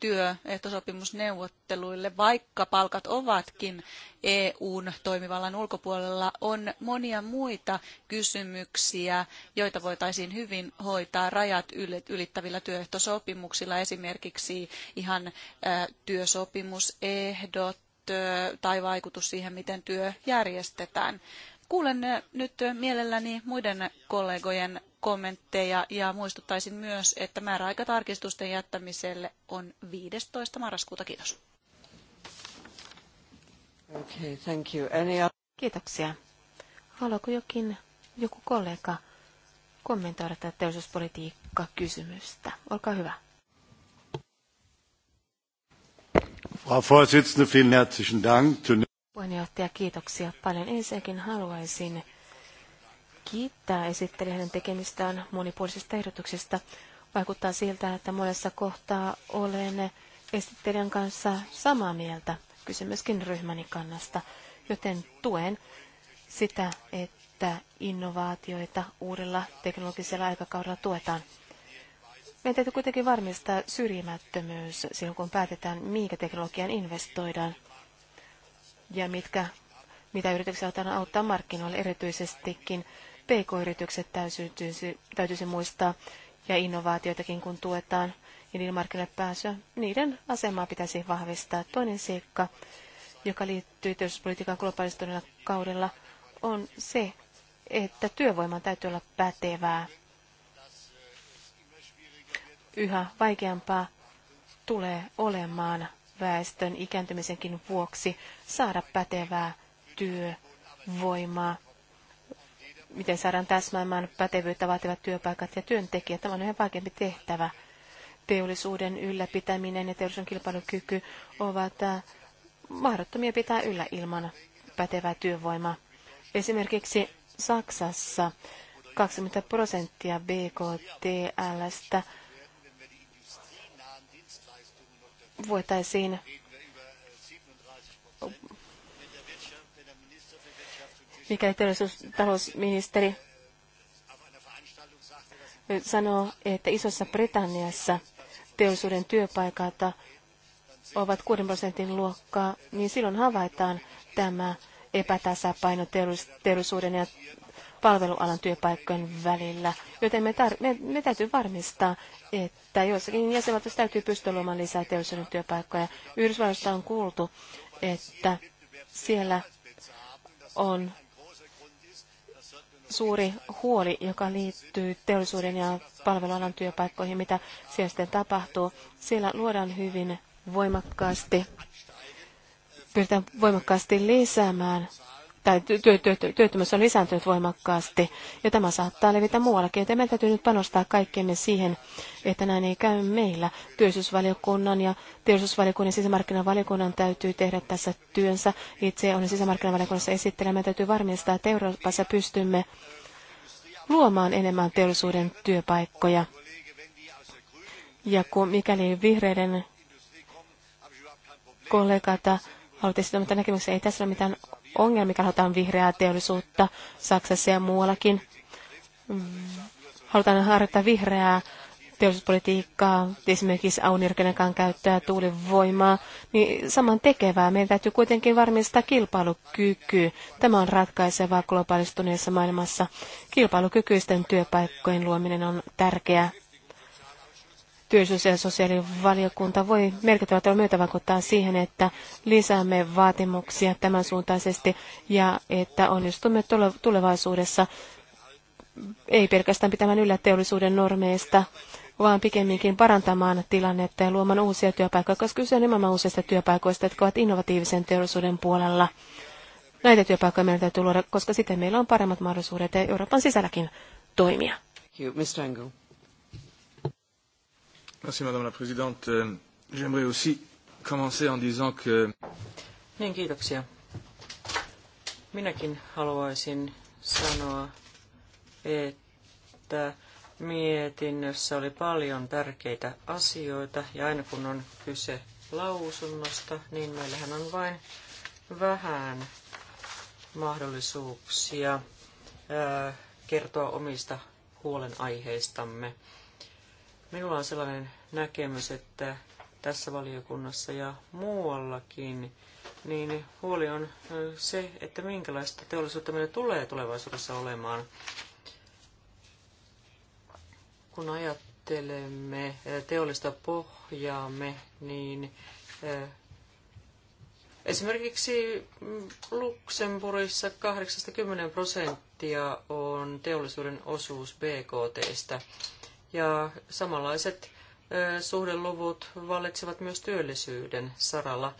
työehtosopimusneuvotteluille, vaikka palkat ovatkin EUn toimivallan ulkopuolella, on monia muita kysymyksiä, joita voitaisiin hyvin hoitaa rajat ylittävillä työehtosopimuksilla, esimerkiksi ihan työsopimusehdot tai vaikutus siihen, miten työ järjestetään. Kuulen nyt mielelläni muiden kollegojen kommentteja ja muistuttaisin myös, että määräaika tarkistusten jättämiselle on 15. marraskuuta. Kiitos. Okay, thank you. Any other... Kiitoksia. Haluaako jokin, joku kollega kommentoida tätä teollisuuspolitiikka-kysymystä? Olkaa hyvä. Frau Vorsitzende, Puheenjohtaja, kiitoksia paljon. Ensinnäkin haluaisin kiittää esittelijä hänen tekemistään monipuolisista ehdotuksista. Vaikuttaa siltä, että monessa kohtaa olen esittelijän kanssa samaa mieltä, kysymyskin ryhmäni kannasta, joten tuen sitä, että innovaatioita uudella teknologisella aikakaudella tuetaan. Meidän täytyy kuitenkin varmistaa syrjimättömyys silloin, kun päätetään, minkä teknologian investoidaan ja mitkä, mitä yrityksiä otetaan auttaa markkinoille erityisestikin PK-yritykset täytyisi, täytyisi muistaa ja innovaatioitakin, kun tuetaan ja niiden markkinoille pääsyä. Niiden asemaa pitäisi vahvistaa. Toinen seikka, joka liittyy teollisuuspolitiikan globaalistuneella kaudella, on se, että työvoiman täytyy olla pätevää. Yhä vaikeampaa tulee olemaan väestön ikääntymisenkin vuoksi saada pätevää työvoimaa miten saadaan täsmäämään pätevyyttä vaativat työpaikat ja työntekijät. Tämä on yhä vaikeampi tehtävä. Teollisuuden ylläpitäminen ja teollisuuden kilpailukyky ovat äh, mahdottomia pitää yllä ilman pätevää työvoimaa. Esimerkiksi Saksassa 20 prosenttia BKTLstä voitaisiin mikäli teollisuus, talousministeri sanoo, että Isossa Britanniassa teollisuuden työpaikat ovat 6 prosentin luokkaa, niin silloin havaitaan tämä epätasapaino teollisuuden ja palvelualan työpaikkojen välillä. Joten me, tar- me, me täytyy varmistaa, että joissakin jäsenvaltioissa täytyy pystyä luomaan lisää teollisuuden työpaikkoja. Yhdysvalloista on kuultu, että siellä on suuri huoli, joka liittyy teollisuuden ja palvelualan työpaikkoihin, mitä siellä sitten tapahtuu. Siellä luodaan hyvin voimakkaasti, pyritään voimakkaasti lisäämään tai työttömyys on lisääntynyt voimakkaasti, ja tämä saattaa levitä muuallakin, joten meidän täytyy nyt panostaa kaikkemme siihen, että näin ei käy meillä. Työllisyysvaliokunnan ja työllisyysvaliokunnan ja sisämarkkinavaliokunnan täytyy tehdä tässä työnsä. Itse olen sisämarkkinavaliokunnassa esittelemään, täytyy varmistaa, että Euroopassa pystymme luomaan enemmän teollisuuden työpaikkoja. Ja kun mikäli vihreiden kollegata haluat esittää mutta näkemyksiä, ei tässä ole mitään ongelmia, halutaan vihreää teollisuutta Saksassa ja muuallakin. Mm. Halutaan harjoittaa vihreää teollisuuspolitiikkaa, esimerkiksi Aunirkenekan käyttöä, tuulivoimaa, niin saman tekevää. Meidän täytyy kuitenkin varmistaa kilpailukyky. Tämä on ratkaisevaa globaalistuneessa maailmassa. Kilpailukykyisten työpaikkojen luominen on tärkeää työllisyys- ja sosiaalivaliokunta voi merkittävä tavalla myötä vaikuttaa siihen, että lisäämme vaatimuksia tämän suuntaisesti ja että onnistumme tulevaisuudessa ei pelkästään pitämään yllä teollisuuden normeista, vaan pikemminkin parantamaan tilannetta ja luomaan uusia työpaikkoja, koska kyse on nimenomaan uusista työpaikoista, jotka ovat innovatiivisen teollisuuden puolella. Näitä työpaikkoja meidän täytyy luoda, koska sitten meillä on paremmat mahdollisuudet Euroopan sisälläkin toimia. Thank you, Mr. Engel. Merci, Madame la Présidente. Euh, j'aimerais aussi commencer en disant que... Niin, kiitoksia. Minäkin haluaisin sanoa, että mietinnössä oli paljon tärkeitä asioita ja aina kun on kyse lausunnosta, niin meillähän on vain vähän mahdollisuuksia kertoa omista huolenaiheistamme. Minulla on sellainen näkemys, että tässä valiokunnassa ja muuallakin, niin huoli on se, että minkälaista teollisuutta meillä tulee tulevaisuudessa olemaan. Kun ajattelemme teollista pohjaamme, niin esimerkiksi Luxemburgissa 80 prosenttia on teollisuuden osuus BKTstä ja samanlaiset suhdeluvut vallitsevat myös työllisyyden saralla.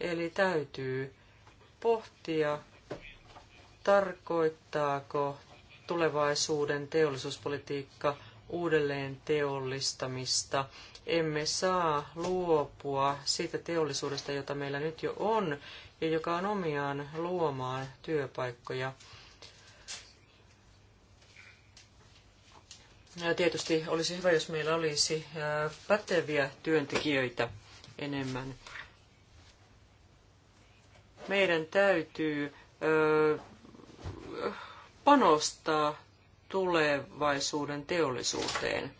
Eli täytyy pohtia, tarkoittaako tulevaisuuden teollisuuspolitiikka uudelleen teollistamista. Emme saa luopua siitä teollisuudesta, jota meillä nyt jo on ja joka on omiaan luomaan työpaikkoja Tietysti olisi hyvä, jos meillä olisi päteviä työntekijöitä enemmän. Meidän täytyy panostaa tulevaisuuden teollisuuteen.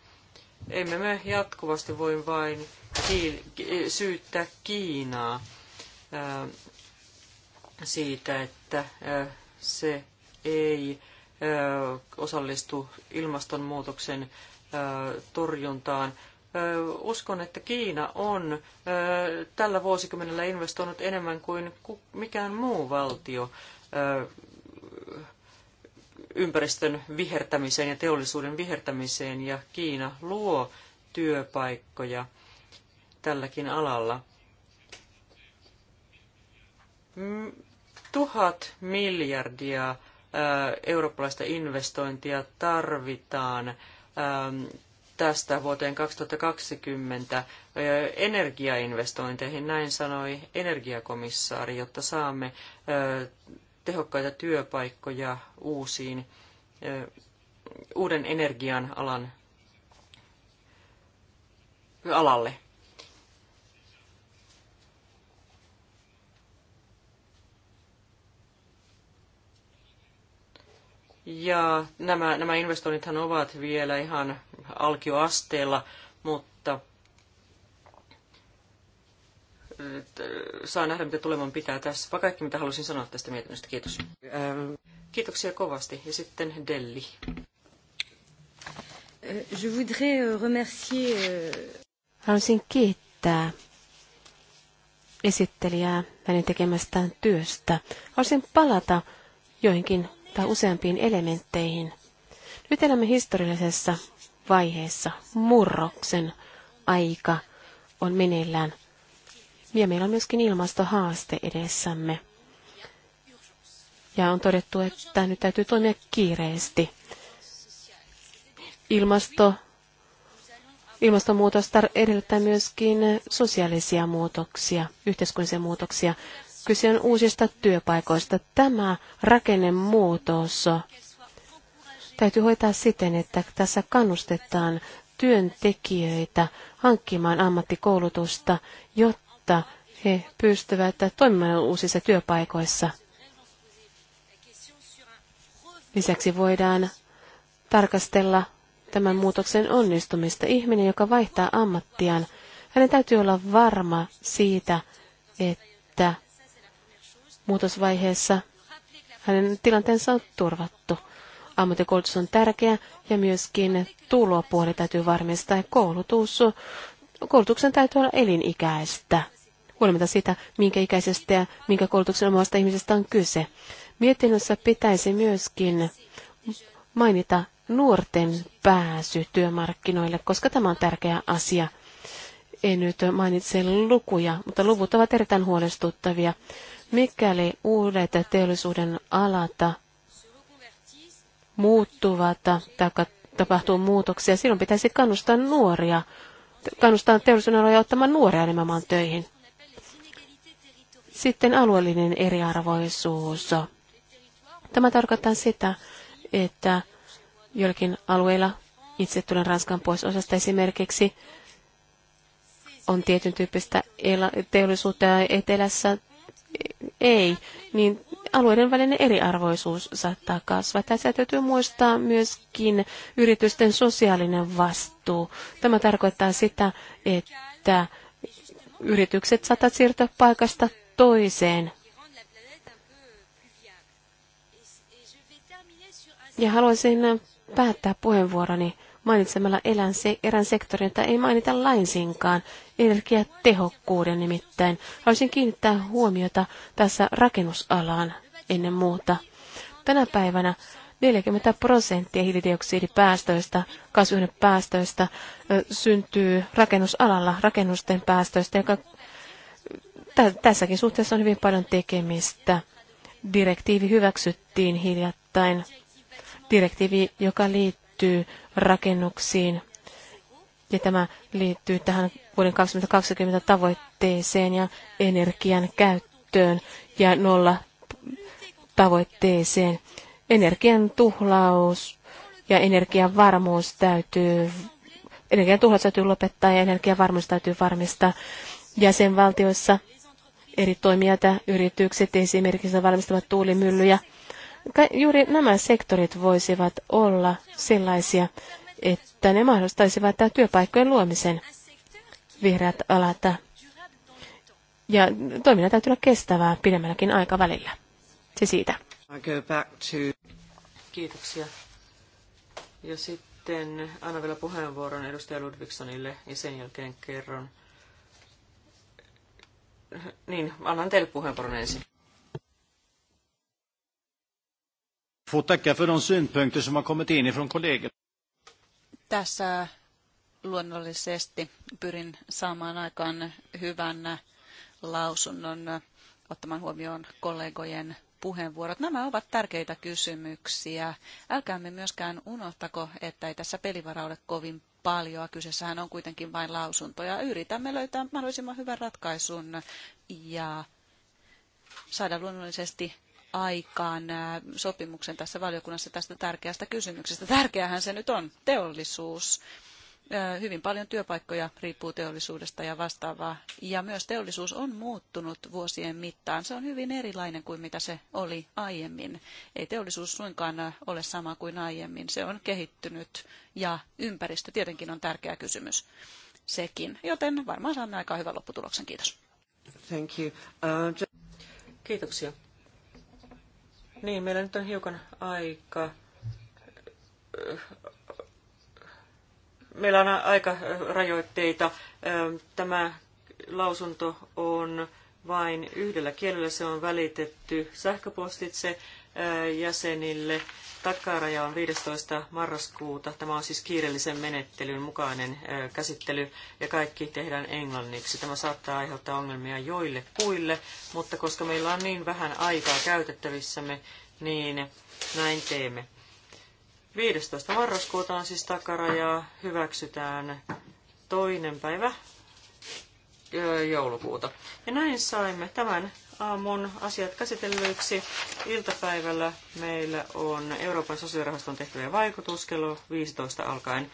Emme me jatkuvasti voi vain syyttää Kiinaa siitä, että se ei osallistu ilmastonmuutoksen torjuntaan. Uskon, että Kiina on tällä vuosikymmenellä investoinut enemmän kuin mikään muu valtio ympäristön vihertämiseen ja teollisuuden vihertämiseen, ja Kiina luo työpaikkoja tälläkin alalla. Tuhat miljardia eurooppalaista investointia tarvitaan ähm, tästä vuoteen 2020 energiainvestointeihin, näin sanoi energiakomissaari, jotta saamme tehokkaita työpaikkoja uusiin, uuden energian alan alalle. Ja nämä, nämä investoinnithan ovat vielä ihan alkioasteella, mutta saa nähdä, mitä tuleman pitää tässä. Kaikki, mitä halusin sanoa tästä mietinnöstä. Kiitos. Kiitoksia kovasti. Ja sitten Delli. Je voudrais euh, remercier... Euh, haluaisin kiittää esittelijää hänen tekemästään työstä. Haluaisin palata joihinkin tai useampiin elementteihin. Nyt elämme historiallisessa vaiheessa. Murroksen aika on meneillään. Ja meillä on myöskin ilmastohaaste edessämme. Ja on todettu, että nyt täytyy toimia kiireesti. Ilmasto, ilmastonmuutos edellyttää myöskin sosiaalisia muutoksia, yhteiskunnallisia muutoksia. Kyse on uusista työpaikoista. Tämä rakennemuutos täytyy hoitaa siten, että tässä kannustetaan työntekijöitä hankkimaan ammattikoulutusta, jotta he pystyvät toimimaan uusissa työpaikoissa. Lisäksi voidaan tarkastella tämän muutoksen onnistumista. Ihminen, joka vaihtaa ammattiaan, hänen täytyy olla varma siitä, että muutosvaiheessa hänen tilanteensa on turvattu. Ammattikoulutus on tärkeä ja myöskin tulopuoli täytyy varmistaa ja koulutus, koulutuksen täytyy olla elinikäistä, huolimatta siitä, minkä ikäisestä ja minkä koulutuksen omasta ihmisestä on kyse. Mietinnössä pitäisi myöskin mainita nuorten pääsy työmarkkinoille, koska tämä on tärkeä asia. En nyt mainitse lukuja, mutta luvut ovat erittäin huolestuttavia. Mikäli uudet teollisuuden alat muuttuvat tai tapahtuu muutoksia, silloin pitäisi kannustaa nuoria, kannustaa teollisuuden aloja ottamaan nuoria enemmän töihin. Sitten alueellinen eriarvoisuus. Tämä tarkoittaa sitä, että joillakin alueilla, itse tulen Ranskan pois osasta esimerkiksi, on tietyn tyyppistä teollisuutta etelässä ei, niin alueiden välinen eriarvoisuus saattaa kasvaa. Tässä täytyy muistaa myöskin yritysten sosiaalinen vastuu. Tämä tarkoittaa sitä, että yritykset saattavat siirtyä paikasta toiseen. Ja haluaisin päättää puheenvuoroni mainitsemalla elän se, erän sektorin, että ei mainita lainsinkaan energiatehokkuuden nimittäin. Haluaisin kiinnittää huomiota tässä rakennusalaan ennen muuta. Tänä päivänä 40 prosenttia hiilidioksidipäästöistä, kasvihuonepäästöistä syntyy rakennusalalla, rakennusten päästöistä, joka tässäkin suhteessa on hyvin paljon tekemistä. Direktiivi hyväksyttiin hiljattain direktiivi, joka liittyy rakennuksiin. Ja tämä liittyy tähän vuoden 2020 tavoitteeseen ja energian käyttöön ja nolla tavoitteeseen. Energian tuhlaus ja energian varmuus täytyy, energian tuhlaus täytyy lopettaa ja energian varmuus täytyy varmistaa jäsenvaltioissa eri toimijat ja yritykset esimerkiksi valmistavat tuulimyllyjä juuri nämä sektorit voisivat olla sellaisia, että ne mahdollistaisivat tämän työpaikkojen luomisen vihreät alat. Ja toiminnan täytyy olla kestävää pidemmälläkin aikavälillä. Se siitä. Kiitoksia. Ja sitten annan vielä puheenvuoron edustaja Ludvigsonille ja sen jälkeen kerron. Niin, annan teille puheenvuoron ensin. tacka för de synpunkter som har kommit in ifrån kollegor. Tässä luonnollisesti pyrin saamaan aikaan hyvän lausunnon ottamaan huomioon kollegojen puheenvuorot. Nämä ovat tärkeitä kysymyksiä. Älkäämme myöskään unohtako, että ei tässä pelivara ole kovin paljon. Kyseessähän on kuitenkin vain lausuntoja. Yritämme löytää mahdollisimman hyvän ratkaisun ja saada luonnollisesti aikaan sopimuksen tässä valiokunnassa tästä tärkeästä kysymyksestä. Tärkeähän se nyt on, teollisuus. Hyvin paljon työpaikkoja riippuu teollisuudesta ja vastaavaa. Ja myös teollisuus on muuttunut vuosien mittaan. Se on hyvin erilainen kuin mitä se oli aiemmin. Ei teollisuus suinkaan ole sama kuin aiemmin. Se on kehittynyt ja ympäristö tietenkin on tärkeä kysymys sekin. Joten varmaan saamme aika hyvän lopputuloksen. Kiitos. Thank you. Uh, Kiitoksia. Niin, meillä nyt on hiukan aika. Meillä on aika rajoitteita. Tämä lausunto on vain yhdellä kielellä. Se on välitetty sähköpostitse jäsenille takaraja on 15. marraskuuta. Tämä on siis kiireellisen menettelyn mukainen käsittely ja kaikki tehdään englanniksi. Tämä saattaa aiheuttaa ongelmia joille kuille, mutta koska meillä on niin vähän aikaa käytettävissämme, niin näin teemme. 15. marraskuuta on siis takaraja. Hyväksytään toinen päivä joulukuuta. Ja näin saimme tämän aamun asiat käsitellyiksi. Iltapäivällä meillä on Euroopan sosiaalirahaston tehtävien vaikutus kello 15 alkaen.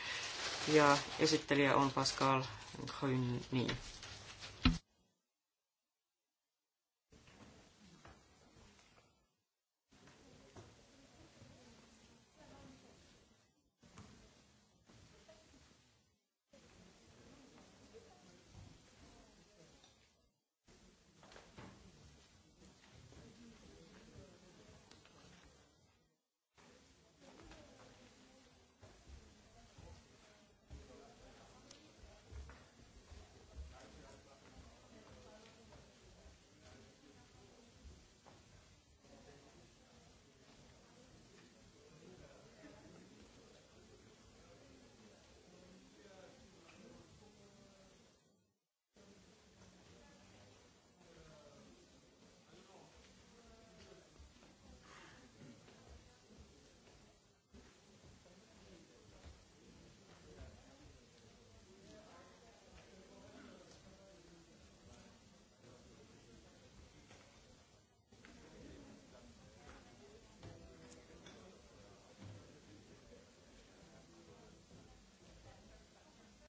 Ja esittelijä on Pascal Grünin.